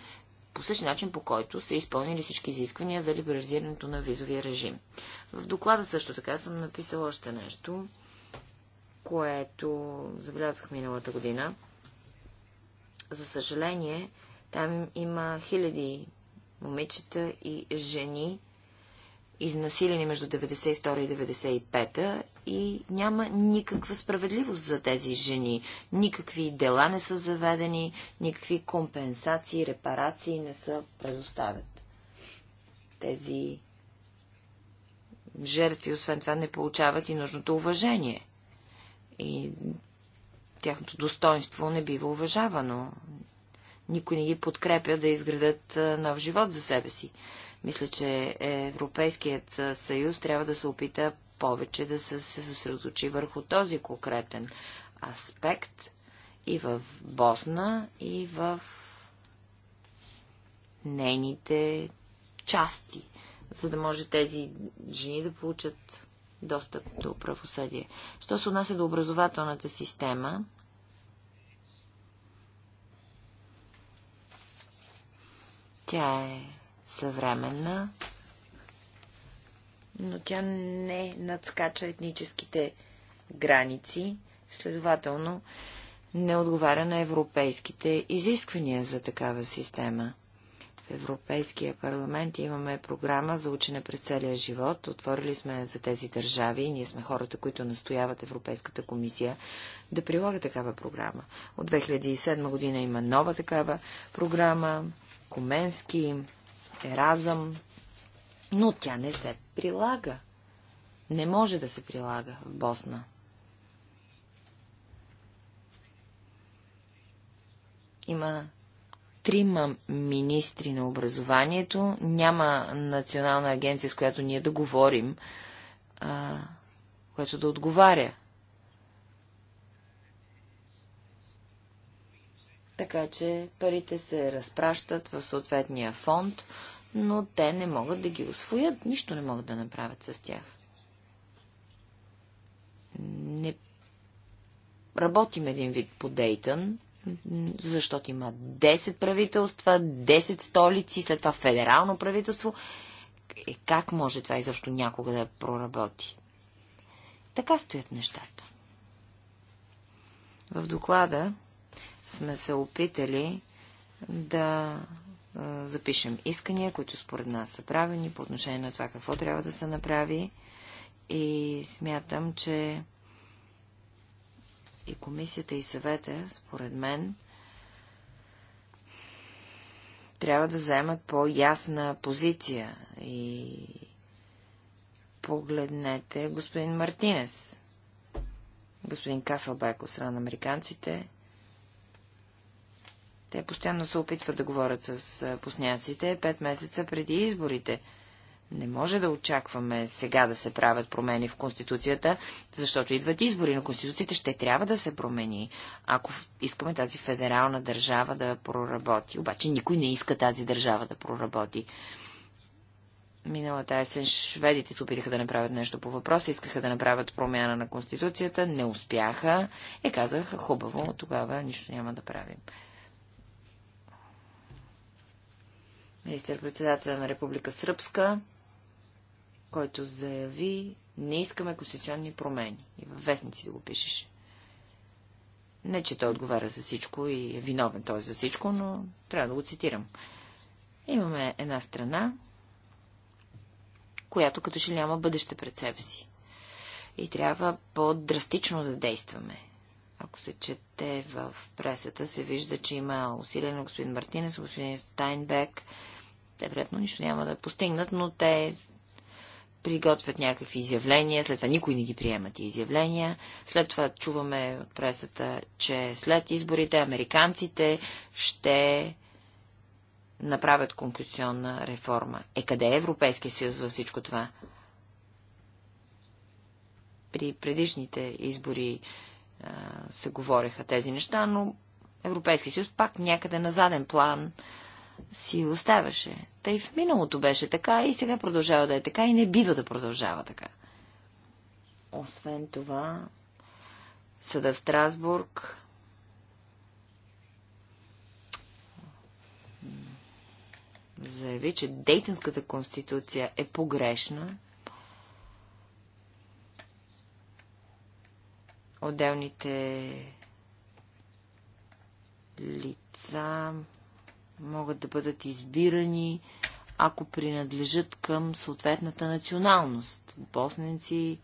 по същия начин, по който са изпълнили всички изисквания за либерализирането на визовия режим. В доклада също така съм написала още нещо, което забелязах миналата година. За съжаление, там има хиляди момичета и жени, изнасилени между 92 и 95 и няма никаква справедливост за тези жени. Никакви дела не са заведени, никакви компенсации, репарации не са предоставят. Тези жертви, освен това, не получават и нужното уважение. И тяхното достоинство не бива уважавано. Никой не ги подкрепя да изградат нов живот за себе си. Мисля, че Европейският съюз трябва да се опита повече да се съсредоточи върху този конкретен аспект и в Босна, и в нейните части, за да може тези жени да получат достъп до правосъдие. Що се отнася до образователната система, тя е съвременна, но тя не надскача етническите граници, следователно не отговаря на европейските изисквания за такава система. В Европейския парламент имаме програма за учене през целия живот. Отворили сме за тези държави. Ние сме хората, които настояват Европейската комисия да прилага такава програма. От 2007 година има нова такава програма. Коменски Еразъм, но тя не се прилага. Не може да се прилага в Босна. Има трима министри на образованието, няма национална агенция, с която ние да говорим, а, която да отговаря Така че парите се разпращат в съответния фонд, но те не могат да ги освоят, нищо не могат да направят с тях. Не работим един вид по Дейтън, защото има 10 правителства, 10 столици, след това федерално правителство. Е, как може това изобщо някога да проработи? Така стоят нещата. В доклада сме се опитали да запишем искания, които според нас са правени по отношение на това какво трябва да се направи. И смятам, че и комисията и съвета, според мен, трябва да заемат по-ясна позиция. И погледнете господин Мартинес, господин Касълбек от страна на американците, те постоянно се опитват да говорят с босняците пет месеца преди изборите. Не може да очакваме сега да се правят промени в Конституцията, защото идват избори, но Конституцията ще трябва да се промени, ако искаме тази федерална държава да проработи. Обаче никой не иска тази държава да проработи. Миналата есен шведите се опитаха да направят нещо по въпроса, искаха да направят промяна на Конституцията, не успяха и е, казаха, хубаво, тогава нищо няма да правим. министър-председателя на Република Сръбска, който заяви, не искаме конституционни промени. И във вестници да го пишеш. Не, че той отговаря за всичко и е виновен той за всичко, но трябва да го цитирам. Имаме една страна, която като че няма бъдеще пред себе си. И трябва по-драстично да действаме. Ако се чете в пресата, се вижда, че има на господин Мартинес, господин Стайнбек, те, вероятно, нищо няма да постигнат, но те приготвят някакви изявления, след това никой не ги приема тези изявления, след това чуваме от пресата, че след изборите американците ще направят конституционна реформа. Е къде е Европейския съюз във всичко това? При предишните избори а, се говореха тези неща, но Европейския съюз пак някъде на заден план а, си оставаше. Тъй в миналото беше така и сега продължава да е така и не бива да продължава така. Освен това, съда в Страсбург заяви, че Дейтинската конституция е погрешна. Отделните лица могат да бъдат избирани, ако принадлежат към съответната националност. Босненци,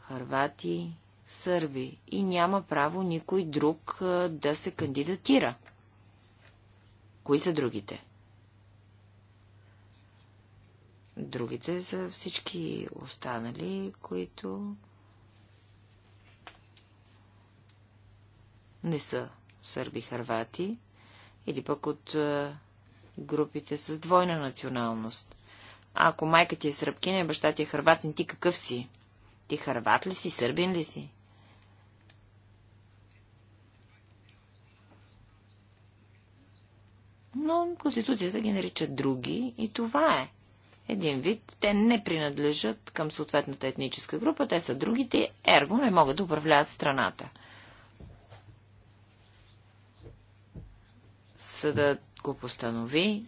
харвати, сърби. И няма право никой друг да се кандидатира. Кои са другите? Другите са всички останали, които не са сърби-харвати или пък от е, групите с двойна националност. А ако майка ти е сръбкина и баща ти е хрватин, ти какъв си? Ти хърват ли си, сърбин ли си? Но Конституцията ги наричат други и това е. Един вид, те не принадлежат към съответната етническа група, те са другите, ерго не могат да управляват страната. Съдът го постанови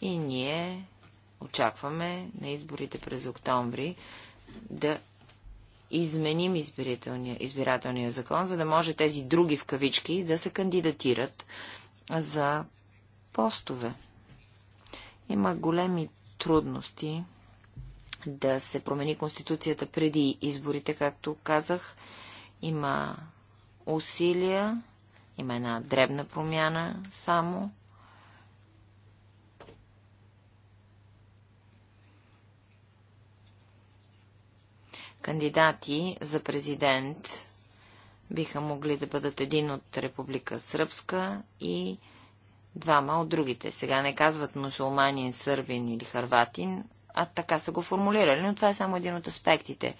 и ние очакваме на изборите през октомври да изменим избирателния, избирателния закон, за да може тези други в кавички да се кандидатират за постове. Има големи трудности да се промени конституцията преди изборите, както казах. Има усилия има една дребна промяна само. Кандидати за президент биха могли да бъдат един от Република Сръбска и двама от другите. Сега не казват мусулманин, сърбин или харватин, а така са го формулирали, но това е само един от аспектите.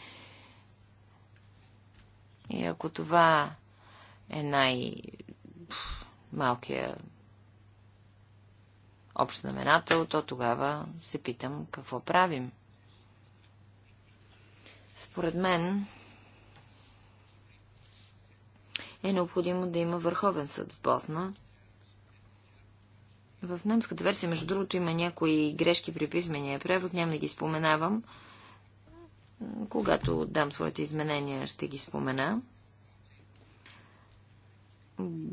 И ако това е най-малкия общ знаменател, то тогава се питам какво правим. Според мен е необходимо да има върховен съд в Босна. В немската версия, между другото, има някои грешки при писмения превод, няма да ги споменавам. Когато дам своите изменения, ще ги спомена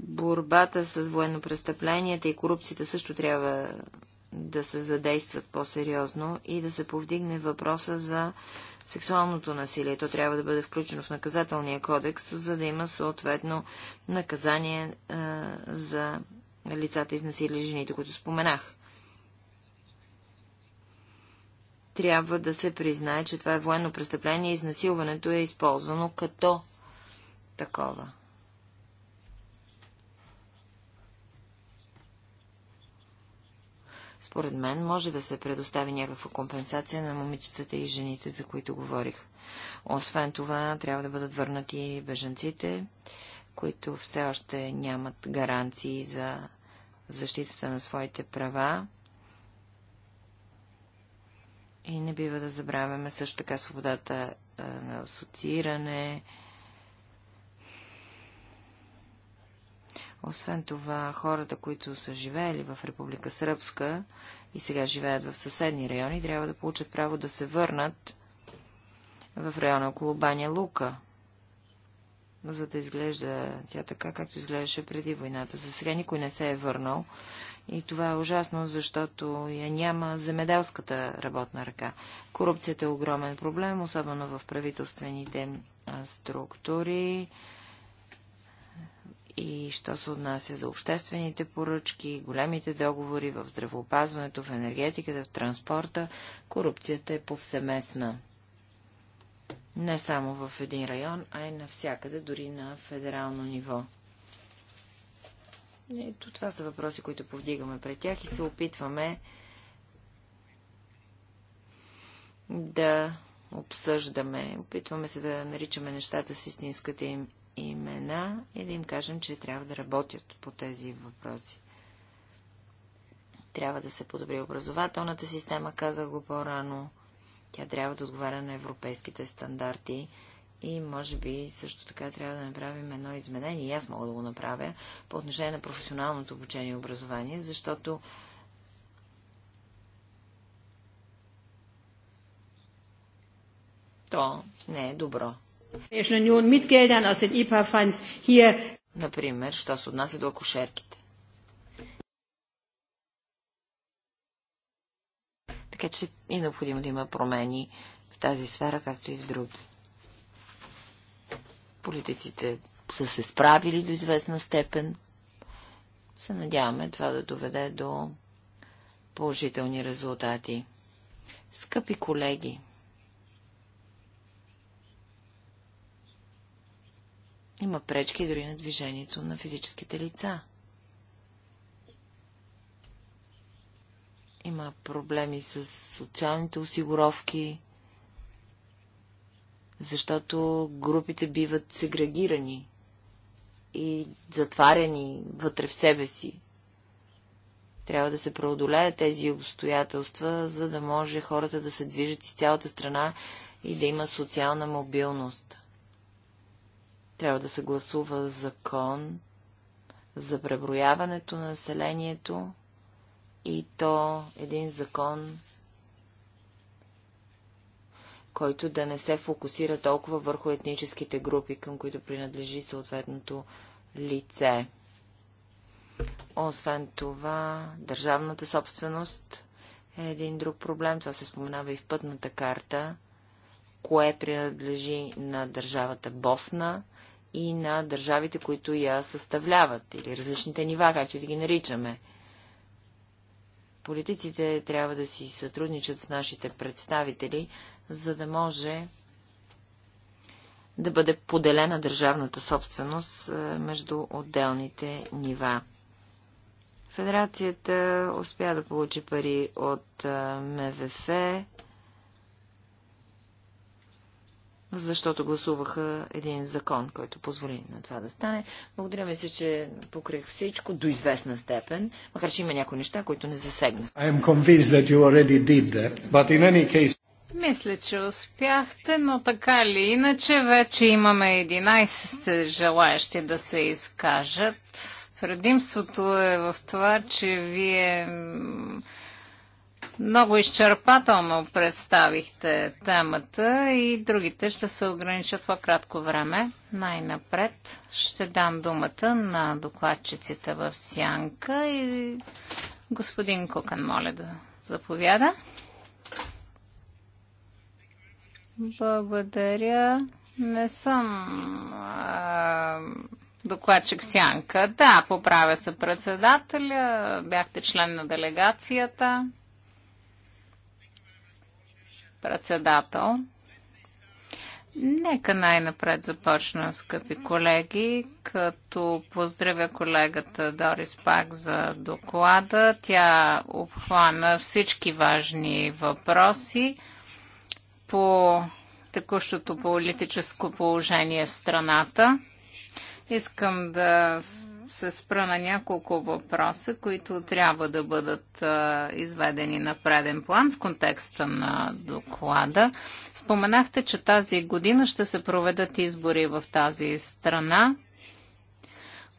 борбата с военнопрестъпленията и корупцията също трябва да се задействат по-сериозно и да се повдигне въпроса за сексуалното насилие. То трябва да бъде включено в наказателния кодекс, за да има съответно наказание а, е, за лицата изнасили жените, които споменах. Трябва да се признае, че това е военно престъпление и изнасилването е използвано като такова. Според мен може да се предостави някаква компенсация на момичетата и жените, за които говорих. Освен това, трябва да бъдат върнати бежанците, които все още нямат гаранции за защитата на своите права. И не бива да забравяме също така свободата на асоцииране, Освен това, хората, които са живеели в Република Сръбска и сега живеят в съседни райони, трябва да получат право да се върнат в района около Баня Лука, за да изглежда тя така, както изглеждаше преди войната. За сега никой не се е върнал и това е ужасно, защото я няма земеделската работна ръка. Корупцията е огромен проблем, особено в правителствените структури и що се отнася до обществените поръчки, големите договори в здравеопазването, в енергетиката, в транспорта, корупцията е повсеместна. Не само в един район, а и навсякъде, дори на федерално ниво. Ето това са въпроси, които повдигаме пред тях и се опитваме да обсъждаме. Опитваме се да наричаме нещата с истинската им имена и да им кажем, че трябва да работят по тези въпроси. Трябва да се подобри образователната система, казах го по-рано. Тя трябва да отговаря на европейските стандарти и може би също така трябва да направим едно изменение, и аз мога да го направя, по отношение на професионалното обучение и образование, защото то не е добро. E Например, що се отнася до акушерките. Така че е необходимо да има промени в тази сфера, както и в други. Политиците са се справили до известна степен. Се надяваме това да доведе до положителни резултати. Скъпи колеги, Има пречки дори на движението на физическите лица. Има проблеми с социалните осигуровки, защото групите биват сегрегирани и затваряни вътре в себе си. Трябва да се преодолеят тези обстоятелства, за да може хората да се движат из цялата страна и да има социална мобилност. Трябва да се гласува закон за преброяването на населението и то един закон, който да не се фокусира толкова върху етническите групи, към които принадлежи съответното лице. Освен това, държавната собственост е един друг проблем. Това се споменава и в пътната карта. Кое принадлежи на държавата Босна, и на държавите, които я съставляват, или различните нива, както да ги наричаме. Политиците трябва да си сътрудничат с нашите представители, за да може да бъде поделена държавната собственост е, между отделните нива. Федерацията успя да получи пари от е, МВФ, защото гласуваха един закон, който позволи на това да стане. Благодаря ми се, че покрих всичко до известна степен, макар че има някои неща, които не засегнах. Case... Мисля, че успяхте, но така или иначе вече имаме 11 желаящи да се изкажат. Предимството е в това, че вие много изчерпателно представихте темата и другите ще се ограничат в кратко време. Най-напред ще дам думата на докладчиците в Сянка и господин Кукан, моля да заповяда. Благодаря. Не съм а, докладчик Сянка. Да, поправя се председателя. Бяхте член на делегацията председател. Нека най-напред започна, скъпи колеги, като поздравя колегата Дорис Пак за доклада. Тя обхвана всички важни въпроси по текущото политическо положение в страната. Искам да се спра на няколко въпроса, които трябва да бъдат а, изведени на преден план в контекста на доклада. Споменахте, че тази година ще се проведат избори в тази страна.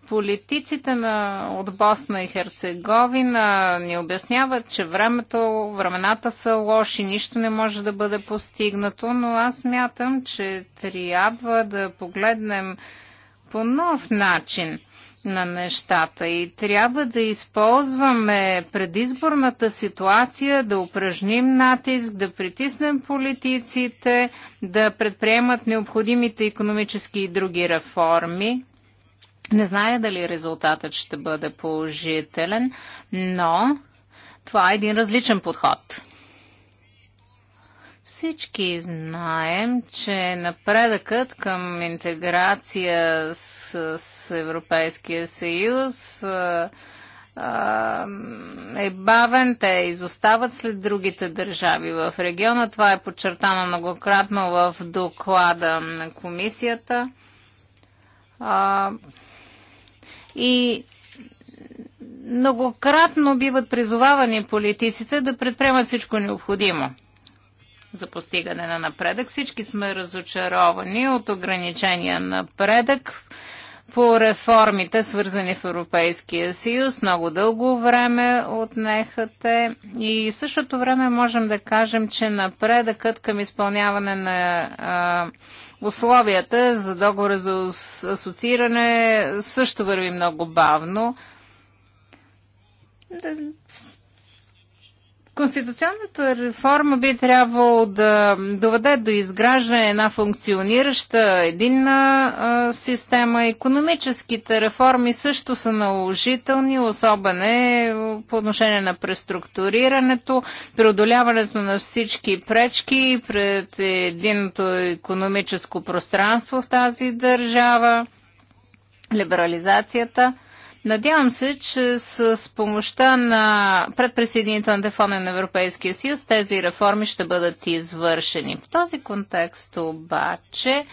Политиците на, от Босна и Херцеговина ни обясняват, че времето, времената са лоши, нищо не може да бъде постигнато, но аз мятам, че трябва да погледнем по нов начин на нещата и трябва да използваме предизборната ситуация, да упражним натиск, да притиснем политиците, да предприемат необходимите економически и други реформи. Не зная дали резултатът ще бъде положителен, но това е един различен подход. Всички знаем, че напредъкът към интеграция с, с Европейския съюз а, а, е бавен. Те изостават след другите държави в региона. Това е подчертано многократно в доклада на комисията. А, и многократно биват призовавани политиците да предприемат всичко необходимо – за постигане на напредък. Всички сме разочаровани от ограничения напредък по реформите, свързани в Европейския съюз. Много дълго време отнехате и в същото време можем да кажем, че напредъкът към изпълняване на а, условията за договора за асоцииране също върви много бавно. Конституционната реформа би трябвало да доведе до изграждане една функционираща единна а, система. Економическите реформи също са наложителни, особено е по отношение на преструктурирането, преодоляването на всички пречки пред единното економическо пространство в тази държава, либерализацията – Надявам се, че с помощта на предприсъединителната фона на Европейския съюз тези реформи ще бъдат извършени. В този контекст обаче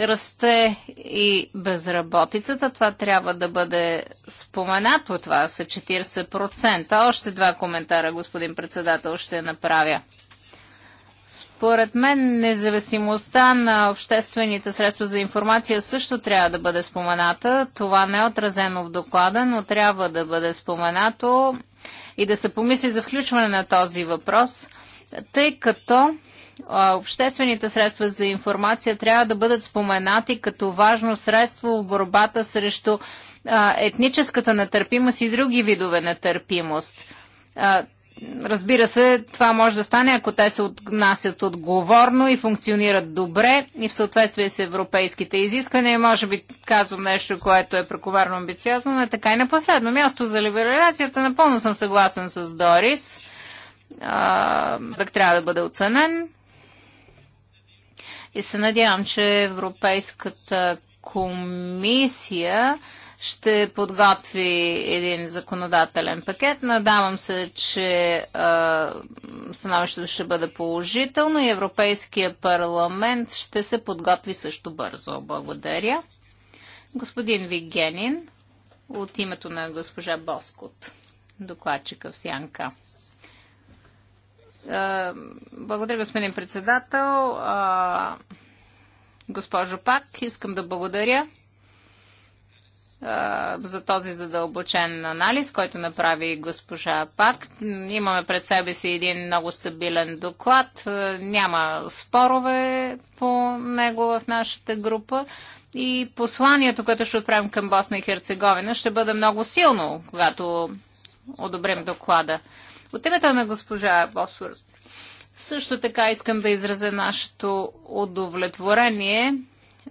расте и безработицата. Това трябва да бъде споменато. Това са 40%. Още два коментара, господин председател, ще направя. Според мен независимостта на обществените средства за информация също трябва да бъде спомената. Това не е отразено в доклада, но трябва да бъде споменато и да се помисли за включване на този въпрос, тъй като обществените средства за информация трябва да бъдат споменати като важно средство в борбата срещу етническата нетърпимост и други видове нетърпимост Разбира се, това може да стане, ако те се отнасят отговорно и функционират добре и в съответствие с европейските изисквания. Може би казвам нещо, което е прековарно амбициозно, но е така и на последно място за либерализацията. Напълно съм съгласен с Дорис. Так трябва да бъде оценен. И се надявам, че Европейската комисия ще подготви един законодателен пакет. Надавам се, че становището ще бъде положително и Европейския парламент ще се подготви също бързо. Благодаря. Господин Вигенин от името на госпожа Боскот, докладчика в Сянка. Благодаря, господин председател. Госпожо Пак, искам да благодаря за този задълбочен анализ, който направи госпожа Пак. Имаме пред себе си един много стабилен доклад. Няма спорове по него в нашата група. И посланието, което ще отправим към Босна и Херцеговина, ще бъде много силно, когато одобрим доклада. От името на госпожа Босфор, също така искам да изразя нашето удовлетворение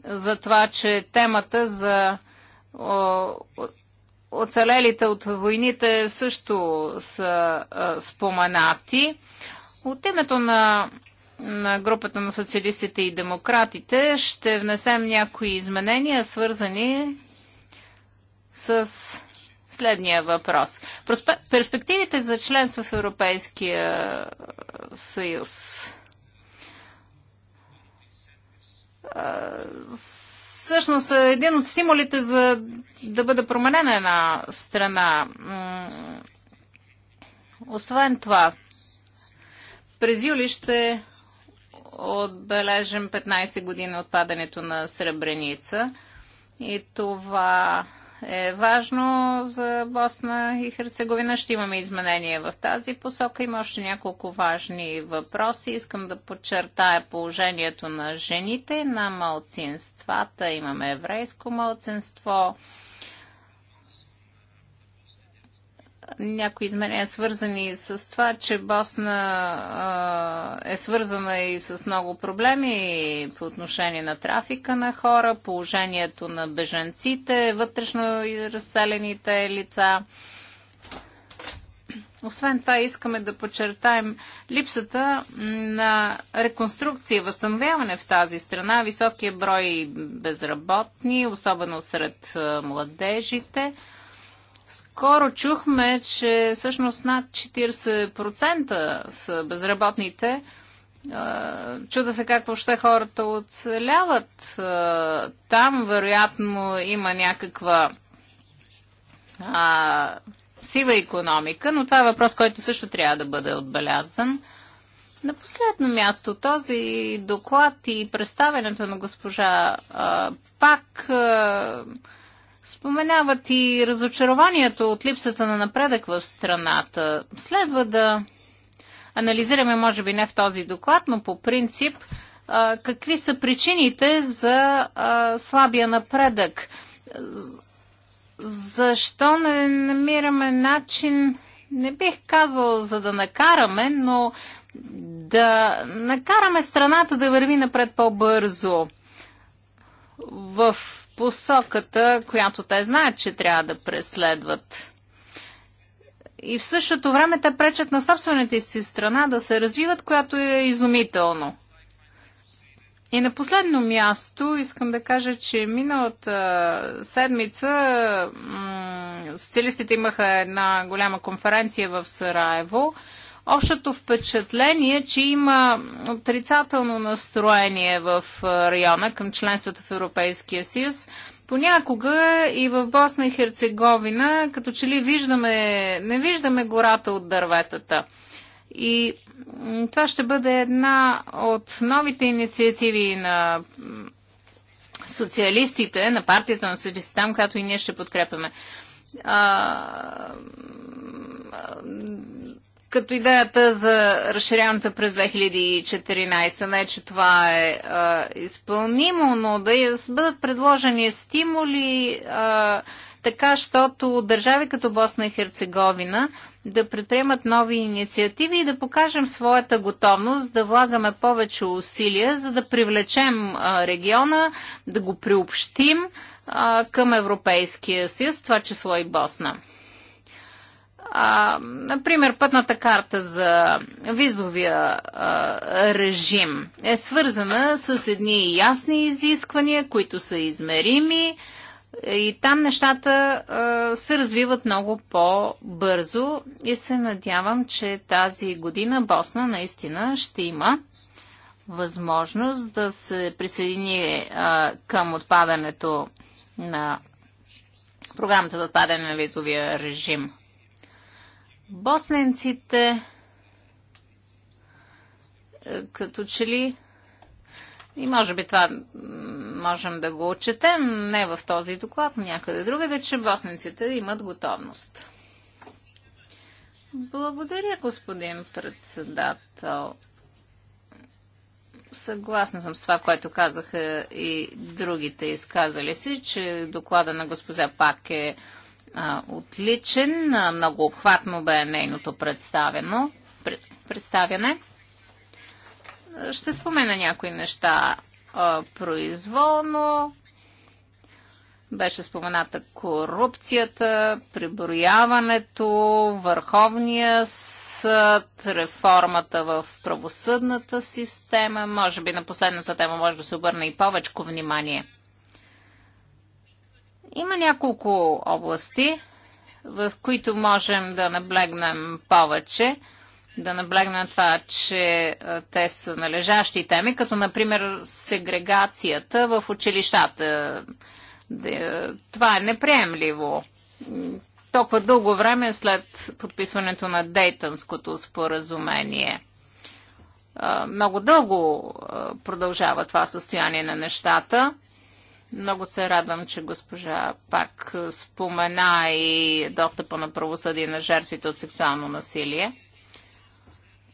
за това, че темата за оцелелите от войните също са а, споменати. От името на, на групата на социалистите и демократите ще внесем някои изменения, свързани с следния въпрос. Перспективите за членство в Европейския съюз всъщност е един от стимулите за да бъде променена една страна. Освен това, през юли ще отбележим 15 години от падането на Сребреница и това е важно за Босна и Херцеговина. Ще имаме изменения в тази посока. Има още няколко важни въпроси. Искам да подчертая положението на жените, на малцинствата. Имаме еврейско малцинство някои изменения свързани с това, че Босна а, е свързана и с много проблеми по отношение на трафика на хора, положението на бежанците, вътрешно разселените лица. Освен това, искаме да подчертаем липсата на реконструкция и възстановяване в тази страна, високия брой безработни, особено сред младежите. Скоро чухме, че всъщност над 40% са безработните. Чуда се как въобще хората оцеляват. Там, вероятно, има някаква а, сива економика, но това е въпрос, който също трябва да бъде отбелязан. На последно място този доклад и представенето на госпожа а, пак. А, Споменават и разочарованието от липсата на напредък в страната. Следва да анализираме, може би не в този доклад, но по принцип, какви са причините за слабия напредък. Защо не намираме начин, не бих казал за да накараме, но да накараме страната да върви напред по-бързо. В посоката, която те знаят, че трябва да преследват. И в същото време те пречат на собствените си страна да се развиват, която е изумително. И на последно място искам да кажа, че миналата седмица социалистите имаха една голяма конференция в Сараево общото впечатление, че има отрицателно настроение в района към членството в Европейския съюз. Понякога и в Босна и Херцеговина, като че ли виждаме, не виждаме гората от дърветата. И това ще бъде една от новите инициативи на социалистите, на партията на социалистите, там, която и ние ще подкрепяме като идеята за разширяването през 2014. Не, че това е а, изпълнимо, но да бъдат предложени стимули а, така, щото държави като Босна и Херцеговина да предприемат нови инициативи и да покажем своята готовност да влагаме повече усилия, за да привлечем а, региона, да го приобщим а, към Европейския съюз, това число и Босна а, например, пътната карта за визовия а, режим е свързана с едни ясни изисквания, които са измерими и там нещата а, се развиват много по-бързо и се надявам, че тази година Босна наистина ще има възможност да се присъедини а, към отпадането на програмата за отпадане на визовия режим. Босненците е, като че ли и може би това можем да го отчетем, не в този доклад, но някъде другаде, че босненците имат готовност. Благодаря, господин председател. Съгласна съм с това, което казаха и другите изказали си, че доклада на госпожа Пак е а, отличен. много обхватно бе нейното представено, представяне. Ще спомена някои неща а, произволно. Беше спомената корупцията, приброяването, Върховния съд, реформата в правосъдната система. Може би на последната тема може да се обърне и повече внимание – има няколко области, в които можем да наблегнем повече, да наблегнем това, че те са належащи теми, като например сегрегацията в училищата. Това е неприемливо. Толкова дълго време след подписването на Дейтънското споразумение. Много дълго продължава това състояние на нещата много се радвам, че госпожа пак спомена и достъпа на правосъдие на жертвите от сексуално насилие.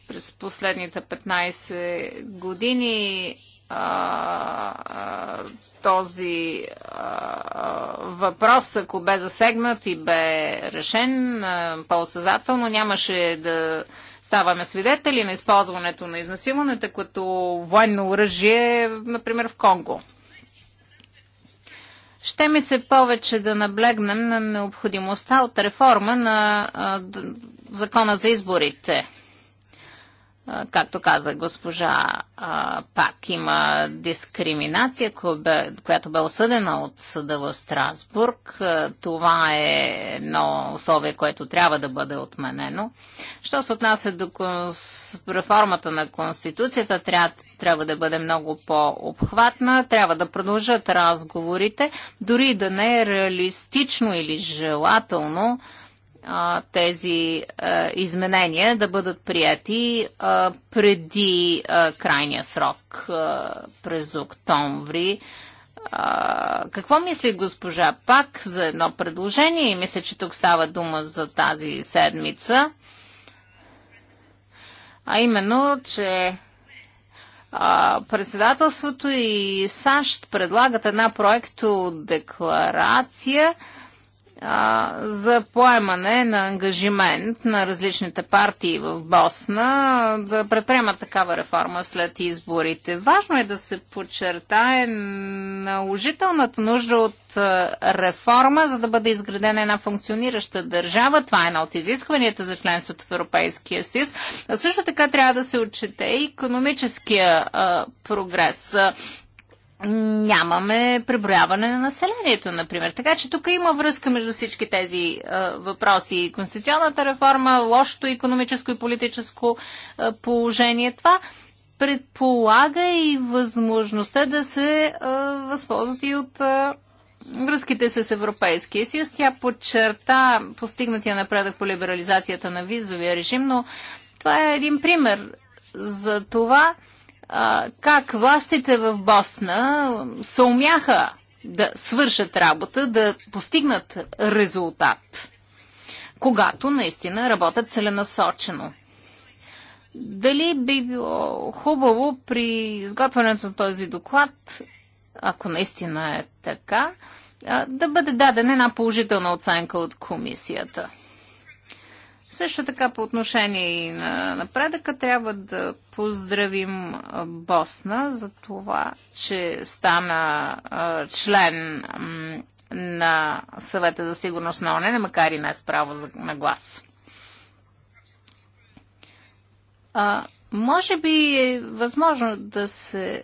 През последните 15 години а, този а, въпрос, ако бе засегнат и бе решен по-осъзнателно, нямаше да ставаме свидетели на използването на изнасилването като военно оръжие, например в Конго. Ще ми се повече да наблегнем на необходимостта от реформа на а, закона за изборите. Както каза госпожа Пак, има дискриминация, която бе осъдена от съда в Страсбург. Това е едно условие, което трябва да бъде отменено. Що се отнася до реформата на Конституцията, трябва, да бъде много по-обхватна, трябва да продължат разговорите, дори да не е реалистично или желателно тези изменения да бъдат прияти преди крайния срок през октомври. какво мисли госпожа Пак за едно предложение? И мисля, че тук става дума за тази седмица. А именно, че председателството и САЩ предлагат една проекто декларация, а, за поемане на ангажимент на различните партии в Босна да предприемат такава реформа след изборите. Важно е да се подчертае наложителната нужда от реформа, за да бъде изградена една функционираща държава. Това е една от изискванията за членството в Европейския съюз. Също така трябва да се отчете и економическия а, прогрес нямаме преброяване на населението, например. Така че тук има връзка между всички тези а, въпроси. Конституционната реформа, лошото економическо и политическо а, положение. Това предполага и възможността да се а, възползват и от а, връзките с Европейския съюз. Тя подчерта постигнатия напредък по либерализацията на визовия режим, но това е един пример за това, а, как властите в Босна се умяха да свършат работа, да постигнат резултат, когато наистина работят целенасочено. Дали би било хубаво при изготвянето на този доклад, ако наистина е така, да бъде дадена една положителна оценка от комисията? Също така по отношение и на напредъка трябва да поздравим Босна за това, че стана член на съвета за сигурност на ОНЕ, макар и не с право на глас. А, може би е възможно да се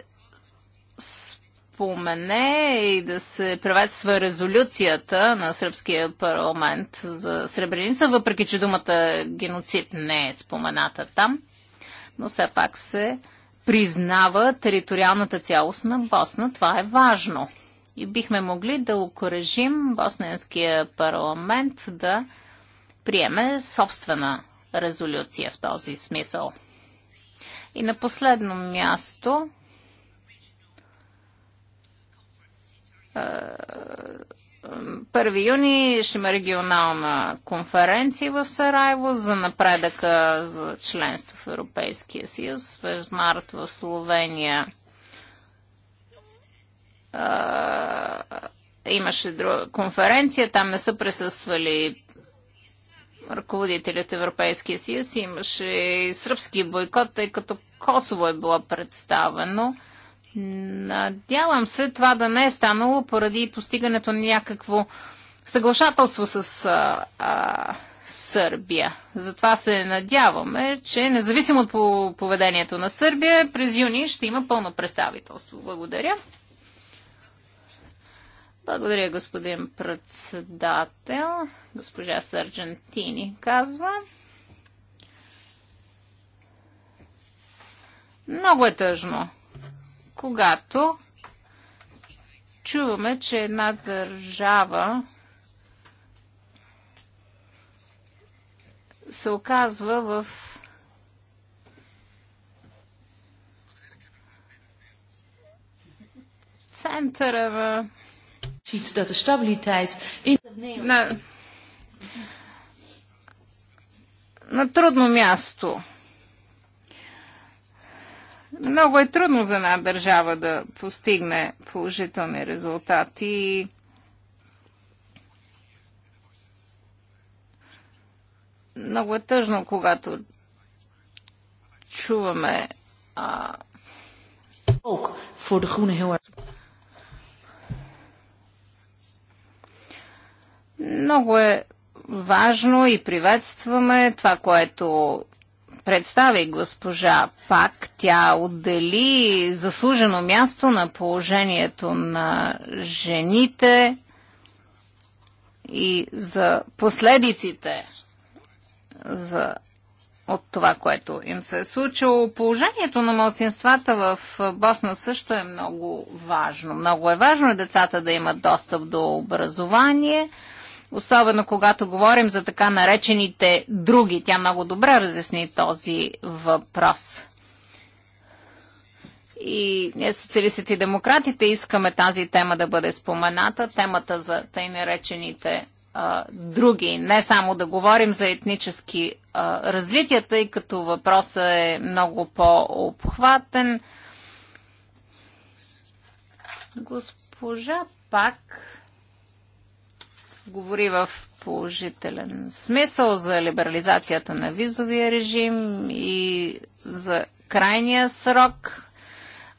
спомене и да се приветства резолюцията на Сръбския парламент за Сребреница, въпреки че думата геноцид не е спомената там, но все пак се признава териториалната цялост на Босна. Това е важно. И бихме могли да окоръжим Босненския парламент да приеме собствена резолюция в този смисъл. И на последно място 1 е, юни ще има регионална конференция в Сараево за напредъка за членство в Европейския съюз. През март в Словения е, имаше друга конференция. Там не са присъствали ръководителят Европейския съюз. Имаше и сръбски бойкот, тъй като Косово е било представено. Надявам се това да не е станало поради постигането на някакво съглашателство с а, а, Сърбия. Затова се надяваме, че независимо от поведението на Сърбия, през юни ще има пълно представителство. Благодаря. Благодаря, господин председател. Госпожа Сърджантини казва. Много е тъжно когато чуваме, че една държава се оказва в центъра на dat на... на трудно място. Много е трудно за една държава да постигне положителни резултати. Много е тъжно, когато чуваме а... Много е важно и приветстваме това, което представи госпожа Пак. Тя отдели заслужено място на положението на жените и за последиците за от това, което им се е случило. Положението на младсинствата в Босна също е много важно. Много е важно и децата да имат достъп до образование – особено когато говорим за така наречените други. Тя много добре разясни този въпрос. И ние, социалистите и демократите, искаме тази тема да бъде спомената, темата за тъй наречените а, други. Не само да говорим за етнически развития, тъй като въпросът е много по-обхватен. Госпожа Пак говори в положителен смисъл за либерализацията на визовия режим и за крайния срок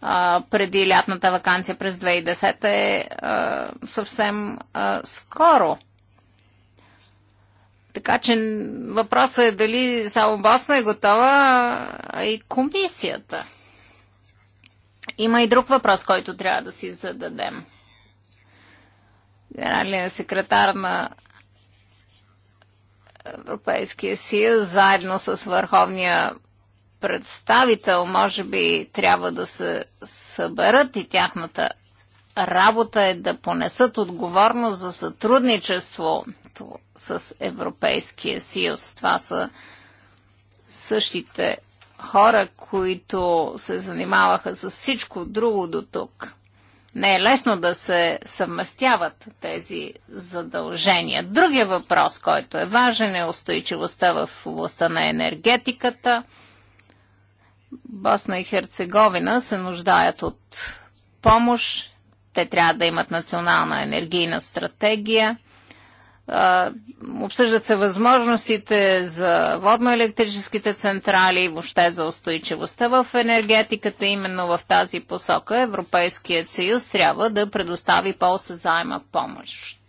а, преди лятната вакансия през 2010 е а, съвсем а, скоро. Така че въпросът е дали само Босна е готова, а и комисията. Има и друг въпрос, който трябва да си зададем – генералния секретар на Европейския съюз, заедно с върховния представител, може би трябва да се съберат и тяхната работа е да понесат отговорност за сътрудничество с Европейския съюз. Това са същите хора, които се занимаваха с всичко друго до тук не е лесно да се съвместяват тези задължения. Другия въпрос, който е важен е устойчивостта в областта на енергетиката. Босна и Херцеговина се нуждаят от помощ. Те трябва да имат национална енергийна стратегия Обсъждат се възможностите за водно-електрическите централи и въобще за устойчивостта в енергетиката. Именно в тази посока Европейският съюз трябва да предостави по-съзаема помощ.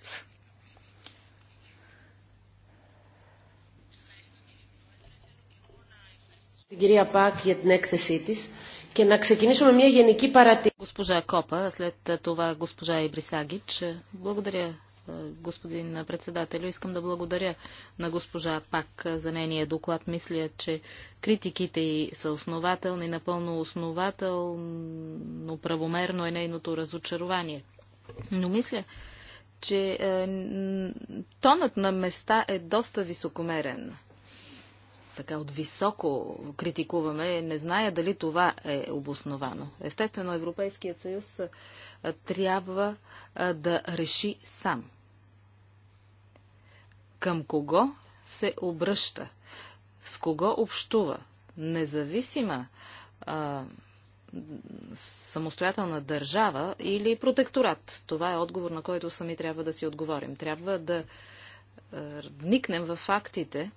Την κυρία Πακ για την έκθεσή της και να ξεκινήσω με Госпожа Копа, след това госпожа Ибрисагич. Благодаря, е, господин председател, Искам да благодаря на госпожа Пак е, за нейния доклад. Мисля, че критиките й са основателни, напълно основателно, правомерно е нейното разочарование. Но мисля, че е, тонът на места е доста високомерен. Така от високо критикуваме. Не зная дали това е обосновано. Естествено, Европейският съюз е, трябва да реши сам към кого се обръща, с кого общува. Независима а, самостоятелна държава или протекторат. Това е отговор, на който сами трябва да си отговорим. Трябва да а, вникнем в фактите,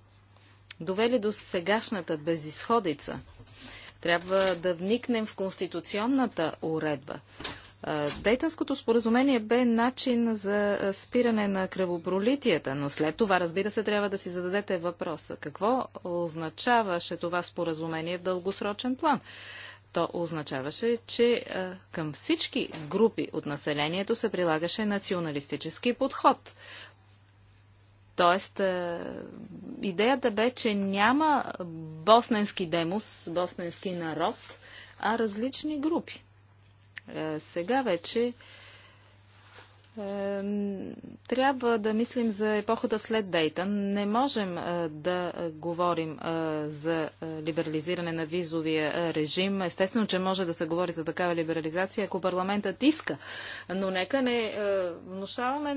довели до сегашната безисходица. Трябва да вникнем в конституционната уредба, Дейтанското споразумение бе начин за спиране на кръвопролитията, но след това, разбира се, трябва да си зададете въпроса. Какво означаваше това споразумение в дългосрочен план? То означаваше, че към всички групи от населението се прилагаше националистически подход. Тоест, идеята бе, че няма босненски демос, босненски народ, а различни групи. Е, сега вече е, трябва да мислим за епохата след Дейтън. Не можем е, да говорим за либерализиране на визовия режим. Естествено, че може да се говори за такава либерализация, ако парламентът иска. Но нека не внушаваме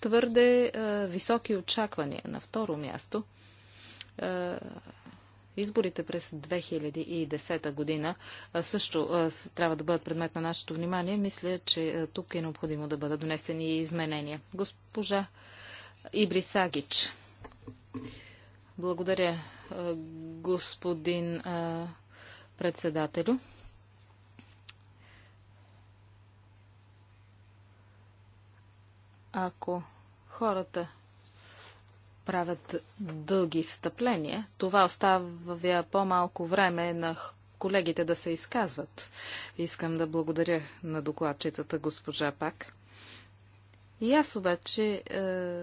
твърде високи очаквания. На второ място Изборите през 2010 година също трябва да бъдат предмет на нашето внимание. Мисля, че тук е необходимо да бъдат донесени изменения. Госпожа Ибрисагич. Благодаря, господин председателю. Ако хората правят дълги встъпления. Това оставя по-малко време на колегите да се изказват. Искам да благодаря на докладчицата госпожа Пак. И аз обаче е,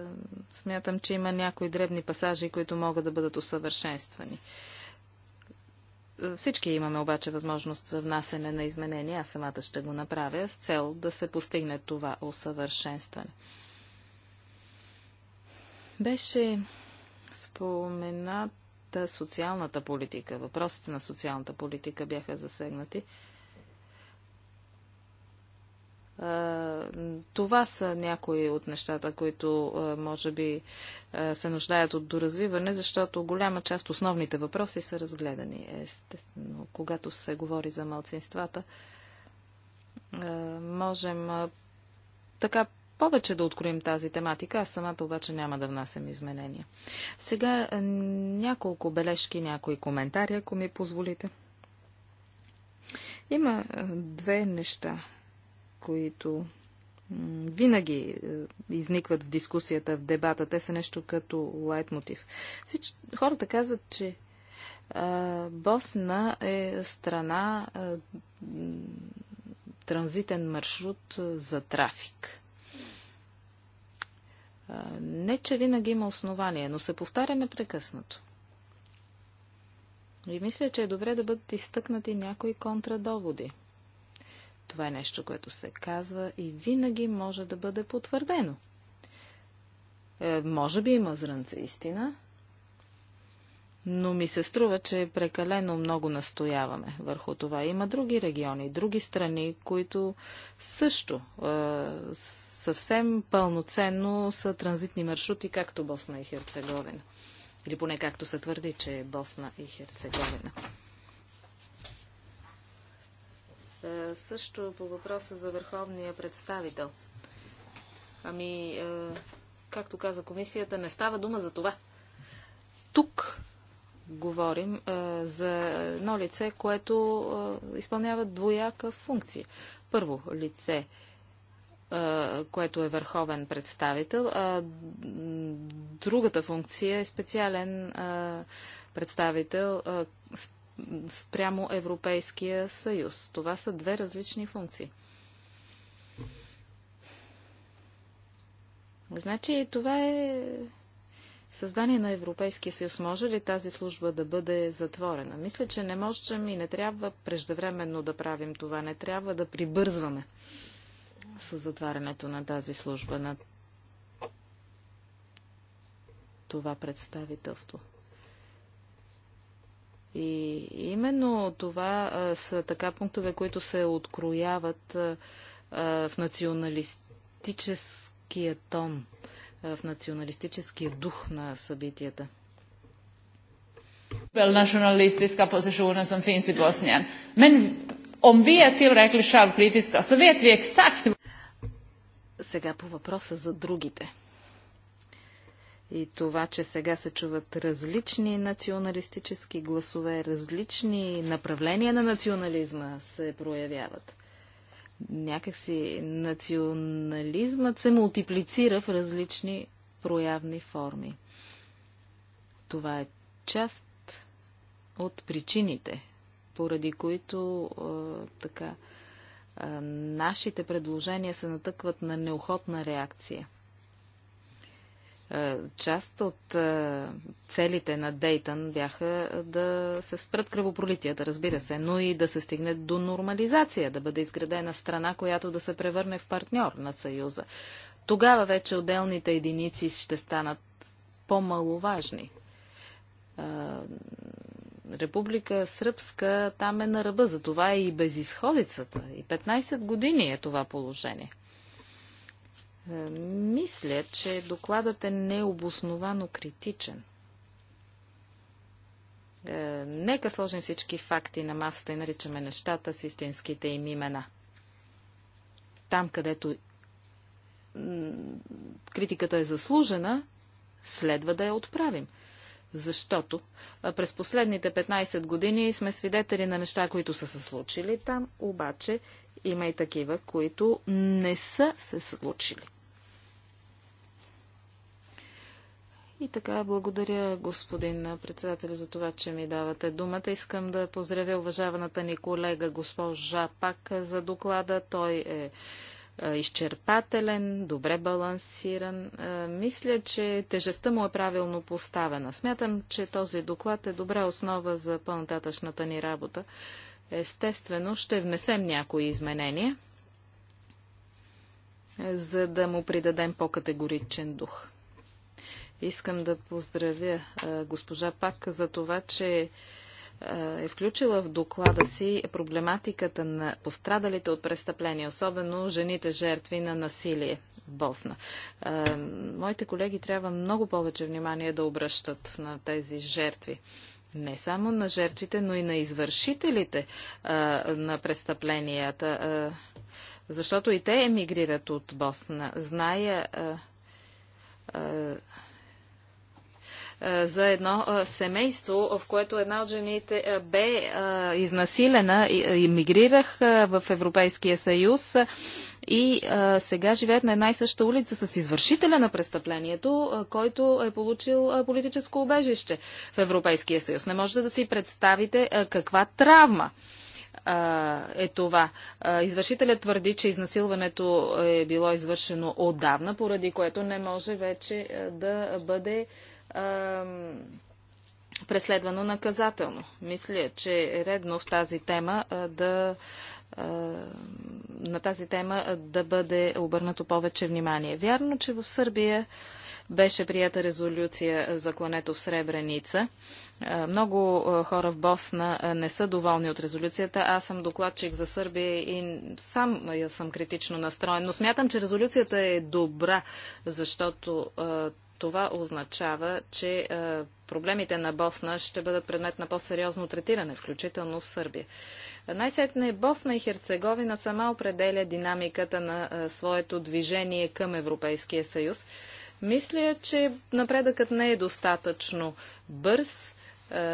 смятам, че има някои дребни пасажи, които могат да бъдат усъвършенствани. Е, всички имаме обаче възможност за внасене на изменения. Аз самата ще го направя с цел да се постигне това усъвършенстване. Беше спомената социалната политика. Въпросите на социалната политика бяха засегнати. Това са някои от нещата, които може би се нуждаят от доразвиване, защото голяма част основните въпроси са разгледани. Естествено, когато се говори за малцинствата, можем така повече да откроим тази тематика. Аз самата обаче няма да внасям изменения. Сега е, няколко бележки, някои коментари, ако ми позволите. Има е, две неща, които винаги е, изникват в дискусията, в дебата. Те са нещо като лайтмотив. Всич... Хората казват, че а, Босна е страна а, транзитен маршрут за трафик. Не, че винаги има основание, но се повтаря непрекъснато. И мисля, че е добре да бъдат изтъкнати някои контрадоводи. Това е нещо, което се казва и винаги може да бъде потвърдено. Е, може би има зранца истина, но ми се струва, че прекалено много настояваме върху това. Има други региони, други страни, които също е, съвсем пълноценно са транзитни маршрути, както Босна и Херцеговина. Или поне както се твърди, че е Босна и Херцеговина. Е, също по въпроса за върховния представител. Ами, е, както каза комисията, не става дума за това тук говорим а, за едно лице, което а, изпълнява двояка функция. Първо, лице, а, което е върховен представител, а другата функция е специален а, представител а, спрямо Европейския съюз. Това са две различни функции. Значи това е създание на Европейския съюз, може ли тази служба да бъде затворена? Мисля, че не можем и не трябва преждевременно да правим това. Не трябва да прибързваме с затварянето на тази служба, на това представителство. И именно това а, са така пунктове, които се открояват а, в националистическия тон в националистическия дух на събитията. националистическа Nationalistiska positioner som finns i Bosnien. Men om vi är tillräckligt självkritiska så ви vi ексакт. Сега по въпроса за другите. И това, че сега се чуват различни националистически гласове, различни направления на национализма се проявяват някакси национализмът се мултиплицира в различни проявни форми. Това е част от причините, поради които е, така е, нашите предложения се натъкват на неохотна реакция – е, част от е, целите на Дейтън бяха е, да се спрат кръвопролитията, разбира се, но и да се стигне до нормализация, да бъде изградена страна, която да се превърне в партньор на Съюза. Тогава вече отделните единици ще станат по-маловажни. Република Сръбска там е на ръба, затова е и безисходицата. И 15 години е това положение. Е, мисля, че докладът е необосновано критичен. Е, нека сложим всички факти на масата и наричаме нещата с истинските им имена. Там, където критиката е заслужена, следва да я отправим. Защото през последните 15 години сме свидетели на неща, които са се случили там, обаче има и такива, които не са се случили. И така, благодаря господин председател за това, че ми давате думата. Искам да поздравя уважаваната ни колега госпожа Пак за доклада. Той е, е изчерпателен, добре балансиран. Е, мисля, че тежестта му е правилно поставена. Смятам, че този доклад е добра основа за пълнататъчната ни работа. Естествено, ще внесем някои изменения, за да му придадем по-категоричен дух. Искам да поздравя госпожа Пак за това, че е включила в доклада си проблематиката на пострадалите от престъпления, особено жените жертви на насилие в Босна. Моите колеги трябва много повече внимание да обръщат на тези жертви не само на жертвите, но и на извършителите на престъпленията, защото и те емигрират от Босна. Зная е, за едно е, семейство, в което една от жените е, бе изнасилена иммигрирах в Европейския съюз и сега живеят на една и съща улица с извършителя на престъплението, който е получил политическо убежище в Европейския съюз. Не можете да си представите каква травма е това. извършителят твърди, че изнасилването е било извършено отдавна, поради което не може вече да бъде преследвано наказателно. Мисля, че е редно в тази тема да на тази тема да бъде обърнато повече внимание. Вярно, че в Сърбия беше прията резолюция за клането в Сребреница. Много хора в Босна не са доволни от резолюцията. Аз съм докладчик за Сърбия и сам съм критично настроен, но смятам, че резолюцията е добра, защото това означава, че е, проблемите на Босна ще бъдат предмет на по-сериозно третиране, включително в Сърбия. Най-сетне Босна и Херцеговина сама определя динамиката на е, своето движение към Европейския съюз. Мисля, че напредъкът не е достатъчно бърз. Е,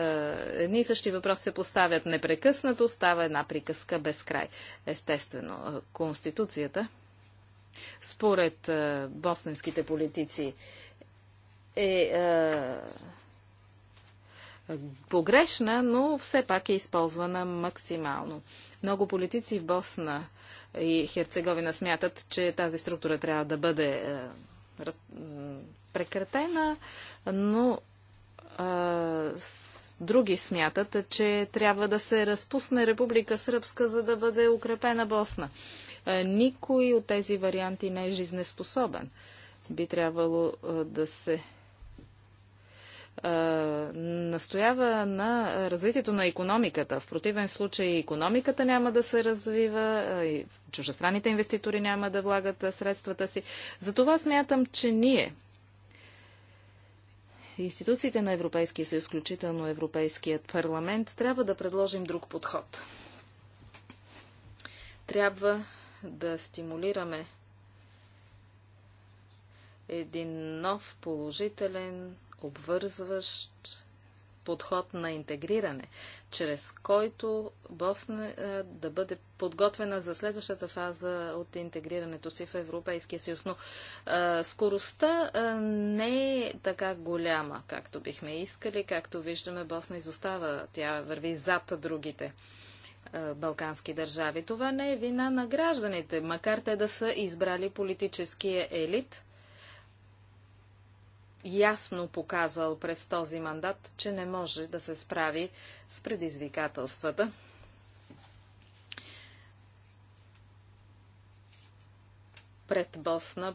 едни и същи въпроси се поставят непрекъснато, става една приказка без край. Естествено, Конституцията, според босненските политици, е, е погрешна, но все пак е използвана максимално. Много политици в Босна и Херцеговина смятат, че тази структура трябва да бъде е, прекратена, но е, други смятат, че трябва да се разпусне Република Сръбска, за да бъде укрепена Босна. Е, никой от тези варианти не е жизнеспособен. Би трябвало е, да се е, настоява на развитието на економиката. В противен случай економиката няма да се развива, е, и чужестранните инвеститори няма да влагат е, средствата си. Затова смятам, че ние, институциите на Европейския съюз, включително Европейският парламент, трябва да предложим друг подход. Трябва да стимулираме един нов положителен обвързващ подход на интегриране, чрез който Босна е, да бъде подготвена за следващата фаза от интегрирането си в Европейския съюз. Но е, скоростта е, не е така голяма, както бихме искали. Както виждаме, Босна изостава. Тя върви зад другите балкански държави. Това не е вина на гражданите, макар те да са избрали политическия елит – ясно показал през този мандат, че не може да се справи с предизвикателствата. Пред Босна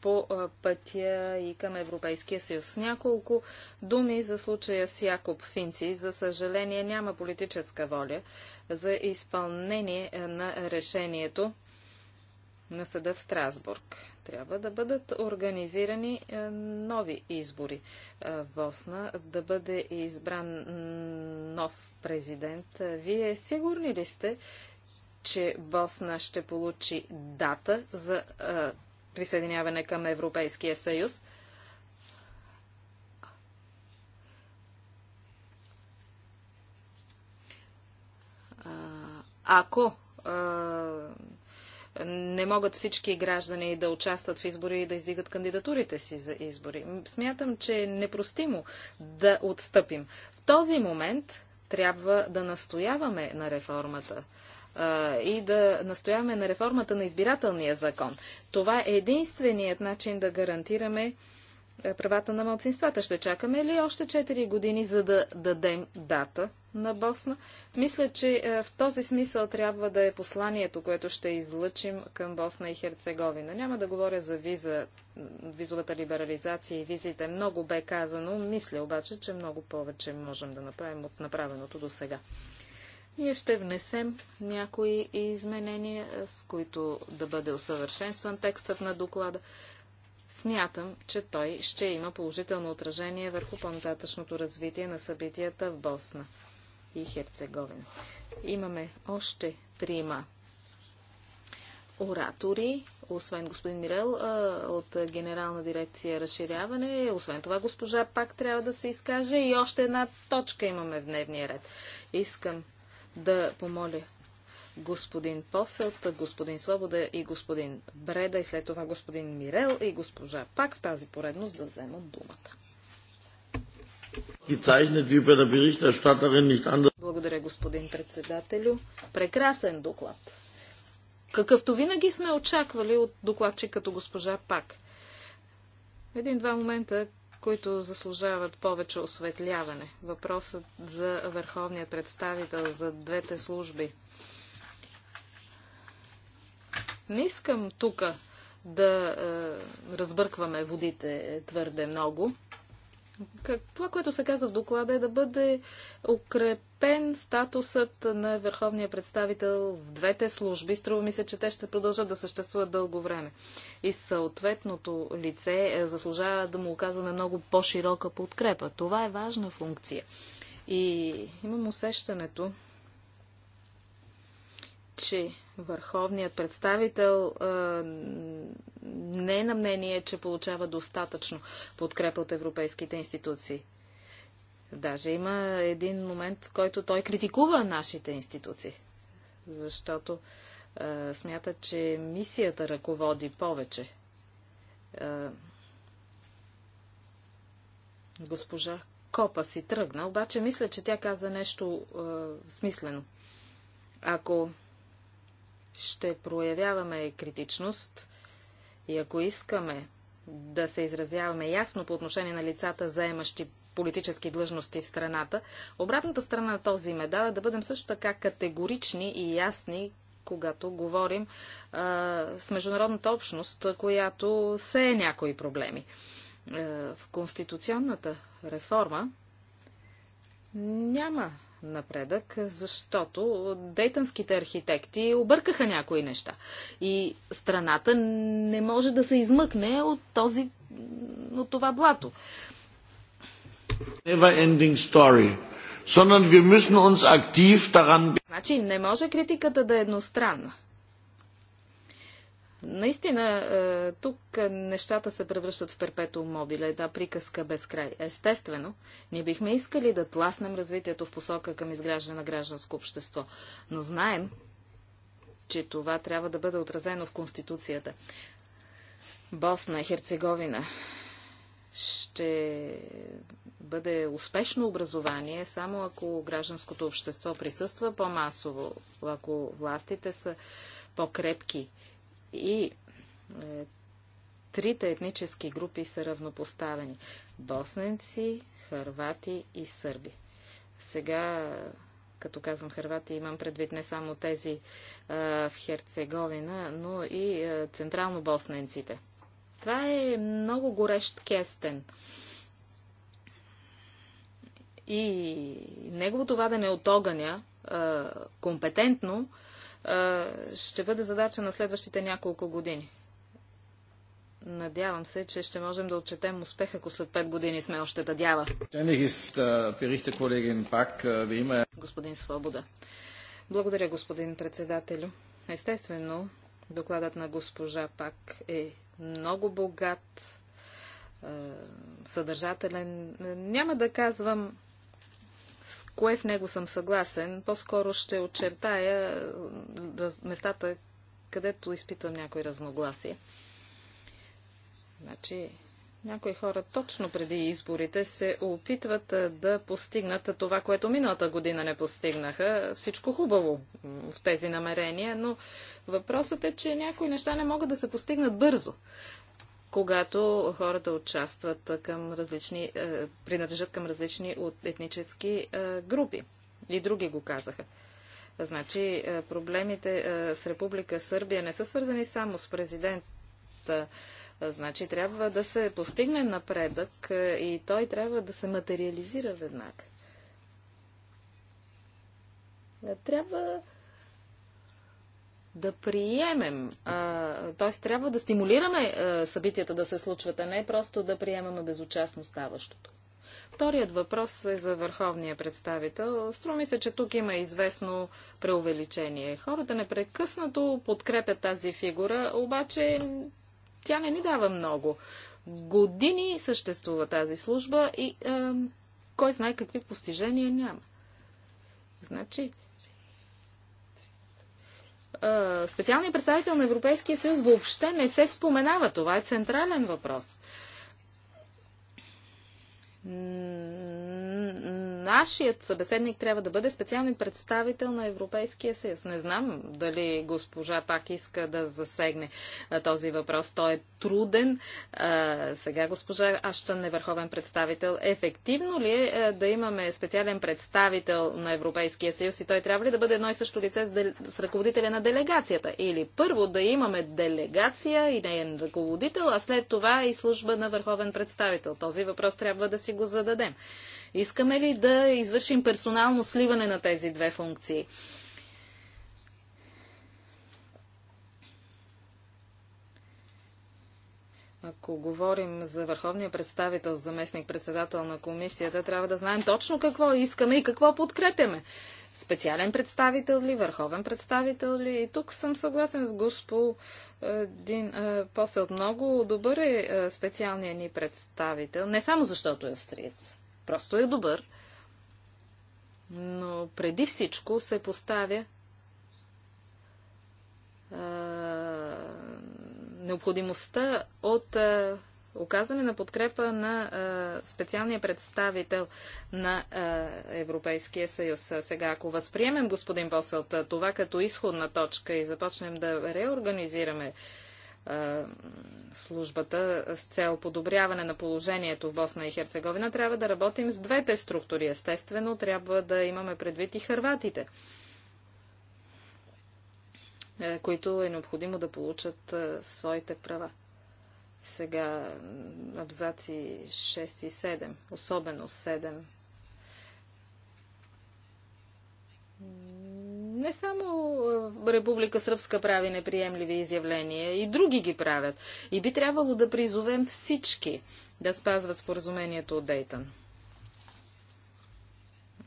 по пътя и към Европейския съюз. Няколко думи за случая с Якоб Финци. За съжаление няма политическа воля за изпълнение на решението на съда в Страсбург. Трябва да бъдат организирани е, нови избори. в е, Босна. да бъде избран нов президент. Е, Вие сигурни ли сте, че Босна ще получи дата за а, присъединяване към Европейския съюз. А, ако а, не могат всички граждани да участват в избори и да издигат кандидатурите си за избори. Смятам, че е непростимо да отстъпим. В този момент трябва да настояваме на реформата и да настояваме на реформата на избирателния закон. Това е единственият начин да гарантираме е, правата на малцинствата. Ще чакаме ли още 4 години, за да дадем дата на Босна? Мисля, че е, в този смисъл трябва да е посланието, което ще излъчим към Босна и Херцеговина. Няма да говоря за виза, визовата либерализация и визите. Много бе казано. Мисля обаче, че много повече можем да направим от направеното до сега. Ние ще внесем някои изменения, с които да бъде усъвършенстван текстът на доклада. Смятам, че той ще има положително отражение върху по-нататъчното развитие на събитията в Босна и Херцеговина. Имаме още трима оратори, освен господин Мирел от Генерална дирекция разширяване, освен това госпожа пак трябва да се изкаже и още една точка имаме в дневния ред. Искам да помоля господин Посълт, господин Свобода и господин Бреда и след това господин Мирел и госпожа Пак в тази поредност да вземат думата. Благодаря, господин председателю. Прекрасен доклад. Какъвто винаги сме очаквали от докладчик като госпожа Пак. Един-два момента, които заслужават повече осветляване. Въпросът за върховния представител за двете служби не искам тук да е, разбъркваме водите твърде много. Как, това, което се казва в доклада е да бъде укрепен статусът на върховния представител в двете служби. Струва ми се, че те ще продължат да съществуват дълго време. И съответното лице е, заслужава да му оказваме много по-широка подкрепа. Това е важна функция. И имам усещането, че Върховният представител а, не е на мнение, че получава достатъчно подкрепа от европейските институции. Даже има един момент, в който той критикува нашите институции, защото а, смята, че мисията ръководи повече. А, госпожа Копа си тръгна, обаче мисля, че тя каза нещо а, смислено. Ако ще проявяваме критичност и ако искаме да се изразяваме ясно по отношение на лицата, заемащи политически длъжности в страната, обратната страна на този медал е да бъдем също така категорични и ясни, когато говорим а, с международната общност, която се е някои проблеми. А, в конституционната реформа няма напредък, защото дейтанските архитекти объркаха някои неща. И страната не може да се измъкне от, този, от това блато. Never ending story. Sondern wir müssen uns aktiv daran... Значи не може критиката да е едностранна. Наистина, е, тук нещата се превръщат в перпетум мобиле, една приказка без край. Естествено, ние бихме искали да тласнем развитието в посока към изграждане на гражданско общество, но знаем, че това трябва да бъде отразено в Конституцията. Босна и Херцеговина ще бъде успешно образование, само ако гражданското общество присъства по-масово, ако властите са по-крепки и е, трите етнически групи са равнопоставени – босненци, хървати и сърби. Сега, като казвам хървати, имам предвид не само тези е, в Херцеговина, но и е, централно босненците. Това е много горещ кестен. И неговото вадене от огъня е, компетентно ще бъде задача на следващите няколко години. Надявам се, че ще можем да отчетем успех, ако след 5 години сме още дадява. Господин Свобода. Благодаря, господин председателю. Естествено, докладът на госпожа Пак е много богат, съдържателен. Няма да казвам с кое в него съм съгласен. По-скоро ще очертая местата, където изпитвам някои разногласия. Значи, някои хора точно преди изборите се опитват да постигнат това, което миналата година не постигнаха. Всичко хубаво в тези намерения, но въпросът е, че някои неща не могат да се постигнат бързо когато хората участват към различни, е, принадлежат към различни от етнически е, групи. И други го казаха. Значи е, проблемите с Република Сърбия не са свързани само с президента, Значи трябва да се постигне напредък и той трябва да се материализира веднага. Трябва да приемем. Т.е. трябва да стимулираме а, събитията да се случват, а не просто да приемаме безучастно ставащото. Вторият въпрос е за върховния представител. Струми се, че тук има известно преувеличение. Хората непрекъснато подкрепят тази фигура, обаче тя не ни дава много. Години съществува тази служба и а, кой знае какви постижения няма. Значи, специалният представител на Европейския съюз въобще не се споменава. Това е централен въпрос. Нашият събеседник трябва да бъде специален представител на Европейския съюз. Не знам дали госпожа пак иска да засегне този въпрос. Той е труден. сега госпожа Аштън е върховен представител. Ефективно ли е да имаме специален представител на Европейския съюз и той трябва ли да бъде едно и също лице с ръководителя на делегацията? Или първо да имаме делегация и неен ръководител, а след това и служба на върховен представител? Този въпрос трябва да си си го зададем. Искаме ли да извършим персонално сливане на тези две функции? Ако говорим за върховния представител, заместник председател на комисията, трябва да знаем точно какво искаме и какво подкрепяме. Специален представител ли, върховен представител ли? И тук съм съгласен с господин е, е, Посел. Много добър е, е специалният ни представител. Не само защото е австриец. Просто е добър. Но преди всичко се поставя необходимостта от а, оказане на подкрепа на специалния представител на Европейския съюз. Сега, ако възприемем, господин Посълт, това като изходна точка и започнем да реорганизираме службата с цел подобряване на положението в Босна и Херцеговина, трябва да работим с двете структури. Естествено, трябва да имаме предвид и харватите, които е необходимо да получат своите права. Сега абзаци 6 и 7, особено 7. Не само е, Република Сръбска прави неприемливи изявления, и други ги правят. И би трябвало да призовем всички да спазват споразумението от Дейтън.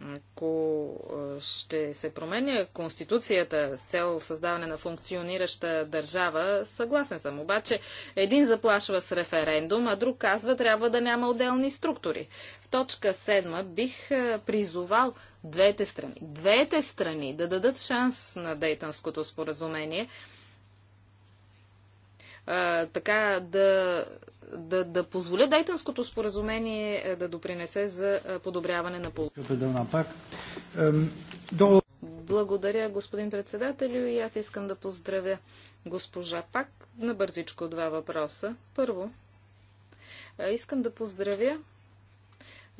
Ако ще се променя Конституцията с цел създаване на функционираща държава, съгласен съм. Обаче един заплашва с референдум, а друг казва трябва да няма отделни структури. В точка 7 бих призовал двете страни, двете страни да дадат шанс на Дейтанското споразумение – а, така да, да, да позволя Дайтънското споразумение е, да допринесе за подобряване на пол. Благодаря, господин председателю, и аз искам да поздравя госпожа Пак на бързичко два въпроса. Първо, искам да поздравя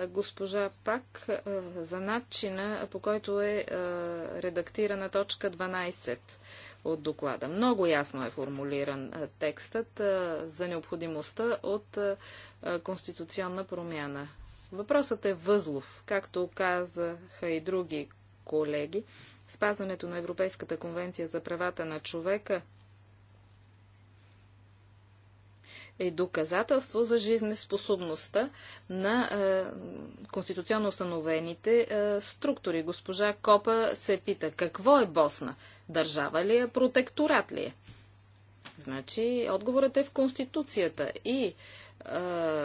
госпожа Пак за начина, по който е редактирана точка 12 от доклада. Много ясно е формулиран текстът за необходимостта от конституционна промяна. Въпросът е възлов, както казаха и други колеги. Спазването на Европейската конвенция за правата на човека е доказателство за жизнеспособността на е, конституционно установените е, структури. Госпожа Копа се пита, какво е Босна? Държава ли е? Протекторат ли е? Значи, отговорът е в Конституцията и е,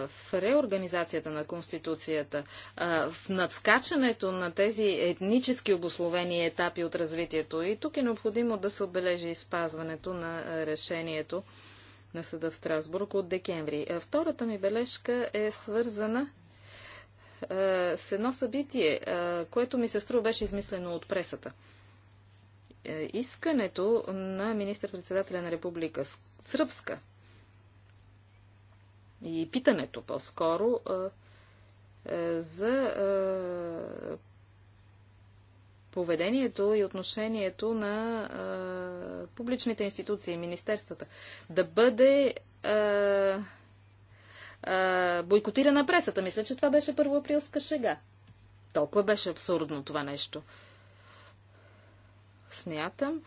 в реорганизацията на Конституцията, е, в надскачането на тези етнически обословени етапи от развитието. И тук е необходимо да се отбележи изпазването на е, решението на съда в Страсбург от декември. Втората ми бележка е свързана с едно събитие, което ми се струва беше измислено от пресата – е, искането на министър-председателя на Република Сръбска и питането по-скоро е, е, за поведението и отношението на публичните институции и министерствата. Да бъде бойкотирана пресата. Мисля, че това беше първоаприлска шега. Толкова беше абсурдно това нещо смятам,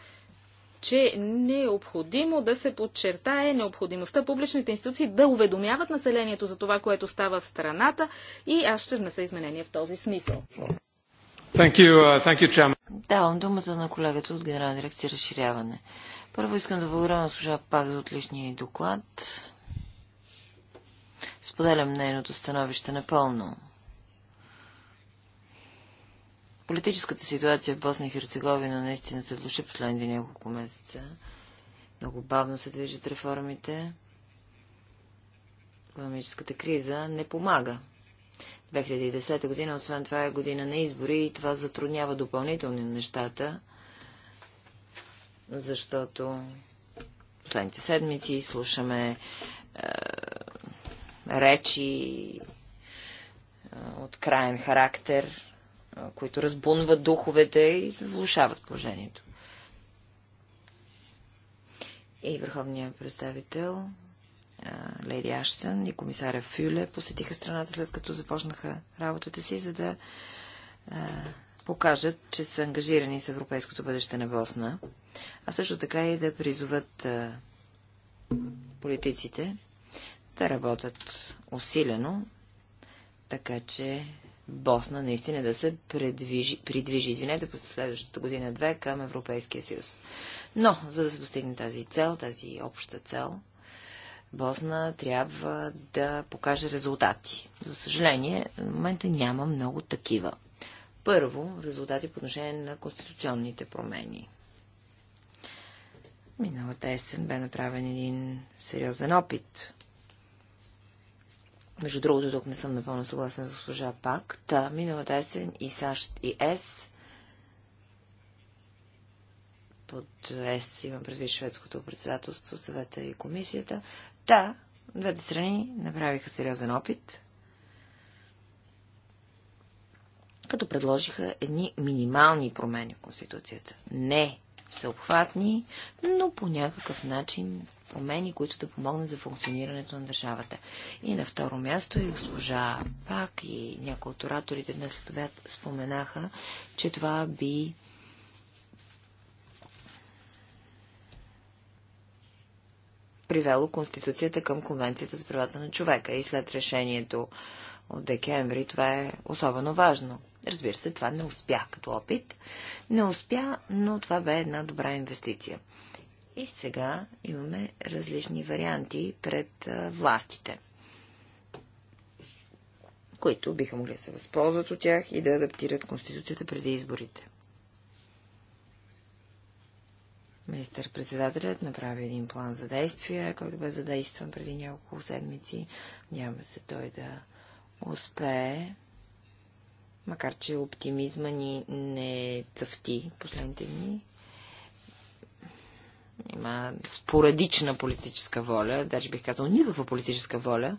че не необходимо да се подчертае необходимостта публичните институции да уведомяват населението за това, което става в страната и аз ще внеса изменения в този смисъл. Thank you, uh, thank you, Давам думата на колегата от Генерална дирекция разширяване. Първо искам да благодаря на служа пак за отличния доклад. Споделям нейното становище напълно. Политическата ситуация в Босна и Херцеговина наистина се влуши последните няколко месеца. Много бавно се движат реформите. Економическата криза не помага. 2010 година, освен това е година на избори и това затруднява допълнително нещата, защото последните седмици слушаме е, речи е, от краен характер, които разбунват духовете и влушават положението. И върховният представител Леди Аштън и комисаря Фюле посетиха страната след като започнаха работата си, за да покажат, че са ангажирани с европейското бъдеще на Босна, а също така и да призоват политиците да работят усилено, така че Босна наистина да се предвижи, придвижи, извинете, през следващата година две към Европейския съюз. Но, за да се постигне тази цел, тази обща цел, Босна трябва да покаже резултати. За съжаление, в момента няма много такива. Първо, резултати по отношение на конституционните промени. Миналата есен бе направен един сериозен опит между другото, тук не съм напълно съгласна с госпожа Пак. Та, миналата есен и САЩ и ЕС под ЕС имам предвид шведското председателство, съвета и комисията. Та, двете страни направиха сериозен опит, като предложиха едни минимални промени в Конституцията. Не всеобхватни, но по някакъв начин промени, които да помогнат за функционирането на държавата. И на второ място и госпожа Пак и някои от ораторите днес след обяд споменаха, че това би привело Конституцията към Конвенцията за правата на човека. И след решението от декември това е особено важно. Разбира се, това не успя като опит. Не успя, но това бе една добра инвестиция. И сега имаме различни варианти пред властите, които биха могли да се възползват от тях и да адаптират Конституцията преди изборите. Министър-председателят направи един план за действие, който бе задействан преди няколко седмици. Няма се той да успее макар че оптимизма ни не цъфти последните дни. Има спорадична политическа воля, даже бих казал никаква политическа воля.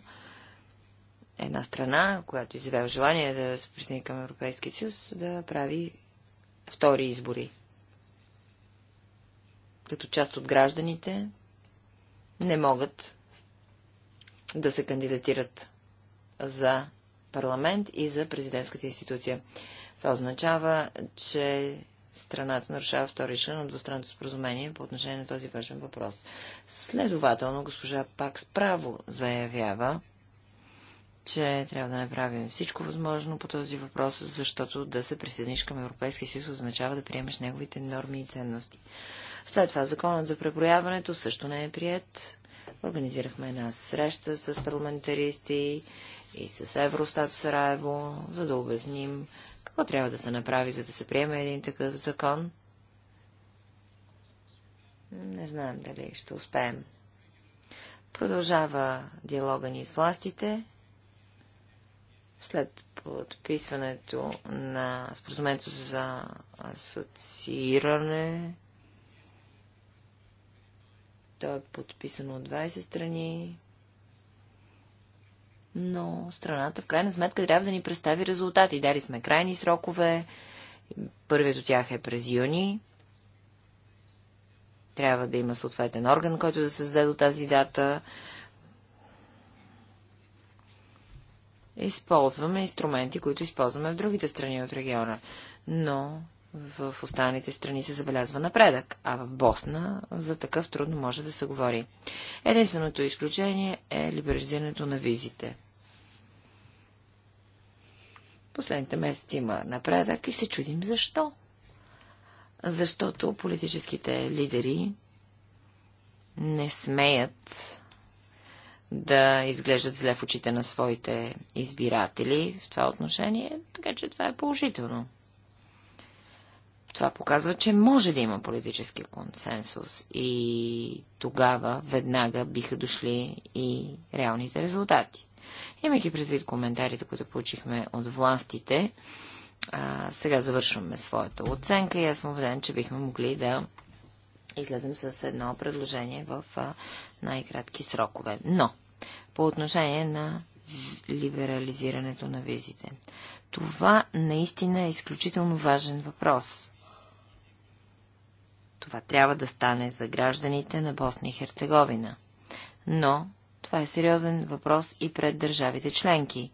Една страна, която изявява желание да се присъедини към Европейския съюз, да прави втори избори. Като част от гражданите не могат да се кандидатират за парламент и за президентската институция. Това означава, че страната нарушава втори член от двустранното споразумение по отношение на този важен въпрос. Следователно, госпожа Пак справо заявява, че трябва да направим всичко възможно по този въпрос, защото да се присъединиш към Европейския съюз означава да приемеш неговите норми и ценности. След това законът за преброяването също не е прият. Организирахме една среща с парламентаристи и с Евростат в Сараево, за да обясним какво трябва да се направи, за да се приеме един такъв закон. Не знаем дали ще успеем. Продължава диалога ни с властите. След подписването на споразумението за асоцииране, то е подписано от 20 страни, но страната в крайна сметка трябва да ни представи резултати. Дали сме крайни срокове. Първият от тях е през юни. Трябва да има съответен орган, който да създаде до тази дата. Използваме инструменти, които използваме в другите страни от региона. Но в останалите страни се забелязва напредък, а в Босна за такъв трудно може да се говори. Единственото изключение е либерализирането на визите. Последните месеци има напредък и се чудим защо. Защото политическите лидери не смеят да изглеждат зле в очите на своите избиратели в това отношение, така че това е положително. Това показва, че може да има политически консенсус и тогава веднага биха дошли и реалните резултати. Имайки предвид коментарите, които получихме от властите, а, сега завършваме своята оценка и аз съм убеден, че бихме могли да излезем с едно предложение в най-кратки срокове. Но, по отношение на либерализирането на визите. Това наистина е изключително важен въпрос. Това трябва да стане за гражданите на Босна и Херцеговина. Но това е сериозен въпрос и пред държавите членки.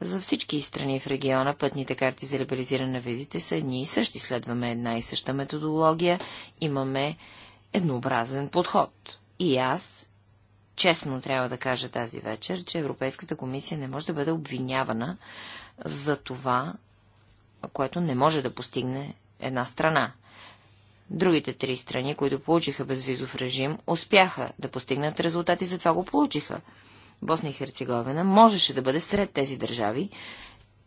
За всички страни в региона пътните карти за либерализиране на видите са едни и същи. Следваме една и съща методология, имаме еднообразен подход. И аз честно трябва да кажа тази вечер, че Европейската комисия не може да бъде обвинявана за това, което не може да постигне една страна. Другите три страни, които получиха безвизов режим, успяха да постигнат резултати, затова го получиха. Босна и Херцеговина можеше да бъде сред тези държави,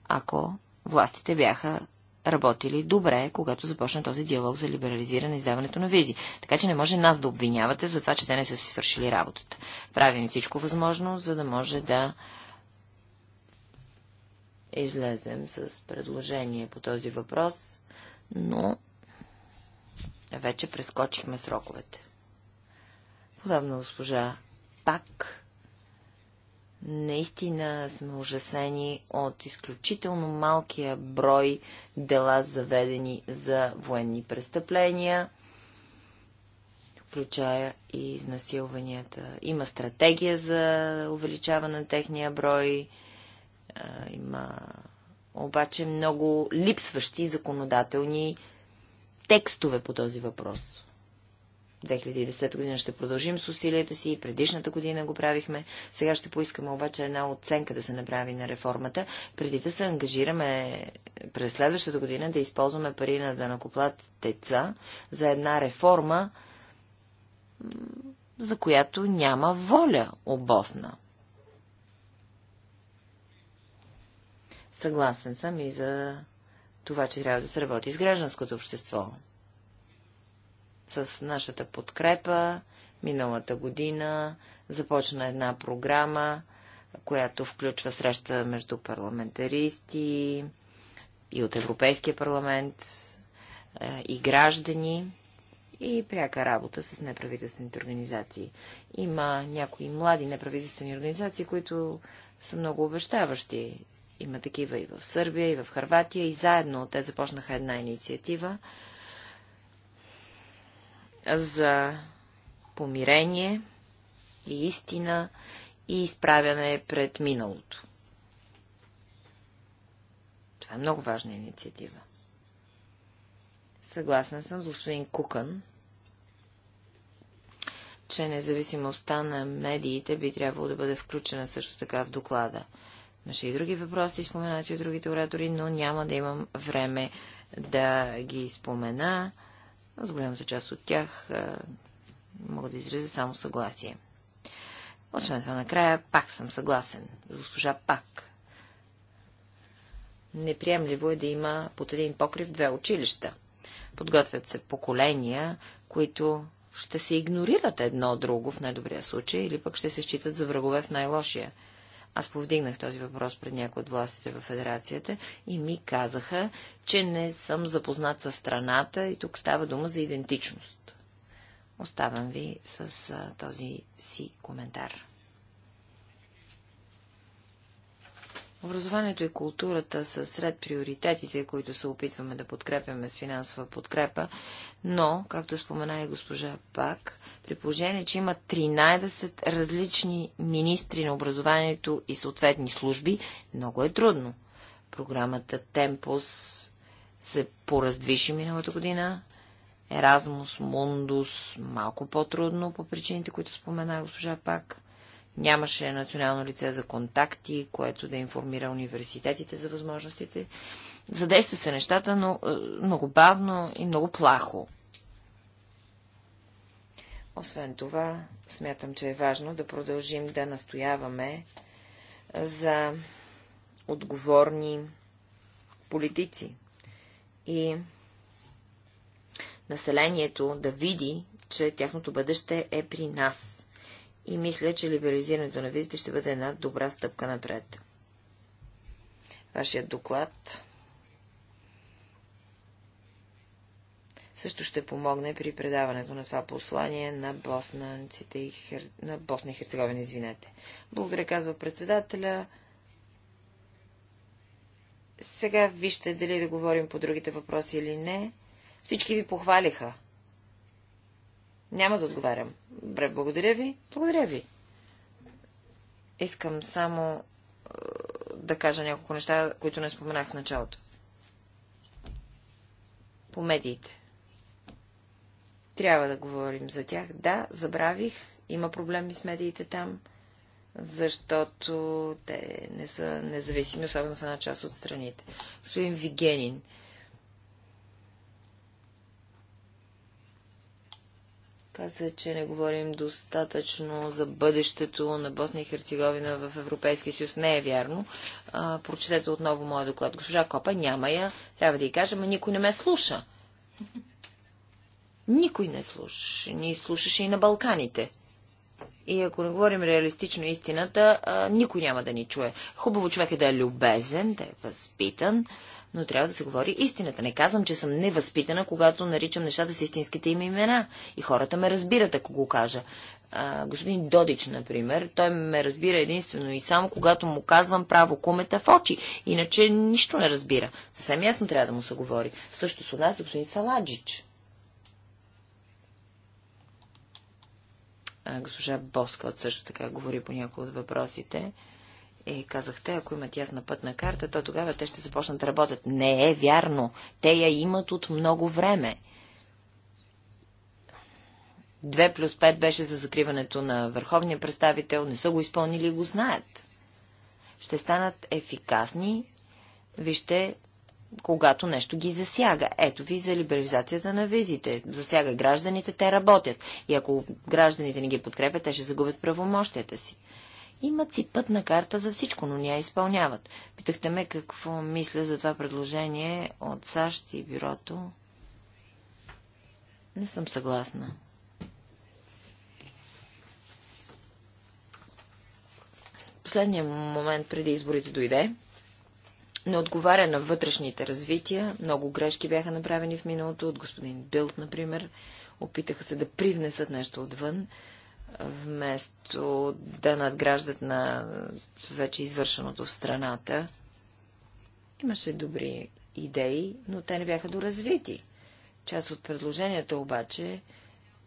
ако властите бяха работили добре, когато започна този диалог за либерализиране издаването на визи. Така че не може нас да обвинявате за това, че те не са си свършили работата. Правим всичко възможно, за да може да излезем с предложение по този въпрос, но вече прескочихме сроковете. Подобно госпожа Пак, наистина сме ужасени от изключително малкия брой дела заведени за военни престъпления, включая и изнасилванията. Има стратегия за увеличаване на техния брой, има обаче много липсващи законодателни текстове по този въпрос. 2010 година ще продължим с усилията си, предишната година го правихме. Сега ще поискаме обаче една оценка да се направи на реформата, преди да се ангажираме през следващата година да използваме пари на деца за една реформа, за която няма воля обосна. Съгласен съм и за това, че трябва да се работи с гражданското общество. С нашата подкрепа миналата година започна една програма, която включва среща между парламентаристи и от Европейския парламент е, и граждани и пряка работа с неправителствените организации. Има някои млади неправителствени организации, които са много обещаващи. Има такива и в Сърбия, и в Харватия, и заедно те започнаха една инициатива за помирение и истина и изправяне пред миналото. Това е много важна инициатива. Съгласен съм с господин Кукън, че независимостта на медиите би трябвало да бъде включена също така в доклада. Имаше и други въпроси, споменати от другите оратори, но няма да имам време да ги спомена. С голямата част от тях мога да изразя само съгласие. Освен това, накрая пак съм съгласен. С госпожа пак. Неприемливо е да има под един покрив две училища. Подготвят се поколения, които ще се игнорират едно друго в най-добрия случай, или пък ще се считат за врагове в най-лошия. Аз повдигнах този въпрос пред някои от властите в федерацията и ми казаха, че не съм запознат с страната и тук става дума за идентичност. Оставам ви с а, този си коментар. Образованието и културата са сред приоритетите, които се опитваме да подкрепяме с финансова подкрепа, но, както спомена и госпожа Пак, при положение, че има 13 различни министри на образованието и съответни служби, много е трудно. Програмата Темпос се пораздвиши миналата година. Еразмус, Мундус, малко по-трудно по причините, които спомена госпожа Пак. Нямаше национално лице за контакти, което да информира университетите за възможностите. Задейства се нещата, но е, много бавно и много плахо. Освен това, смятам, че е важно да продължим да настояваме за отговорни политици и населението да види, че тяхното бъдеще е при нас. И мисля, че либерализирането на визите ще бъде една добра стъпка напред. Вашият доклад също ще помогне при предаването на това послание на, боснанците и хер... на Босна и Херцеговина. Извинете. Благодаря, казва председателя. Сега вижте дали да говорим по другите въпроси или не. Всички ви похвалиха. Няма да отговарям. Добре, благодаря ви. Благодаря ви. Искам само е, да кажа няколко неща, които не споменах в началото. По медиите. Трябва да говорим за тях. Да, забравих. Има проблеми с медиите там, защото те не са независими, особено в една част от страните. Господин Вигенин. Каза, че не говорим достатъчно за бъдещето на Босна и Херцеговина в Европейския съюз. Не е вярно. А, прочетете отново моя доклад. Госпожа Копа, няма я. Трябва да й кажа, но никой не ме слуша. Никой не слуша. Ни слушаше и на Балканите. И ако не говорим реалистично истината, а, никой няма да ни чуе. Хубаво човек е да е любезен, да е възпитан, но трябва да се говори истината. Не казвам, че съм невъзпитана, когато наричам нещата с истинските им имена. И хората ме разбират, ако го кажа. А, господин Додич, например, той ме разбира единствено и само когато му казвам право кумета в очи. Иначе нищо не разбира. Съвсем ясно трябва да му се говори. Също с нас господин Саладжич. Госпожа Боска, от също така говори по някои от въпросите. И казахте, ако имат ясна пътна карта, то тогава те ще започнат да работят. Не е вярно. Те я имат от много време. 2 плюс 5 беше за закриването на върховния представител. Не са го изпълнили и го знаят. Ще станат ефикасни. Вижте когато нещо ги засяга. Ето ви за либерализацията на визите. Засяга гражданите, те работят. И ако гражданите не ги подкрепят, те ще загубят правомощията си. Имат си пътна карта за всичко, но не я изпълняват. Питахте ме какво мисля за това предложение от САЩ и бюрото. Не съм съгласна. Последният момент преди изборите дойде не отговаря на вътрешните развития. Много грешки бяха направени в миналото от господин Билт, например. Опитаха се да привнесат нещо отвън, вместо да надграждат на вече извършеното в страната. Имаше добри идеи, но те не бяха доразвити. Част от предложенията обаче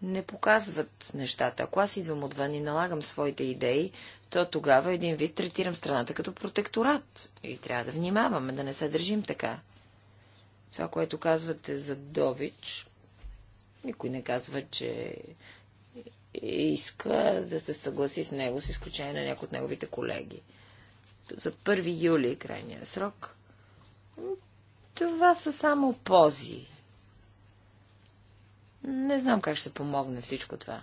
не показват нещата. Ако аз идвам отвън и налагам своите идеи, то тогава един вид третирам страната като протекторат. И трябва да внимаваме, да не се държим така. Това, което казвате за Дович, никой не казва, че иска да се съгласи с него, с изключение на някои от неговите колеги. За 1 юли е крайния срок. Това са само пози. Не знам как ще помогне всичко това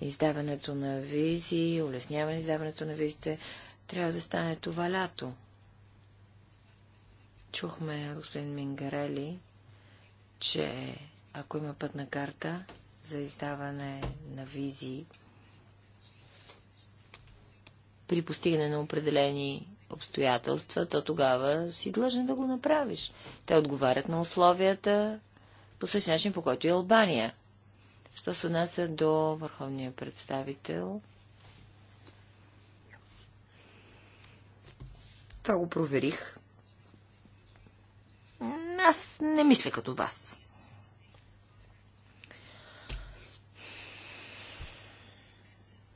издаването на визи, улесняване издаването на визите, трябва да стане това лято. Чухме господин Мингарели, че ако има пътна карта за издаване на визи при постигане на определени обстоятелства, то тогава си длъжен да го направиш. Те отговарят на условията по същия начин, по който и Албания. Що се отнася до върховния представител? Това го проверих. Аз не мисля като вас.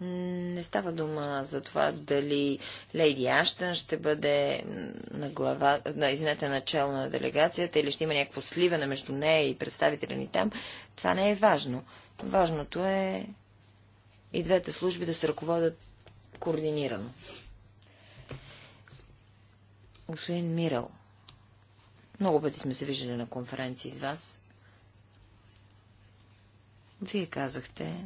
Не става дума за това дали Лейди Аштън ще бъде на глава, на, извинете, начало на делегацията или ще има някакво сливане между нея и представителя ни там. Това не е важно. Важното е и двете служби да се ръководят координирано. Господин Мирел, много пъти сме се виждали на конференции с вас. Вие казахте,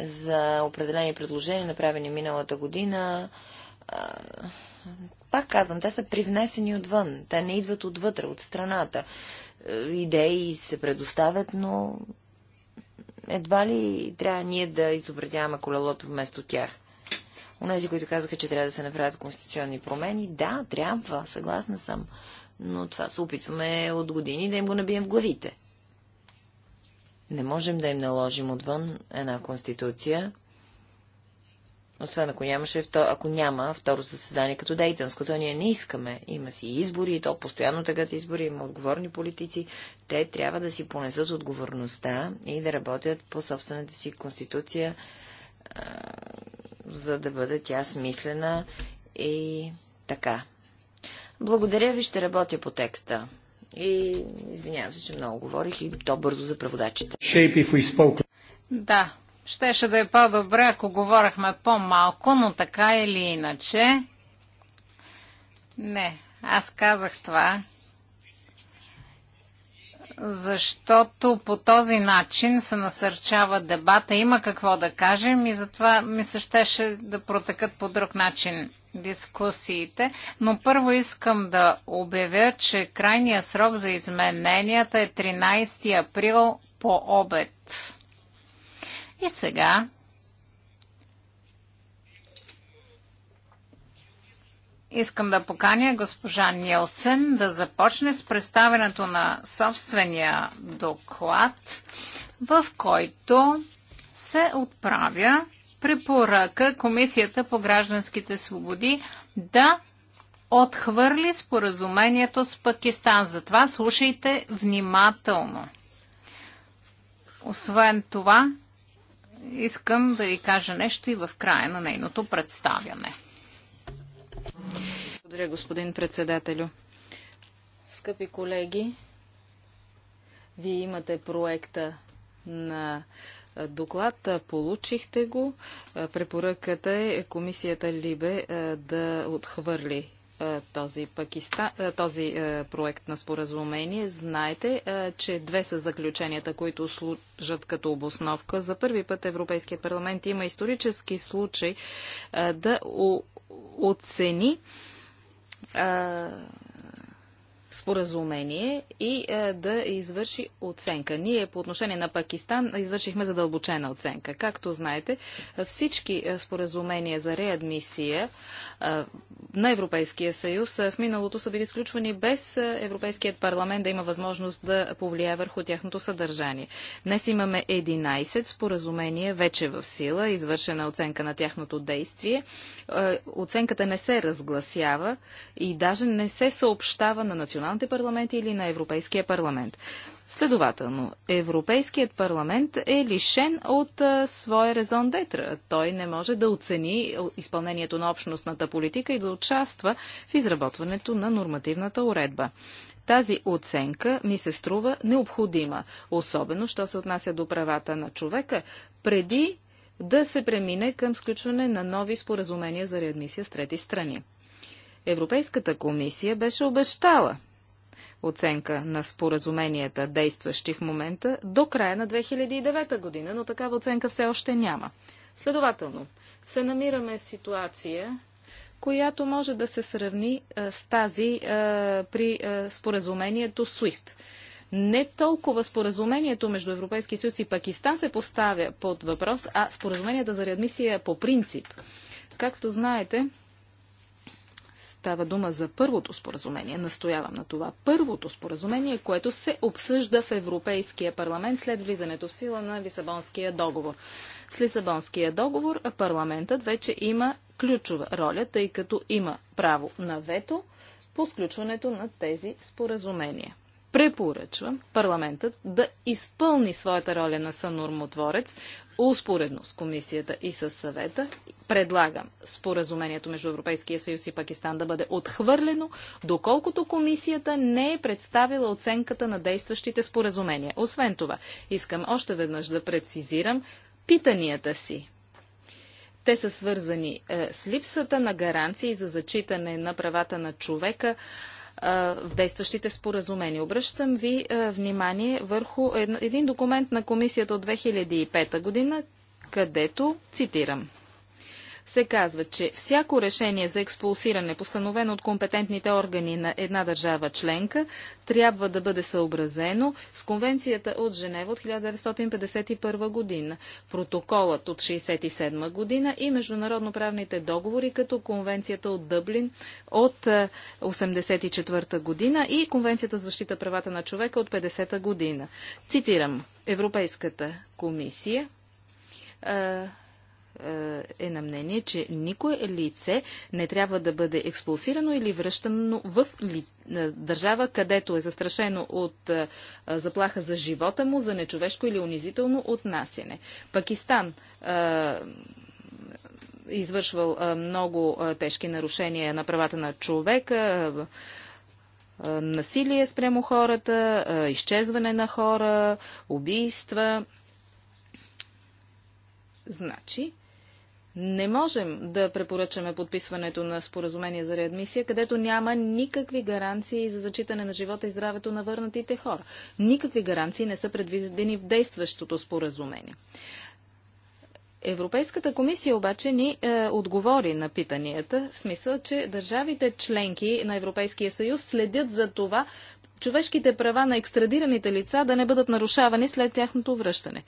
за определени предложения, направени миналата година, пак казвам, те са привнесени отвън. Те не идват отвътре, от страната. Е, идеи се предоставят, но едва ли трябва ние да изобретяваме колелото вместо тях. Унези, които казаха, че трябва да се направят конституционни промени, да, трябва, съгласна съм. Но това се опитваме от години да им го набием в главите. Не можем да им наложим отвън една конституция, освен ако, нямаше, ако няма второ заседание като Дейтънското, ние не искаме. Има си избори, и то постоянно тъгат избори, има отговорни политици. Те трябва да си понесат отговорността и да работят по собствената си конституция, а, за да бъде тя смислена и така. Благодаря ви, ще работя по текста. И извинявам се, че много говорих и то бързо за преводачите. Да, Щеше да е по-добре, ако говорехме по-малко, но така или иначе. Не, аз казах това, защото по този начин се насърчава дебата. Има какво да кажем и затова ми се щеше да протекат по друг начин дискусиите. Но първо искам да обявя, че крайният срок за измененията е 13 април по обед. И сега Искам да поканя госпожа Нилсен да започне с представенето на собствения доклад, в който се отправя препоръка Комисията по гражданските свободи да отхвърли споразумението с Пакистан. Затова слушайте внимателно. Освен това, искам да ви кажа нещо и в края на нейното представяне. Благодаря, господин председателю. Скъпи колеги, вие имате проекта на доклад, получихте го. Препоръката е комисията Либе да отхвърли е, този, Пакистан, е, този е, проект на споразумение. Знаете, че две са заключенията, които служат като обосновка. За първи път Европейският парламент има исторически случай да оцени споразумение и е, да извърши оценка. Ние по отношение на Пакистан извършихме задълбочена оценка. Както знаете, всички е, споразумения за реадмисия е, на Европейския съюз в миналото са били сключвани без Европейският парламент да има възможност да повлияе върху тяхното съдържание. Днес имаме 11 споразумения вече в сила, извършена оценка на тяхното действие. Оценката не се разгласява и даже не се съобщава на национално националните парламенти или на Европейския парламент. Следователно, Европейският парламент е лишен от а, своя резон детра. Той не може да оцени изпълнението на общностната политика и да участва в изработването на нормативната уредба. Тази оценка ми се струва необходима, особено, що се отнася до правата на човека, преди да се премине към сключване на нови споразумения за реадмисия с трети страни. Европейската комисия беше обещала оценка на споразуменията, действащи в момента, до края на 2009 година, но такава оценка все още няма. Следователно, се намираме в ситуация, която може да се сравни а, с тази а, при а, споразумението SWIFT. Не толкова споразумението между Европейски съюз и Пакистан се поставя под въпрос, а споразуменията за реадмисия по принцип. Както знаете, Става дума за първото споразумение, настоявам на това. Първото споразумение, което се обсъжда в Европейския парламент след влизането в сила на Лисабонския договор. С Лисабонския договор парламентът вече има ключова роля, тъй като има право на вето по сключването на тези споразумения препоръчва парламентът да изпълни своята роля на сънормотворец успоредно с комисията и с съвета. Предлагам споразумението между Европейския съюз и Пакистан да бъде отхвърлено, доколкото комисията не е представила оценката на действащите споразумения. Освен това, искам още веднъж да прецизирам питанията си те са свързани е, с липсата на гаранции за зачитане на правата на човека в действащите споразумения. Обръщам ви внимание върху един документ на комисията от 2005 година, където, цитирам, се казва, че всяко решение за експулсиране, постановено от компетентните органи на една държава членка, трябва да бъде съобразено с конвенцията от Женева от 1951 година, протоколът от 1967 година и международноправните договори, като конвенцията от Дъблин от 1984 е, година и конвенцията за защита правата на човека от 1950 година. Цитирам Европейската комисия е, е, е на мнение, че никое лице не трябва да бъде експулсирано или връщано в ли... Е, държава, където е застрашено от е, заплаха за живота му, за нечовешко или унизително отнасяне. Пакистан извършвал много тежки нарушения на правата на човека, насилие спрямо хората, изчезване на хора, убийства. Значи, не можем да препоръчаме подписването на споразумение за реадмисия, където няма никакви гаранции за зачитане на живота и здравето на върнатите хора. Никакви гаранции не са предвидени в действащото споразумение. Европейската комисия обаче ни е, отговори на питанията, в смисъл, че държавите членки на Европейския съюз следят за това човешките права на екстрадираните лица да не бъдат нарушавани след тяхното връщане.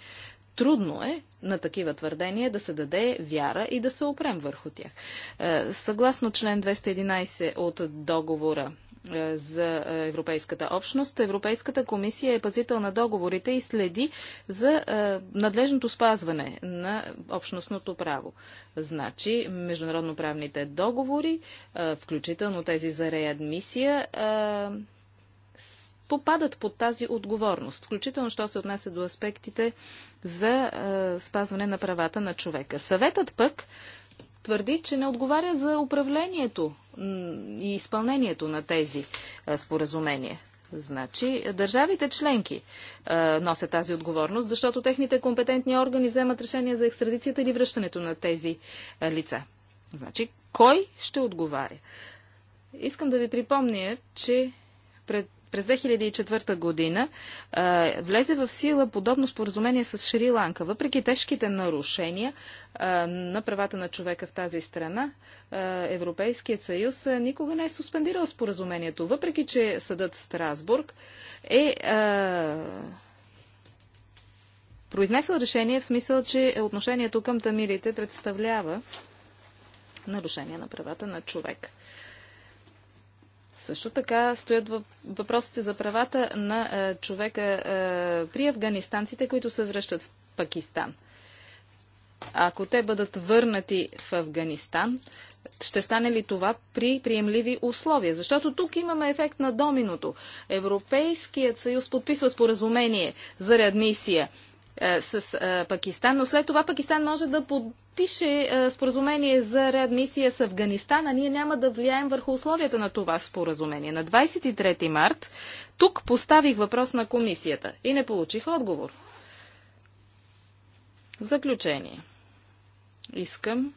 Трудно е на такива твърдения да се даде вяра и да се опрем върху тях. Е, съгласно член 211 от договора е, за Европейската общност. Европейската комисия е пазител на договорите и следи за е, надлежното спазване на общностното право. Значи, международноправните договори, включително тези за реадмисия, попадат под тази отговорност, включително, що се отнася до аспектите за е, спазване на правата на човека. Съветът пък твърди, че не отговаря за управлението и изпълнението на тези е, споразумения. Значи, държавите членки е, носят тази отговорност, защото техните компетентни органи вземат решение за екстрадицията или връщането на тези е, лица. Значи, кой ще отговаря? Искам да ви припомня, че пред през 2004 година а, влезе в сила подобно споразумение с Шри-Ланка. Въпреки тежките нарушения а, на правата на човека в тази страна, а, Европейският съюз никога не е суспендирал споразумението, въпреки че съдът Страсбург е произнесъл решение в смисъл, че отношението към тамирите представлява нарушение на правата на човека. Също така стоят въпросите за правата на е, човека е, при афганистанците, които се връщат в Пакистан. Ако те бъдат върнати в Афганистан, ще стане ли това при приемливи условия? Защото тук имаме ефект на доминото. Европейският съюз подписва споразумение за реадмисия е, с Пакистан, но след това Пакистан може да под подпише е, споразумение за реадмисия с Афганистан, а ние няма да влияем върху условията на това споразумение. На 23 март тук поставих въпрос на комисията и не получих отговор. В заключение, искам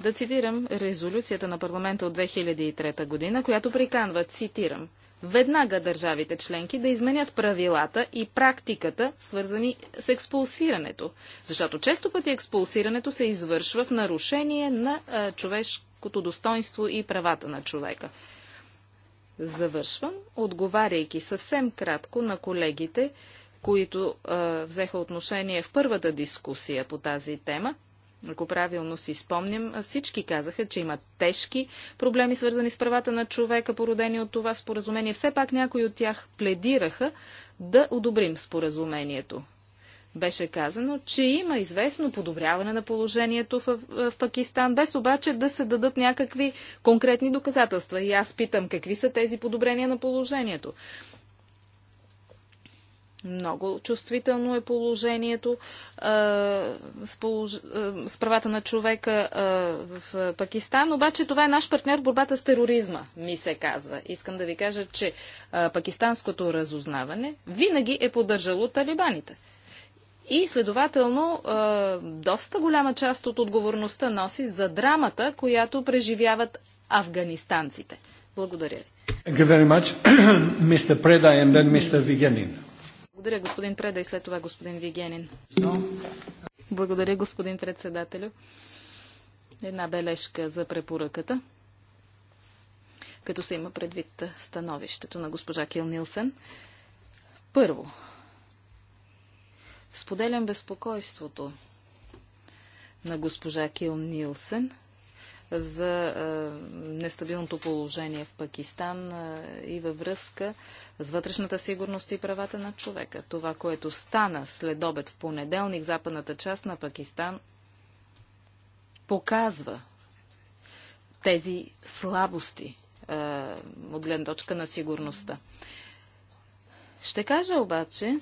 да цитирам резолюцията на парламента от 2003 година, която приканва, цитирам – веднага държавите членки да изменят правилата и практиката, свързани с експулсирането. Защото често пъти експулсирането се извършва в нарушение на а, човешкото достоинство и правата на човека. Завършвам, отговаряйки съвсем кратко на колегите, които а, взеха отношение в първата дискусия по тази тема ако правилно си спомням, всички казаха, че има тежки проблеми, свързани с правата на човека, породени от това споразумение. Все пак някои от тях пледираха да одобрим споразумението. Беше казано, че има известно подобряване на положението в, в Пакистан, без обаче да се дадат някакви конкретни доказателства. И аз питам, какви са тези подобрения на положението? Много чувствително е положението а, с, полож... а, с правата на човека а, в Пакистан, обаче това е наш партньор в борбата с тероризма, ми се казва. Искам да ви кажа, че а, пакистанското разузнаване винаги е поддържало талибаните. И следователно, а, доста голяма част от отговорността носи за драмата, която преживяват афганистанците. Благодаря ви. Thank you very much, (coughs) Mr. Preda and then Mr. Vigenin. Благодаря, господин Преда и след това господин Вигенин. Благодаря, господин председателю. Една бележка за препоръката, като се има предвид становището на госпожа Кил Нилсен. Първо, споделям безпокойството на госпожа Кил Нилсен – за е, нестабилното положение в Пакистан е, и във връзка с вътрешната сигурност и правата на човека. Това, което стана след обед в понеделник, западната част на Пакистан показва тези слабости е, от гледна точка на сигурността. Ще кажа обаче,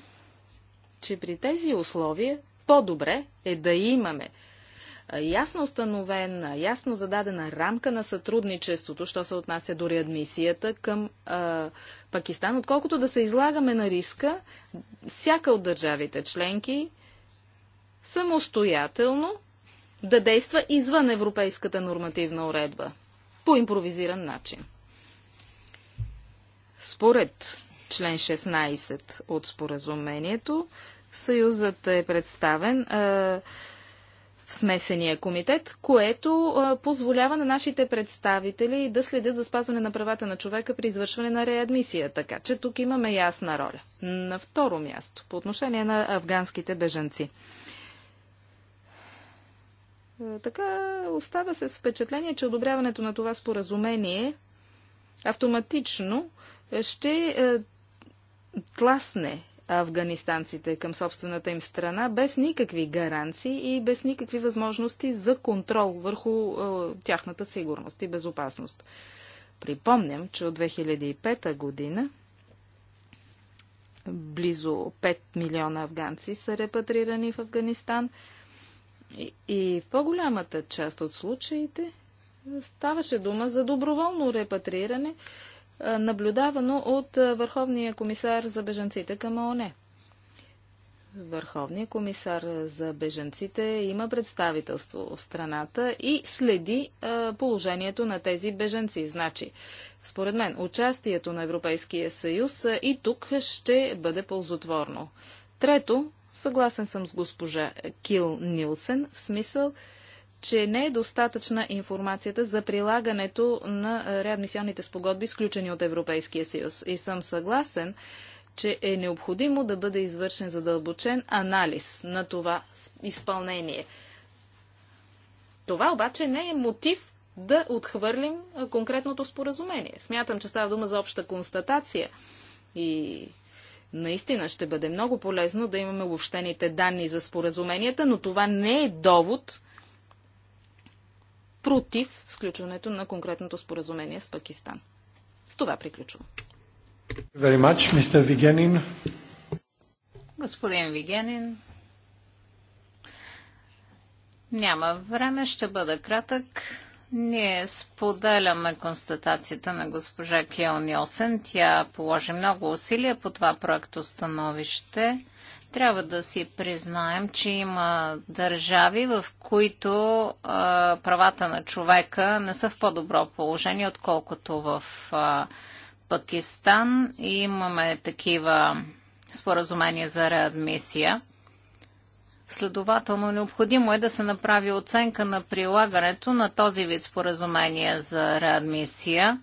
че при тези условия по-добре е да имаме ясно установена, ясно зададена рамка на сътрудничеството, що се отнася до реадмисията към а, Пакистан, отколкото да се излагаме на риска всяка от държавите членки самостоятелно да действа извън европейската нормативна уредба по импровизиран начин. Според член 16 от споразумението, Съюзът е представен е, смесения комитет, което а, позволява на нашите представители да следят за спазване на правата на човека при извършване на реадмисия. Така че тук имаме ясна роля. На второ място, по отношение на афганските бежанци. Така остава се с впечатление, че одобряването на това споразумение автоматично ще тласне афганистанците към собствената им страна без никакви гаранции и без никакви възможности за контрол върху е, тяхната сигурност и безопасност. Припомням, че от 2005 година близо 5 милиона афганци са репатрирани в Афганистан и, и в по-голямата част от случаите ставаше дума за доброволно репатриране, е, наблюдавано от е, Върховния комисар за бежанците към ООН. Върховният комисар за бежанците има представителство в страната и следи е, положението на тези бежанци. Значи, според мен, участието на Европейския съюз и тук ще бъде ползотворно. Трето, съгласен съм с госпожа Кил Нилсен, в смисъл, че не е достатъчна информацията за прилагането на реадмисионните спогодби, сключени от Европейския съюз. И съм съгласен, че е необходимо да бъде извършен задълбочен анализ на това изпълнение. Това обаче не е мотив да отхвърлим конкретното споразумение. Смятам, че става дума за обща констатация и наистина ще бъде много полезно да имаме обобщените данни за споразуменията, но това не е довод против сключването на конкретното споразумение с Пакистан. С това приключвам. Much, Господин Вигенин, няма време, ще бъда кратък. Ние споделяме констатацията на госпожа Кел Нилсен. Тя положи много усилия по това проекто становище. Трябва да си признаем, че има държави, в които а, правата на човека не са в по-добро положение, отколкото в а, Пакистан. И имаме такива споразумения за реадмисия. Следователно, необходимо е да се направи оценка на прилагането на този вид споразумения за реадмисия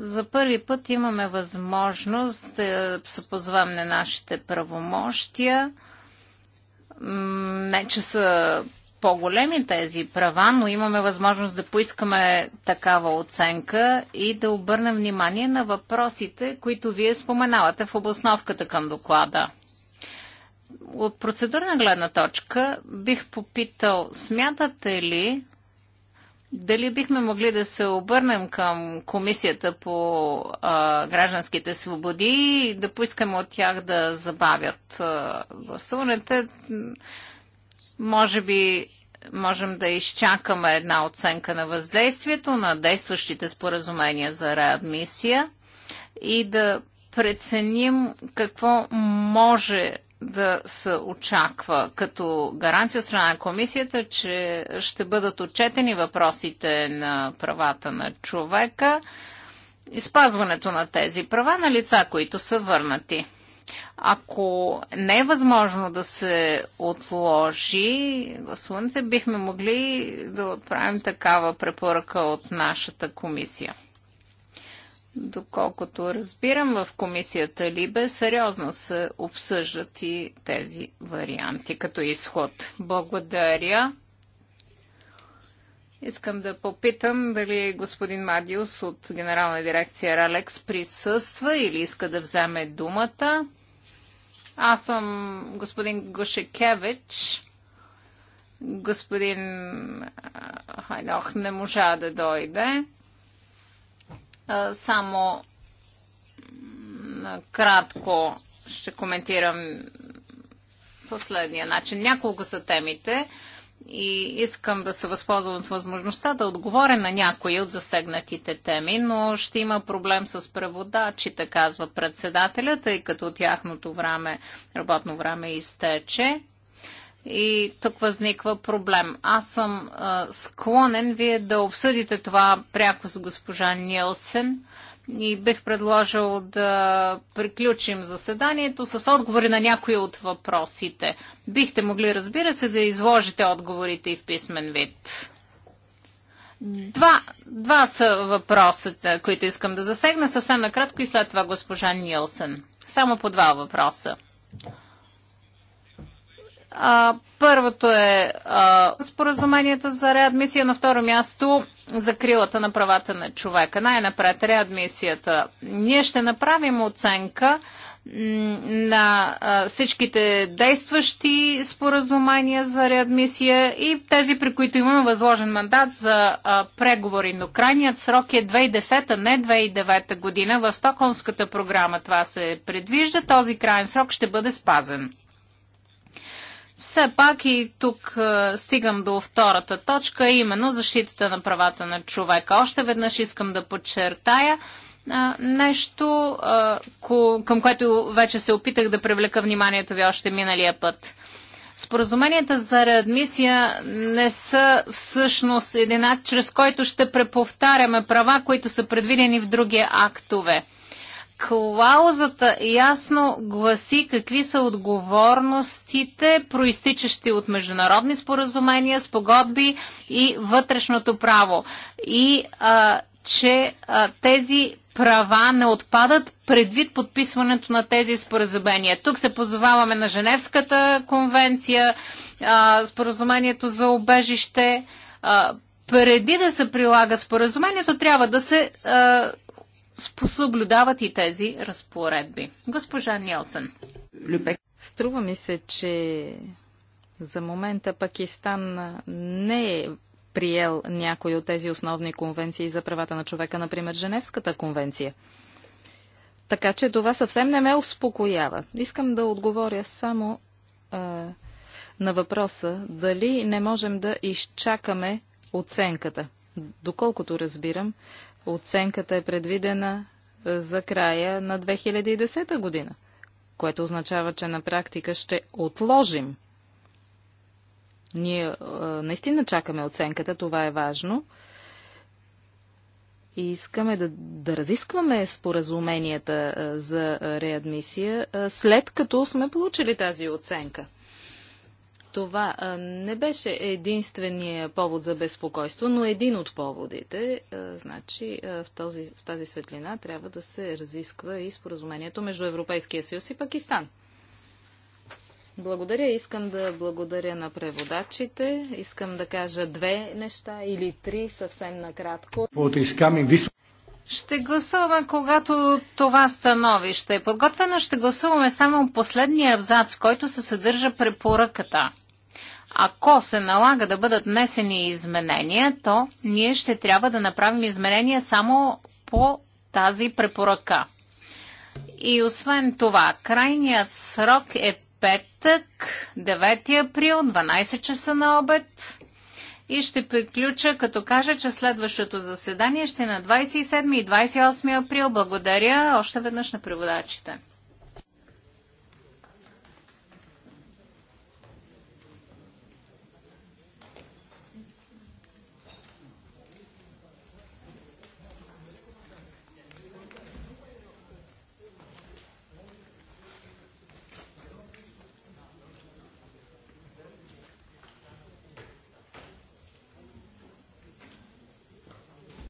за първи път имаме възможност да се позвам на нашите правомощия. Не, че са по-големи тези права, но имаме възможност да поискаме такава оценка и да обърнем внимание на въпросите, които вие споменавате в обосновката към доклада. От процедурна гледна точка бих попитал, смятате ли, дали бихме могли да се обърнем към Комисията по а, гражданските свободи и да поискаме от тях да забавят гласуването? Може би можем да изчакаме една оценка на въздействието на действащите споразумения за реадмисия и да преценим какво може да се очаква като гаранция страна на комисията, че ще бъдат отчетени въпросите на правата на човека и спазването на тези права на лица, които са върнати. Ако не е възможно да се отложи гласуването, бихме могли да отправим такава препоръка от нашата комисия. Доколкото разбирам, в комисията Либе сериозно се обсъждат и тези варианти като изход. Благодаря. Искам да попитам дали господин Мадиус от Генерална дирекция Ралекс присъства или иска да вземе думата. Аз съм господин Гошекевич. Господин Хайнох не можа да дойде. Само кратко ще коментирам последния начин. Няколко са темите и искам да се възползвам от възможността да отговоря на някои от засегнатите теми, но ще има проблем с преводачите, казва председателя, тъй като тяхното време, работно време изтече. И тук възниква проблем. Аз съм а, склонен вие да обсъдите това пряко с госпожа Нилсен и бих предложил да приключим заседанието с отговори на някои от въпросите. Бихте могли, разбира се, да изложите отговорите и в писмен вид. Два, два са въпросите, които искам да засегна съвсем накратко и след това госпожа Нилсен. Само по два въпроса. А, първото е а, споразуменията за реадмисия, на второ място за крилата на правата на човека. Най-напред реадмисията. Ние ще направим оценка на а, всичките действащи споразумения за реадмисия и тези, при които имаме възложен мандат за а, преговори. Но крайният срок е 2010, не 2009 година. В Стокхолмската програма това се предвижда. Този крайен срок ще бъде спазен все пак и тук е, стигам до втората точка, именно защитата на правата на човека. Още веднъж искам да подчертая е, нещо, е, към което вече се опитах да привлека вниманието ви още миналия път. Споразуменията за реадмисия не са всъщност един акт, чрез който ще преповтаряме права, които са предвидени в други актове – Клаузата ясно гласи какви са отговорностите, проистичащи от международни споразумения, спогодби и вътрешното право. И а, че а, тези права не отпадат предвид подписването на тези споразумения. Тук се позоваваме на Женевската конвенция, а, споразумението за обежище. А, преди да се прилага споразумението, трябва да се а, спосъблюдават и тези разпоредби. Госпожа Нилсън. Струва ми се, че за момента Пакистан не е приел някои от тези основни конвенции за правата на човека, например Женевската конвенция. Така че това съвсем не ме успокоява. Искам да отговоря само а, на въпроса дали не можем да изчакаме оценката. Доколкото разбирам, Оценката е предвидена е, за края на 2010 година, което означава, че на практика ще отложим. Ние е, наистина чакаме оценката, това е важно. И искаме да, да разискваме споразуменията е, за реадмисия, след като сме получили тази оценка. Това не беше единствения повод за безпокойство, но един от поводите. Значи в, този, в тази светлина трябва да се разисква и споразумението между Европейския съюз и Пакистан. Благодаря. Искам да благодаря на преводачите. Искам да кажа две неща или три съвсем накратко. Ще гласуваме, когато това становище е подготвено, ще гласуваме само последния абзац, който се съдържа препоръката. Ако се налага да бъдат внесени изменения, то ние ще трябва да направим изменения само по тази препоръка. И освен това, крайният срок е петък, 9 април, 12 часа на обед. И ще приключа, като кажа, че следващото заседание ще е на 27 и 28 април. Благодаря още веднъж на преводачите.